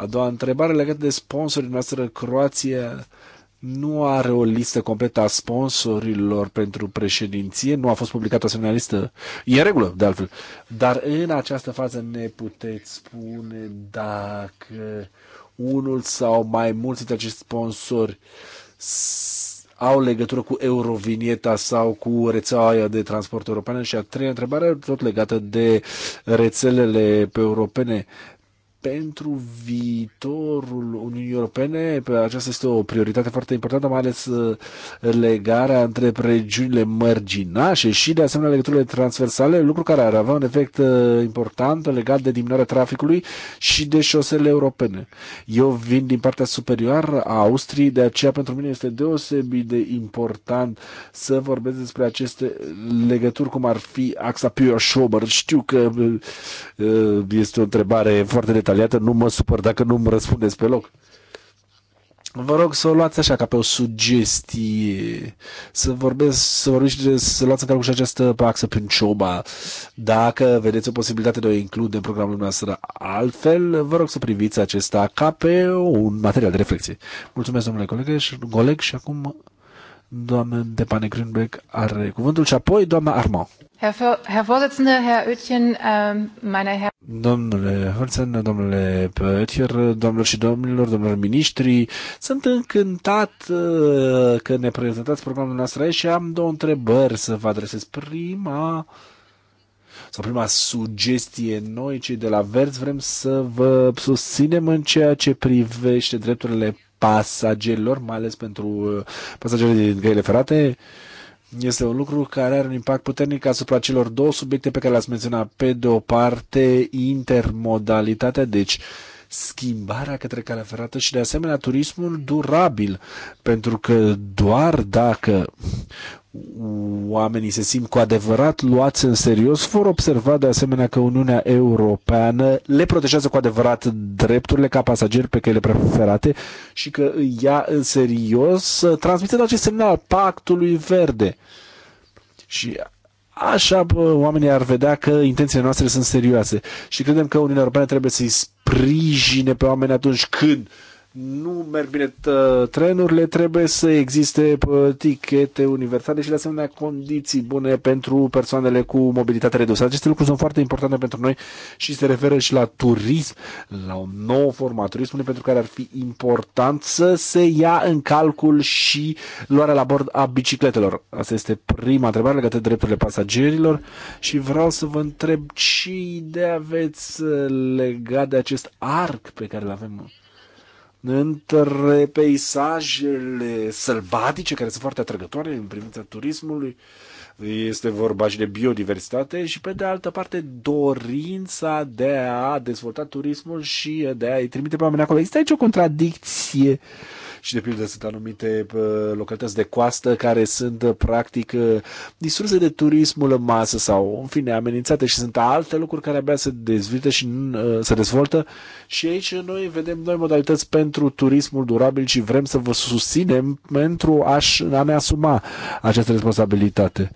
a doua întrebare legată de sponsorii noastră, Croația nu are o listă completă a sponsorilor pentru președinție, nu a fost publicată o asemenea listă, e în regulă, de altfel, dar în această fază ne puteți spune dacă unul sau mai mulți dintre acești sponsori au legătură cu Eurovinieta sau cu rețeaua de transport europeană? Și a treia întrebare, tot legată de rețelele europene, pentru viitorul Uniunii Europene, aceasta este o prioritate foarte importantă, mai ales uh, legarea între regiunile mărginașe și, de asemenea, legăturile transversale, lucru care ar avea un efect uh, important legat de diminuarea traficului și de șosele europene. Eu vin din partea superioară a Austriei, de aceea pentru mine este deosebit de important să vorbesc despre aceste legături, cum ar fi axa Pio Schober. Știu că uh, este o întrebare foarte detaliată detaliată, nu mă supăr dacă nu mi răspundeți pe loc. Vă rog să o luați așa, ca pe o sugestie, să vorbesc, să vorbiți, să luați în calcul și această paxă prin cioba. Dacă vedeți o posibilitate de a o include în programul noastră altfel, vă rog să priviți acesta ca pe un material de reflexie. Mulțumesc, domnule coleg și, coleg, și acum Doamna de Pane Grünberg are cuvântul și apoi doamna Armand. Herr Vorsitzende, Herr Oetchen, ähm, meine Herr... Domnule Holzen, domnule Oetcher, domnilor și domnilor, domnilor miniștri, sunt încântat äh, că ne prezentați programul nostru aici și am două întrebări să vă adresez. Prima sau prima sugestie, noi cei de la Verzi vrem să vă susținem în ceea ce privește drepturile pasagerilor, mai ales pentru uh, pasagerii din căile ferate, este un lucru care are un impact puternic asupra celor două subiecte pe care le-ați menționat. Pe de o parte, intermodalitatea, deci uh, schimbarea către calea ferată și de asemenea turismul durabil, pentru că doar dacă oamenii se simt cu adevărat luați în serios, vor observa de asemenea că Uniunea Europeană le protejează cu adevărat drepturile ca pasageri pe căile preferate și că îi ia în serios, uh, transmitând acest semnal pactului verde. Și Așa oamenii ar vedea că intențiile noastre sunt serioase și credem că Uniunea Europeană trebuie să-i sprijine pe oameni atunci când uh, nu merg bine trenurile, trebuie să existe tichete universale și de asemenea condiții bune pentru persoanele cu mobilitate redusă. Aceste lucruri sunt foarte importante pentru noi și se referă și la turism, la o nouă formă a turismului pentru care ar fi important să se ia în calcul și luarea la bord a bicicletelor. Asta este prima întrebare legată de drepturile pasagerilor și vreau să vă întreb ce idee aveți uh, legat de acest arc pe care îl avem între peisajele sălbatice, care sunt foarte atrăgătoare în privința turismului, este vorba și de biodiversitate și pe de altă parte dorința de a dezvolta turismul și de a-i trimite pe oameni acolo. Există aici o contradicție și de pildă sunt anumite localități de coastă care sunt practic ă, distruse de turismul în masă sau în fine amenințate și sunt alte lucruri care abia se dezvoltă și ă, se dezvoltă și aici noi vedem noi modalități pentru turismul durabil și vrem să vă susținem pentru a ne asuma această responsabilitate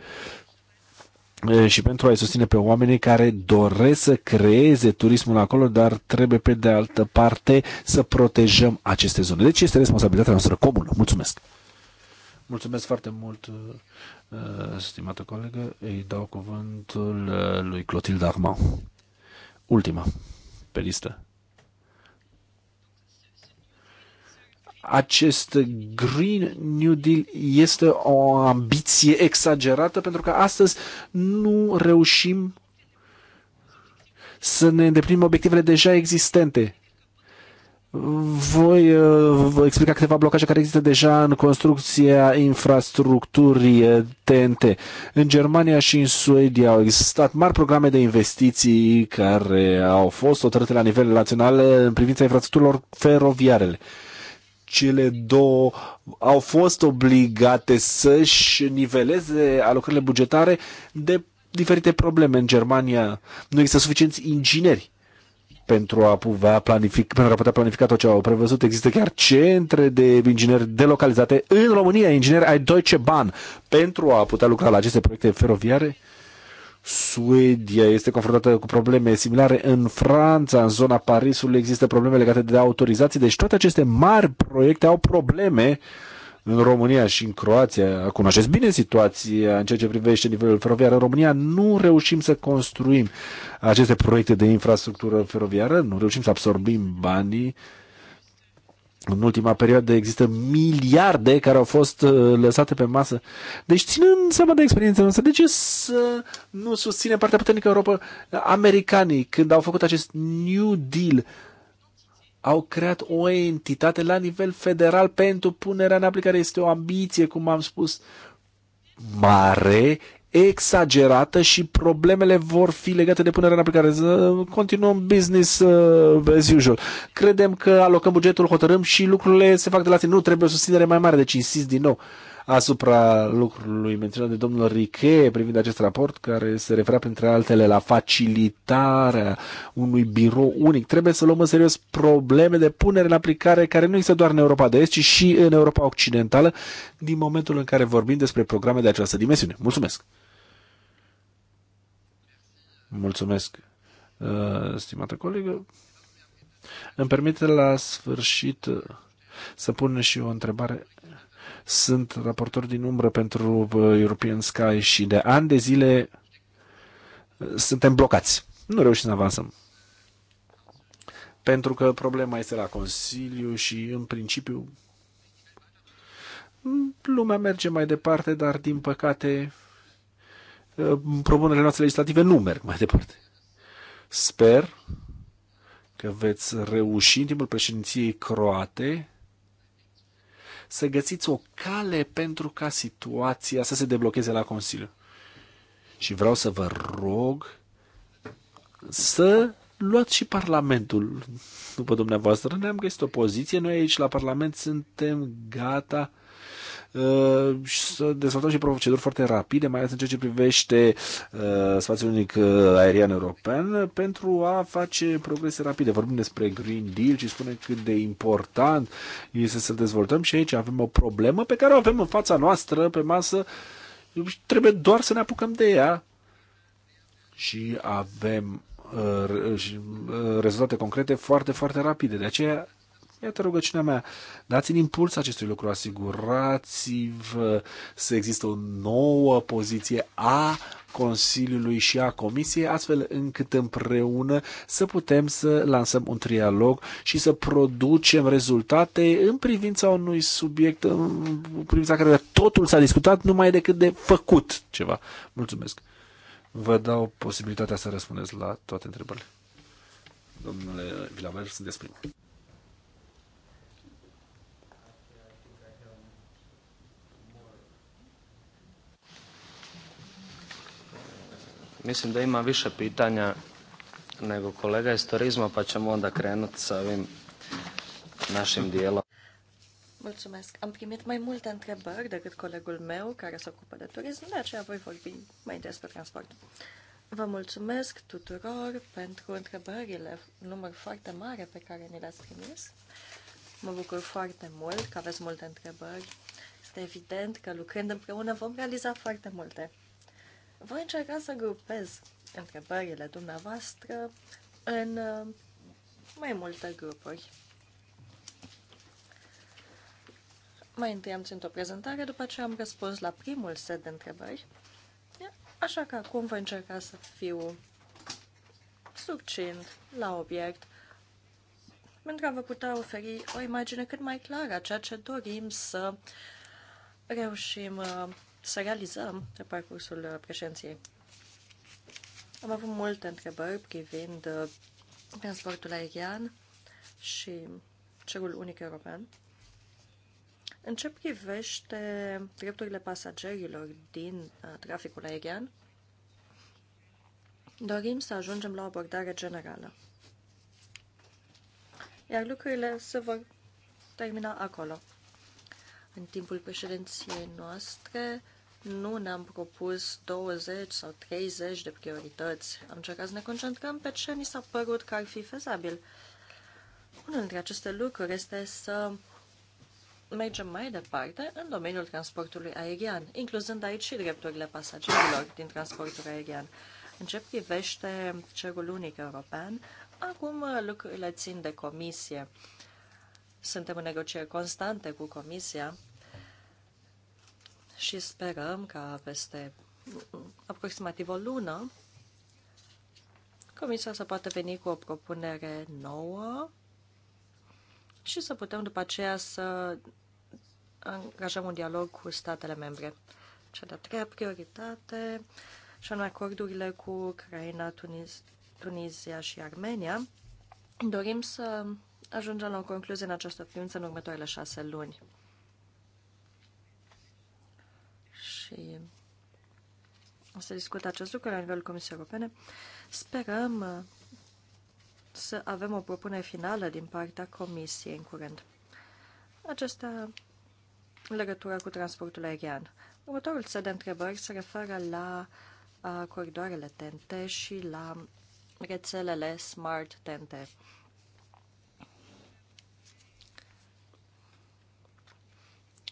și pentru a-i susține pe oamenii care doresc să creeze turismul acolo, dar trebuie pe de altă parte să protejăm aceste zone. Deci este responsabilitatea noastră comună. Mulțumesc! Mulțumesc foarte mult, stimată colegă. Îi dau cuvântul lui Clotilde Armand. Ultima pe listă. acest Green New Deal este o ambiție exagerată pentru că astăzi nu reușim să ne îndeplinim obiectivele deja existente. Voi uh, vă explica câteva blocaje care există deja în construcția infrastructurii TNT. Uh, în Germania și în Suedia au existat mari programe de investiții care au fost hotărâte la nivel național uh, în privința infrastructurilor feroviarele cele două au fost obligate să-și niveleze alocările bugetare de diferite probleme. În Germania nu există suficienți ingineri pentru a, putea planifica, pentru a putea planifica tot ce au prevăzut. Există chiar centre de ingineri delocalizate în România, ingineri ai Deutsche Bahn, pentru a putea lucra la aceste proiecte feroviare. Uh, Suedia este confruntată cu probleme similare. În Franța, în zona Parisului, există probleme legate de autorizații. Deci toate aceste mari proiecte au probleme în România și în Croația. Cunoașteți bine situația în ceea ce privește nivelul feroviar. În România nu reușim să construim aceste proiecte de infrastructură feroviară, nu reușim să absorbim banii în ultima perioadă există miliarde care au fost uh, lăsate pe masă. Deci, ținând seama de experiența noastră, de ce să nu susține partea puternică Europa? Americanii, când au făcut acest New Deal, au creat o entitate la nivel federal pentru punerea în aplicare. Este o ambiție, cum am spus, mare, exagerată și problemele vor fi legate de punerea în aplicare. Continuăm business uh, as usual. Credem că alocăm bugetul, hotărâm și lucrurile se fac de la sine. Nu, trebuie o susținere mai mare, deci insist din nou asupra lucrului menționat de domnul Riche privind acest raport, care se referea printre altele la facilitarea unui birou unic. Trebuie să luăm în serios probleme de punere în aplicare care nu există doar în Europa de Est, ci și în Europa Occidentală, din momentul în care vorbim despre programe de această dimensiune. Mulțumesc! Mulțumesc, uh, stimată colegă. Îmi permite la sfârșit uh, să pun și o întrebare. Sunt raportor din umbră pentru uh, European Sky și de ani de zile suntem blocați. Nu reușim să avansăm. Pentru că problema este la Consiliu și, în principiu, lumea merge mai departe, dar, din păcate, Ehm, propunerile noastre legislative nu merg mai departe. Sper că veți reuși în timpul președinției croate să găsiți o cale pentru ca situația să se deblocheze la Consiliu. Și vreau să vă rog să luați și Parlamentul după dumneavoastră. Ne-am găsit o poziție, noi aici la Parlament suntem gata uh, Uh, și să dezvoltăm și proceduri foarte rapide, mai ales în ceea ce privește uh, spațiul unic uh, aerian european, pentru a face progrese rapide. Vorbim despre Green Deal și spune cât de important este să dezvoltăm și aici avem o problemă pe care o avem în fața noastră, pe masă, trebuie doar să ne apucăm de ea și avem rezultate concrete foarte, foarte rapide. De aceea Iată rugăciunea mea. Dați un impuls acestui lucru, asigurați-vă să există o nouă poziție a Consiliului și a Comisiei, astfel încât împreună să putem să lansăm un trialog și să producem rezultate în privința unui subiect, în privința care totul s-a discutat numai decât de făcut ceva. Mulțumesc. Vă dau posibilitatea să răspundeți la toate întrebările. Domnule Vilaver, sunteți primul. Mislim da ima više pitanja nego kolega iz turizma, pa ćemo onda krenuti sa ovim našim dijelom. Mulțumesc. Am primit mai multe întrebări decât colegul meu care se ocupă de turism, de aceea voi vorbi mai despre transport. Vă mulțumesc tuturor pentru întrebările, număr foarte mare pe care ni le-ați trimis. Mă bucur foarte mult că aveți multe întrebări. Este evident că lucrând împreună vom realiza foarte multe. Voi încerca să grupez întrebările dumneavoastră în uh, mai multe grupuri. Mai întâi am ținut o prezentare, după ce am răspuns la primul set de întrebări. Așa că acum voi încerca să fiu succint la obiect pentru a vă putea oferi o imagine cât mai clară a ceea ce dorim să reușim uh, să realizăm pe parcursul uh, președinției. Am avut multe întrebări privind uh, transportul aerian și cerul unic european. În ce privește drepturile pasagerilor din uh, traficul aerian, dorim să ajungem la o abordare generală. Iar lucrurile se vor termina acolo. În timpul președinției noastre nu ne-am propus 20 sau 30 de priorități. Am încercat să ne concentrăm pe ce ni s-a părut că ar fi fezabil. Unul dintre aceste lucruri este să mergem mai departe în domeniul transportului aerian, incluzând aici și drepturile pasagerilor din transportul aerian. În ce privește cerul unic european, acum lucrurile țin de comisie. Suntem în negocieri constante cu comisia și sperăm ca peste aproximativ o lună Comisia să poată veni cu o propunere nouă și să putem după aceea să angajăm un dialog cu statele membre. Cea de-a treia prioritate și anume acordurile cu Ucraina, Tunis, Tunisia și Armenia. Dorim să ajungem la o concluzie în această privință în următoarele șase luni. O să discut acest lucru la nivelul Comisiei Europene. Sperăm uh, să avem o propunere finală din partea Comisiei în curând. Acesta în legătură cu transportul aerian. Următorul set de întrebări se referă la a, uh, coridoarele TNT și la rețelele Smart TNT.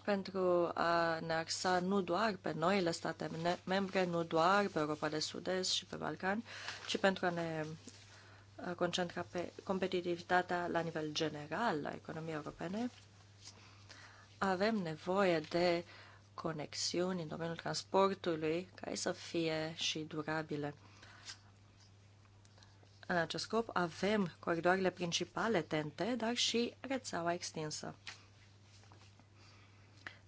pentru a ne axa nu doar pe noile state membre, nu doar pe Europa de Sud-Est și pe Balcani, ci pentru a ne concentra pe competitivitatea la nivel general la economiei europene, avem nevoie de conexiuni în domeniul transportului care să fie și durabile. În acest scop avem coridoarele principale TNT, dar și rețeaua extinsă.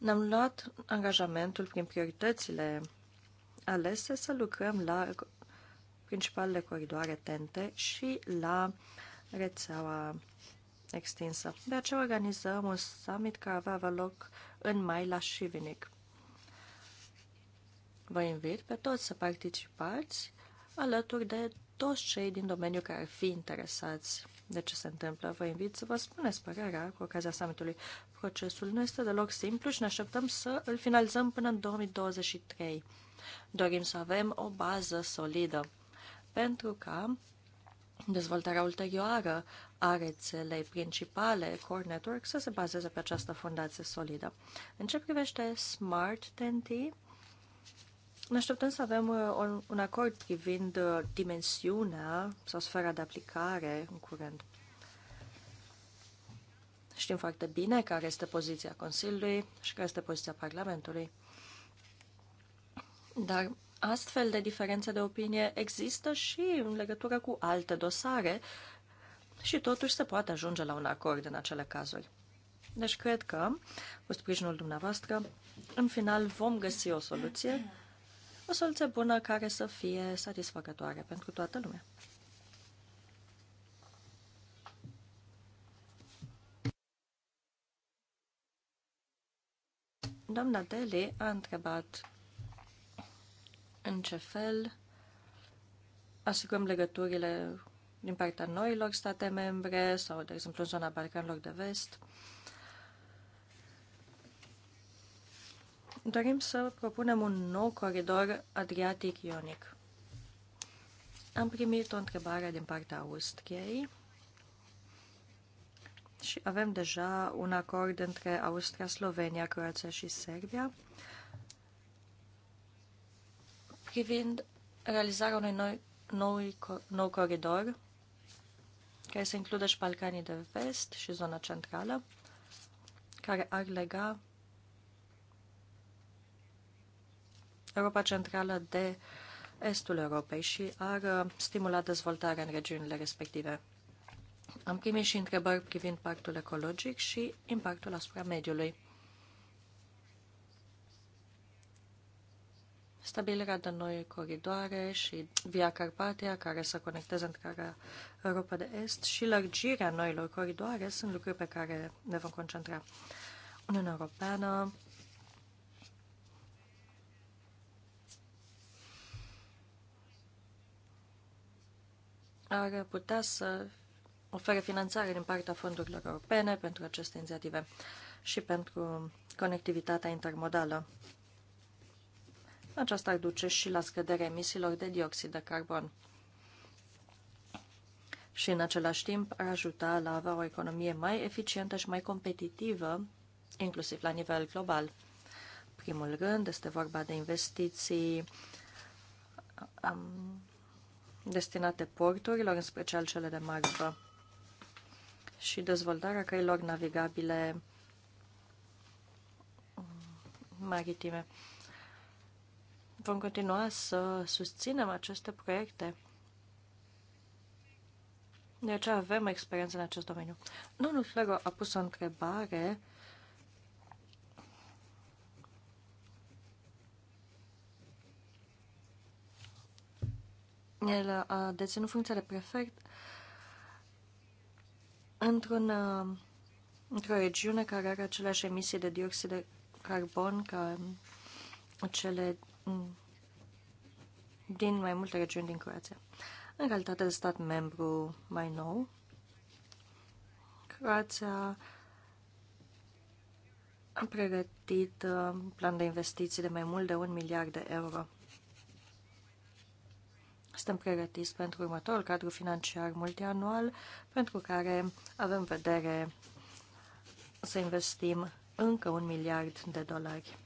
Ne-am luat angajamentul prin prioritățile alese să lucrăm la principalele coridoare tente și la rețeaua extinsă. De aceea organizăm un summit care va avea loc în mai la Șivinic. Vă invit pe toți să participați alături de toți cei din domeniu care ar fi interesați de ce se întâmplă. Vă invit să vă spuneți părerea cu ocazia summitului. Procesul nu este deloc simplu și ne așteptăm să îl finalizăm până în 2023. Dorim să avem o bază solidă pentru ca dezvoltarea ulterioară a rețelei principale Core Network să se bazeze pe această fundație solidă. În ce privește Smart TNT, ne așteptăm să avem uh, un acord privind uh, dimensiunea sau sfera de aplicare în curând. Știm foarte bine care este poziția Consiliului și care este poziția Parlamentului. Dar astfel de diferențe de opinie există și în legătură cu alte dosare și totuși se poate ajunge la un acord în acele cazuri. Deci cred că, cu sprijinul dumneavoastră, în final vom găsi o soluție, o soluție bună care să fie satisfăcătoare pentru toată lumea. Doamna Deli a întrebat în ce fel asigurăm legăturile din partea noilor state membre sau, de exemplu, în zona Balcanilor de Vest. Dorim să propunem un nou coridor Adriatic-Ionic. Am primit o întrebare din partea Austriei și avem deja un acord între Austria, Slovenia, Croația și Serbia privind realizarea unui noi, noi, nou coridor care să includă și Balcanii de vest și zona centrală, care ar lega Europa Centrală de estul Europei și ar uh, stimula dezvoltarea în regiunile respective. Am primit și întrebări privind pactul ecologic și impactul asupra mediului. Stabilirea de noi coridoare și Via Carpatia, care să conecteze întreaga Europa de Est, și lărgirea noilor coridoare sunt lucruri pe care ne vom concentra. Uniunea Europeană ar putea să oferă finanțare din partea fondurilor europene pentru aceste inițiative și pentru conectivitatea intermodală. Aceasta ar duce și la scăderea emisiilor de dioxid de carbon și în același timp ar ajuta la avea o economie mai eficientă și mai competitivă, inclusiv la nivel global. Primul rând este vorba de investiții um, destinate porturilor, în special cele de marfă și dezvoltarea căilor navigabile maritime. Vom continua să susținem aceste proiecte. De deci aceea avem experiență în acest domeniu. Domnul Flego a pus o întrebare El a deținut funcția de prefect într-un, uh, într-o regiune care are aceleași emisii de dioxid de carbon ca cele mm, din mai multe regiuni din Croația. În calitate de stat membru mai nou, Croația a pregătit uh, un plan de investiții de mai mult de un miliard de euro suntem pregătiți pentru următorul cadru financiar multianual, pentru care avem vedere să investim încă un miliard de dolari.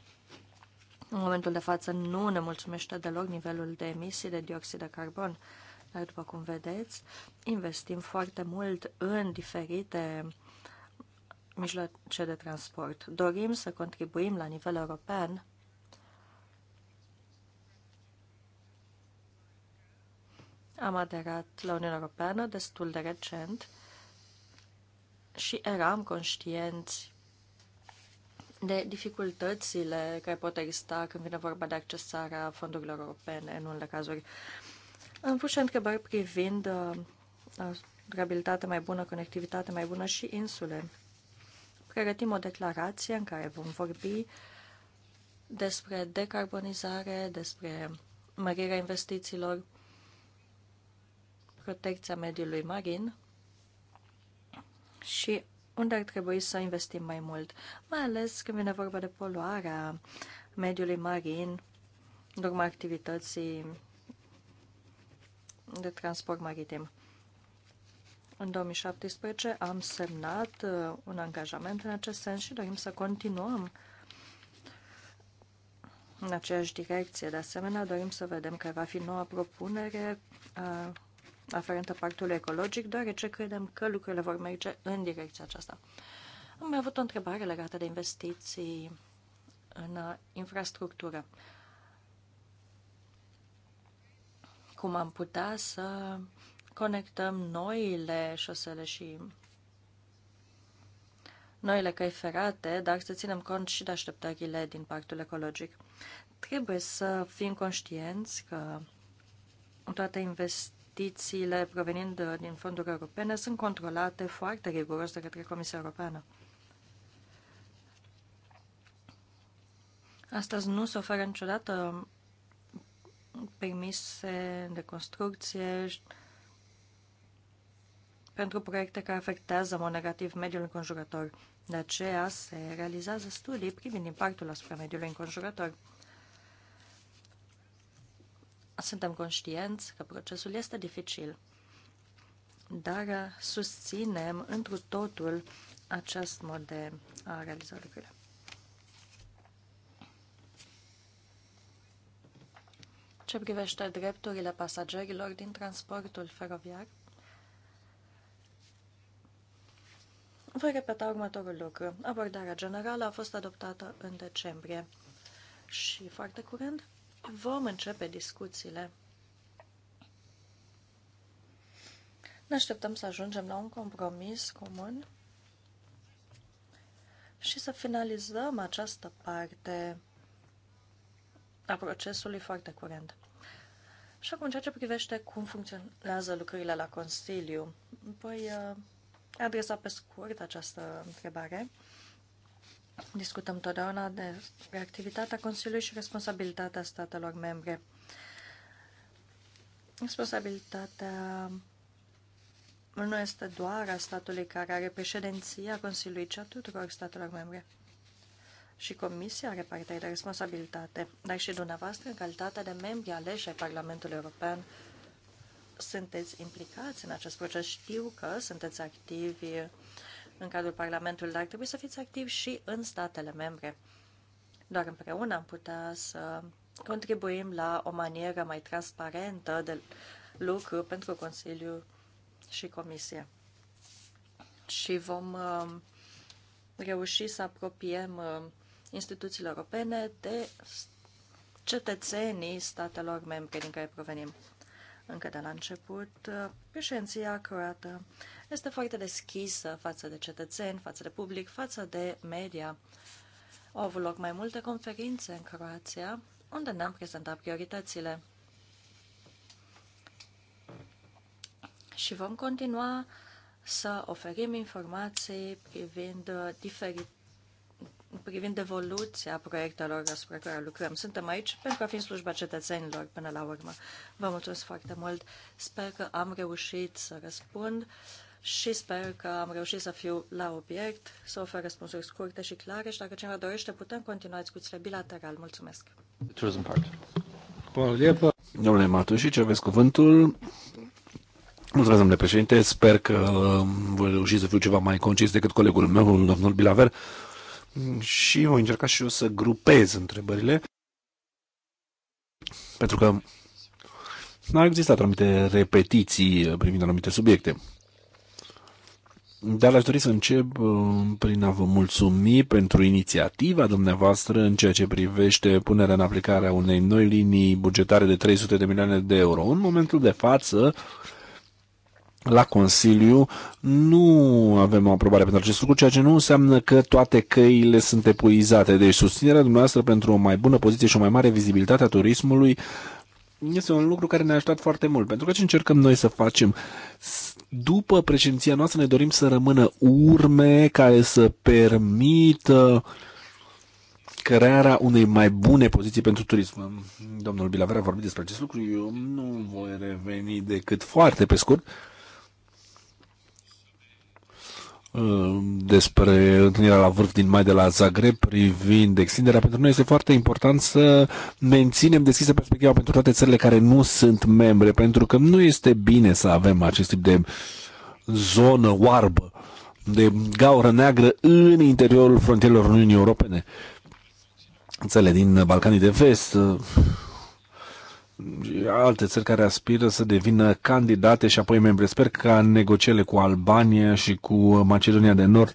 În momentul de față nu ne mulțumește deloc nivelul de emisii de dioxid de carbon, dar după cum vedeți, investim foarte mult în diferite mijloace de transport. Dorim să contribuim la nivel european Am aderat la Uniunea Europeană destul de recent și eram conștienți de dificultățile care pot exista când vine vorba de accesarea fondurilor europene în unele cazuri. Am pus și întrebări privind uh, durabilitate mai bună, conectivitate mai bună și insule. Pregătim o declarație în care vom vorbi despre decarbonizare, despre mărirea investițiilor protecția mediului marin și unde ar trebui să investim mai mult, mai ales când vine vorba de poluarea mediului marin, în urma activității de transport maritim. În 2017 am semnat uh, un angajament în acest sens și dorim să continuăm în aceeași direcție. De asemenea, dorim să vedem că va fi noua propunere a aferentă pactului ecologic, deoarece credem că lucrurile vor merge în direcția aceasta. Am mai avut o întrebare legată de investiții în infrastructură. Cum am putea să conectăm noile șosele și noile căi ferate, dar să ținem cont și de așteptările din pactul ecologic. Trebuie să fim conștienți că toate investițiile investițiile provenind din fonduri europene sunt controlate foarte riguros de către Comisia Europeană. Astăzi nu se oferă niciodată permise de construcție pentru proiecte care afectează în mod negativ mediul înconjurător. De aceea se realizează studii privind impactul asupra mediului înconjurător. Suntem conștienți că procesul este dificil, dar susținem întru totul acest mod de a realiza lucrurile. Ce privește drepturile pasagerilor din transportul feroviar, voi repeta următorul lucru. Abordarea generală a fost adoptată în decembrie și foarte curând Vom începe discuțiile. Ne așteptăm să ajungem la un compromis comun și să finalizăm această parte a procesului foarte curent. Și acum, în ceea ce privește cum funcționează lucrurile la Consiliu, voi uh, adresa pe scurt această întrebare. Discutăm totdeauna despre activitatea Consiliului și responsabilitatea statelor membre. Responsabilitatea nu este doar a statului care are președinția Consiliului, ci a tuturor statelor membre. Și Comisia are parte de responsabilitate, dar și dumneavoastră, în calitate de membri aleși ai Parlamentului European, sunteți implicați în acest proces. Știu că sunteți activi în cadrul Parlamentului, dar trebuie să fiți activi și în statele membre. Doar împreună am putea să contribuim la o manieră mai transparentă de lucru pentru Consiliu și Comisie. Și vom um, reuși să apropiem um, instituțiile europene de cetățenii statelor membre din care provenim încă de la început, președinția croată este foarte deschisă față de cetățeni, față de public, față de media. Au avut loc mai multe conferințe în Croația, unde ne-am prezentat prioritățile. Și vom continua să oferim informații privind diferite privind evoluția proiectelor asupra care lucrăm. Suntem aici pentru a fi în slujba cetățenilor până la urmă. Vă mulțumesc foarte mult. Sper că am reușit să răspund și sper că am reușit să fiu la obiect, să ofer răspunsuri scurte și clare și dacă cineva dorește, putem continua discuțiile bilateral. Mulțumesc! Domnule Matuși, ce aveți cuvântul? Mulțumesc, domnule președinte. Sper că um, voi reuși să fiu ceva mai concis decât colegul meu, domnul Bilaver și voi încerca și eu să grupez întrebările, pentru că n-au existat anumite repetiții privind anumite subiecte. Dar aș dori să încep uh, prin a vă mulțumi pentru inițiativa dumneavoastră în ceea ce privește punerea în aplicare a unei noi linii bugetare de 300 de milioane de euro. În momentul de față, la Consiliu nu avem o aprobare pentru acest lucru, ceea ce nu înseamnă că toate căile sunt epuizate. Deci susținerea dumneavoastră pentru o mai bună poziție și o mai mare vizibilitate a turismului este un lucru care ne-a ajutat foarte mult. Pentru că ce încercăm noi să facem? După președinția noastră ne dorim să rămână urme care să permită crearea unei mai bune poziții pentru turism. Domnul Bilaver a vorbit despre acest lucru, eu nu voi reveni decât foarte pe scurt. Uh, Ehm, despre întâlnirea la vârf din mai de la Zagreb privind extinderea. Pentru noi este foarte important să menținem deschisă perspectiva pentru toate țările care nu sunt membre, pentru că nu este bine să avem acest tip de zonă oarbă, de gaură neagră în interiorul frontierelor Uniunii Europene. Țările din Balcanii de Vest, alte țări care aspiră să devină candidate și apoi membre. Sper ca negocierile cu Albania și cu Macedonia de Nord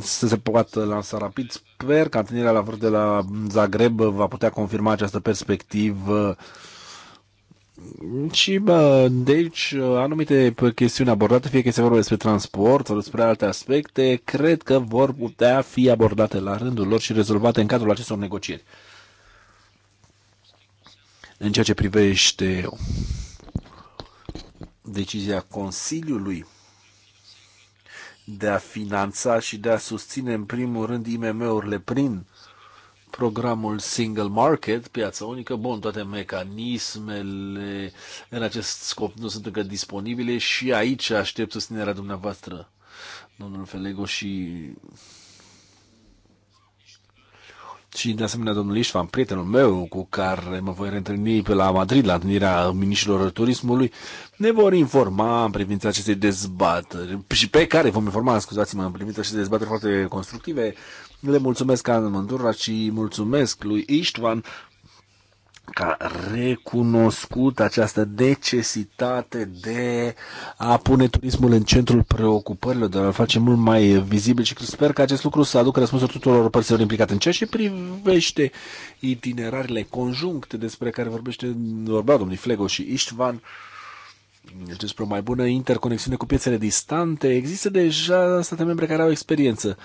să se poată lansa rapid. Sper că întâlnirea la vârf de la Zagreb va putea confirma această perspectivă și bă, deci, anumite chestiuni abordate, fie că se vorbește despre transport sau despre alte aspecte, cred că vor putea fi abordate la rândul lor și rezolvate în cadrul acestor negocieri. În ceea ce privește decizia Consiliului de a finanța și de a susține în primul rând IMM-urile prin programul Single Market, piața unică, bun, toate mecanismele în acest scop nu sunt încă disponibile și aici aștept susținerea dumneavoastră, domnul Felego, și și de asemenea domnul Ișvan, prietenul meu cu care mă voi reîntâlni pe la Madrid, la întâlnirea ministrilor turismului, ne vor informa în privința acestei dezbateri și pe care vom informa, scuzați-mă, în privința acestei dezbateri foarte constructive. Le mulțumesc Ana Mândura și mulțumesc lui Iștvan ca recunoscut această necesitate de a pune turismul în centrul preocupărilor, de a-l face mult mai vizibil și sper că acest lucru să aducă răspunsul tuturor părților implicate. În ceea ce privește itinerarele conjuncte despre care vorbește vorbea domnul Flego și Istvan, uh, despre o mai bună interconexiune cu piețele distante, există deja state membre care au experiență,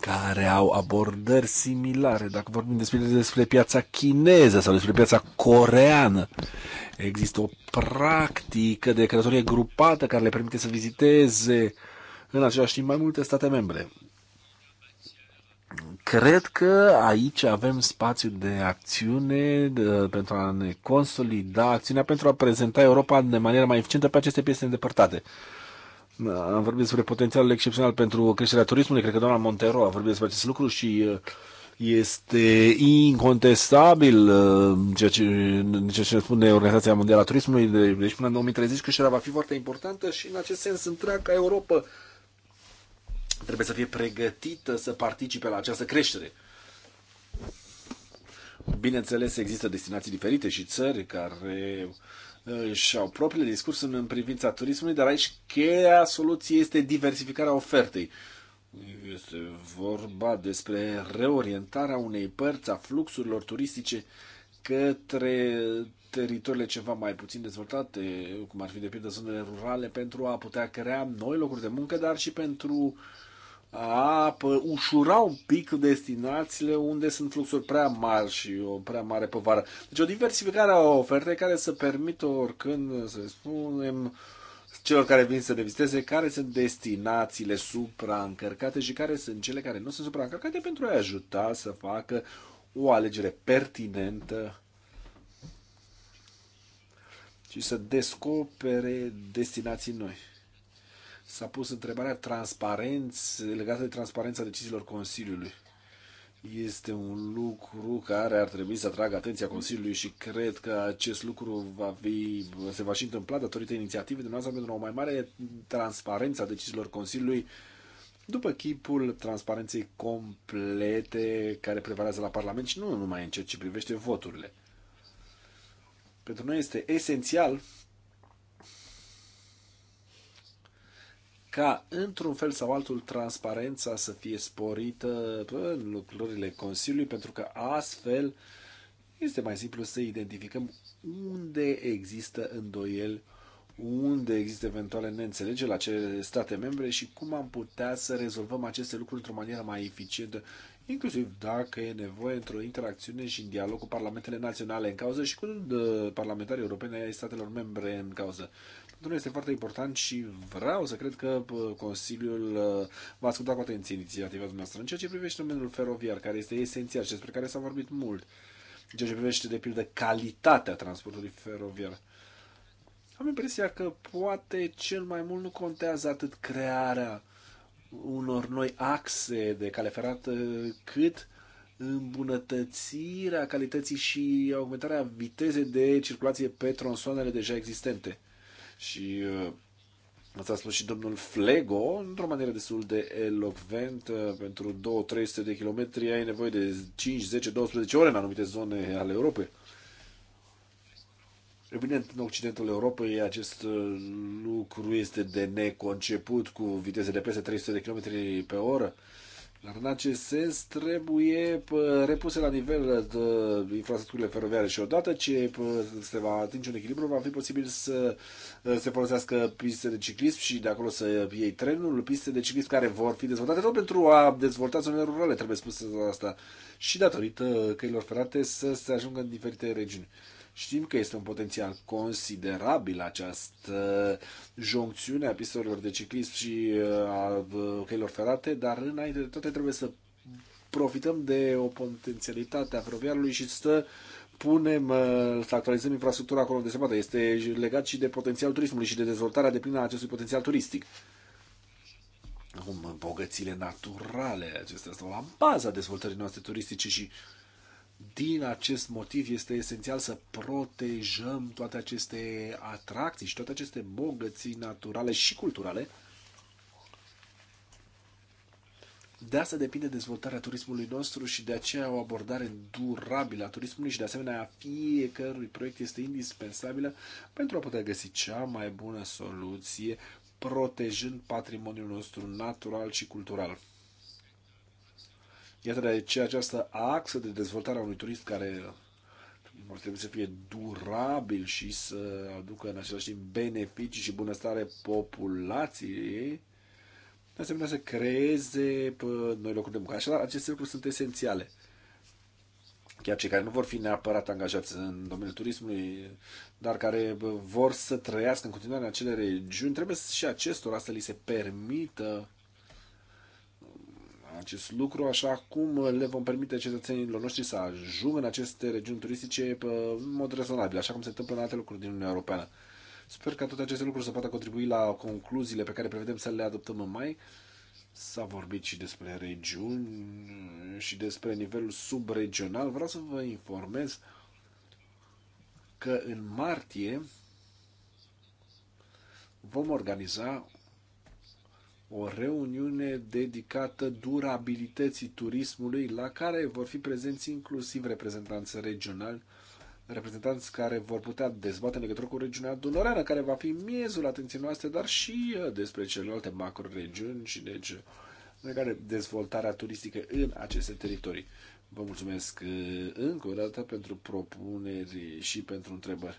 care au abordări similare. Dacă vorbim despre, despre piața chineză sau despre piața coreană, există o practică de călătorie grupată care le permite să viziteze în același timp mai multe state membre. Cred că aici avem spațiu de acțiune de, pentru a ne consolida acțiunea, pentru a prezenta Europa de manieră mai eficientă pe aceste piese îndepărtate. Da, am vorbit despre potențialul excepțional pentru creșterea turismului, cred că doamna Montero a vorbit despre acest lucru și uh, este incontestabil uh, ceea ce, ceea ce spune Organizația Mondială a Turismului, deci până în 2030 creșterea va fi foarte importantă și în acest sens întreaga Europa trebuie să fie pregătită să participe la această creștere. Bineînțeles, există destinații diferite și țări care uh, și au propriile discursuri în privința turismului, dar aici cheia soluției este diversificarea ofertei. Este vorba despre reorientarea unei părți a fluxurilor turistice către teritoriile ceva mai puțin dezvoltate, cum ar fi de pildă zonele rurale, pentru a putea crea noi locuri de muncă, dar și pentru a ușura un pic destinațiile unde sunt fluxuri prea mari și o prea mare povară. Deci o diversificare a ofertei care să permită oricând, să spunem, celor care vin să ne viziteze, care sunt destinațiile supraîncărcate și care sunt cele care nu sunt supraîncărcate pentru a ajuta să facă o alegere pertinentă și să descopere destinații noi. S-a pus întrebarea transparenț, legată de transparența deciziilor Consiliului. Este un lucru care ar trebui să atragă atenția Consiliului și cred că acest lucru va fi, se va și întâmpla datorită inițiativei de noastră pentru o mai mare transparență a deciziilor Consiliului după chipul transparenței complete care prevalează la Parlament și nu numai în ceea ce privește voturile. Pentru noi este esențial ca, într-un fel sau altul, transparența să fie sporită în lucrurile Consiliului, pentru că astfel este mai simplu să identificăm unde există îndoieli, unde există eventuale neînțelegeri la cele state membre și cum am putea să rezolvăm aceste lucruri într-o manieră mai eficientă, inclusiv dacă e nevoie într-o interacțiune și în dialog cu parlamentele naționale în cauză și cu uh, parlamentarii europene ai statelor membre în cauză. Pentru este foarte important și vreau să cred că uh, Consiliul uh, va asculta cu atenție inițiativa dumneavoastră în ceea ce privește domeniul feroviar, care este esențial și despre care s-a vorbit mult, în ceea ce privește, de pildă, calitatea transportului feroviar. Am impresia că poate cel mai mult nu contează atât crearea unor noi axe de cale ferată, cât îmbunătățirea calității și augmentarea vitezei de circulație pe tronsoanele deja existente. Și uh, Ați spus și domnul Flego, într-o manieră destul de elocvent, uh, pentru 2-300 de kilometri ai nevoie de 5, 10, 12 ore în anumite zone ale Europei. Evident, în Occidentul Europei acest uh, lucru este de neconceput cu viteze de peste 300 de km pe oră. Uh, dar în acest sens trebuie repuse la nivel uh, de infrastructurile feroviare și odată ce se va atinge un echilibru, va fi posibil să uh, se folosească piste de ciclism și de acolo să iei trenul, piste de ciclism care vor fi dezvoltate tot pentru a dezvolta zonele rurale, trebuie spus asta, și datorită căilor ferate să se ajungă în diferite regiuni. Știm că este un potențial considerabil această joncțiune a pistolelor de ciclism și uh, a uh, căilor ferate, dar înainte de toate trebuie să profităm de o potențialitate a feroviarului și să punem, uh, să actualizăm infrastructura acolo unde se poate. Este legat și de potențial turismului și de dezvoltarea de plină a acestui potențial turistic. Acum, bogățile naturale acestea stau la baza dezvoltării noastre turistice și uh, din acest motiv este esențial să protejăm toate aceste atracții și toate aceste bogății naturale și culturale. De asta depinde dezvoltarea turismului nostru și de aceea o abordare durabilă a turismului și de asemenea a fiecărui proiect este indispensabilă pentru a putea găsi cea mai bună soluție protejând patrimoniul nostru natural și cultural. Iată de ce această axă de dezvoltare a unui turism care ar trebui să fie durabil și să aducă în același timp beneficii și bunăstare populației, de asemenea să creeze noi locuri de muncă. Așadar, aceste lucruri sunt esențiale. Chiar cei care nu vor fi neapărat angajați în domeniul turismului, dar care vor să trăiască în continuare în acele regiuni, trebuie și acestora să li se permită acest lucru, așa cum le vom permite cetățenilor noștri să ajungă în aceste regiuni turistice în mod rezonabil, așa cum se întâmplă în alte lucruri din Uniunea Europeană. Sper că toate aceste lucruri să poată contribui la concluziile pe care prevedem să le adoptăm în mai. S-a vorbit și despre regiuni și despre nivelul subregional. Vreau să vă informez că în martie vom organiza o reuniune dedicată durabilității turismului, la care vor fi prezenți inclusiv reprezentanți regionali, reprezentanți care vor putea dezbate legătură cu regiunea Dunăreană, care va fi miezul atenției noastre, dar și uh, despre celelalte macro-regiuni și deci legare uh, dezvoltarea turistică în aceste teritorii. Vă mulțumesc uh, încă o dată pentru propuneri și pentru întrebări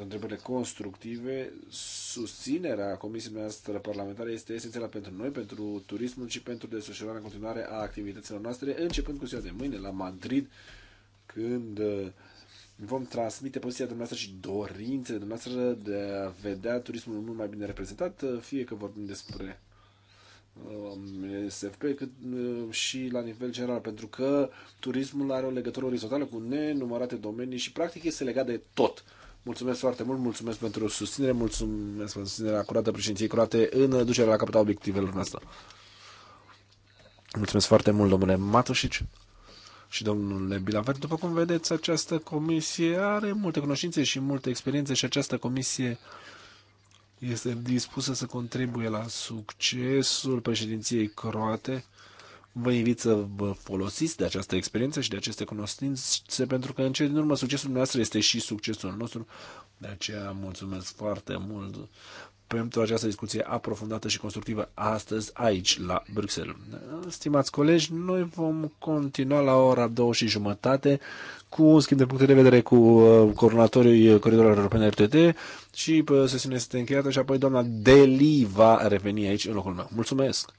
întrebările constructive. Susținerea Comisiei noastre parlamentare este esențială pentru noi, pentru turismul și pentru desfășurarea în continuare a activităților noastre, începând cu ziua de mâine la Madrid, când uh, vom transmite poziția dumneavoastră și dorințele dumneavoastră de a vedea turismul mult mai bine reprezentat, uh, fie că vorbim despre um, SFP, cât uh, și la nivel general, pentru că turismul are o legătură orizontală cu nenumărate domenii și practic este legat de tot. Mulțumesc foarte mult, mulțumesc pentru susținere, mulțumesc pentru susținerea curată președinției curate în ducerea la capăt obiectivelor noastre. Mulțumesc foarte mult, domnule Matușici și domnule Bilaver. După cum vedeți, această comisie are multe cunoștințe și multe experiențe și această comisie este dispusă să contribuie la succesul președinției croate Vă invit să vă folosiți de această experiență și de aceste cunoștințe, pentru că în cele din urmă succesul nostru este și succesul nostru. De aceea mulțumesc foarte mult pentru această discuție aprofundată și constructivă astăzi aici, la Bruxelles. Stimați colegi, noi vom continua la ora două și jumătate cu un schimb de puncte de vedere cu uh, coordonatorii Coridorului European RTT și uh, sesiunea este încheiată și apoi doamna Deli va reveni aici în locul meu. Mulțumesc!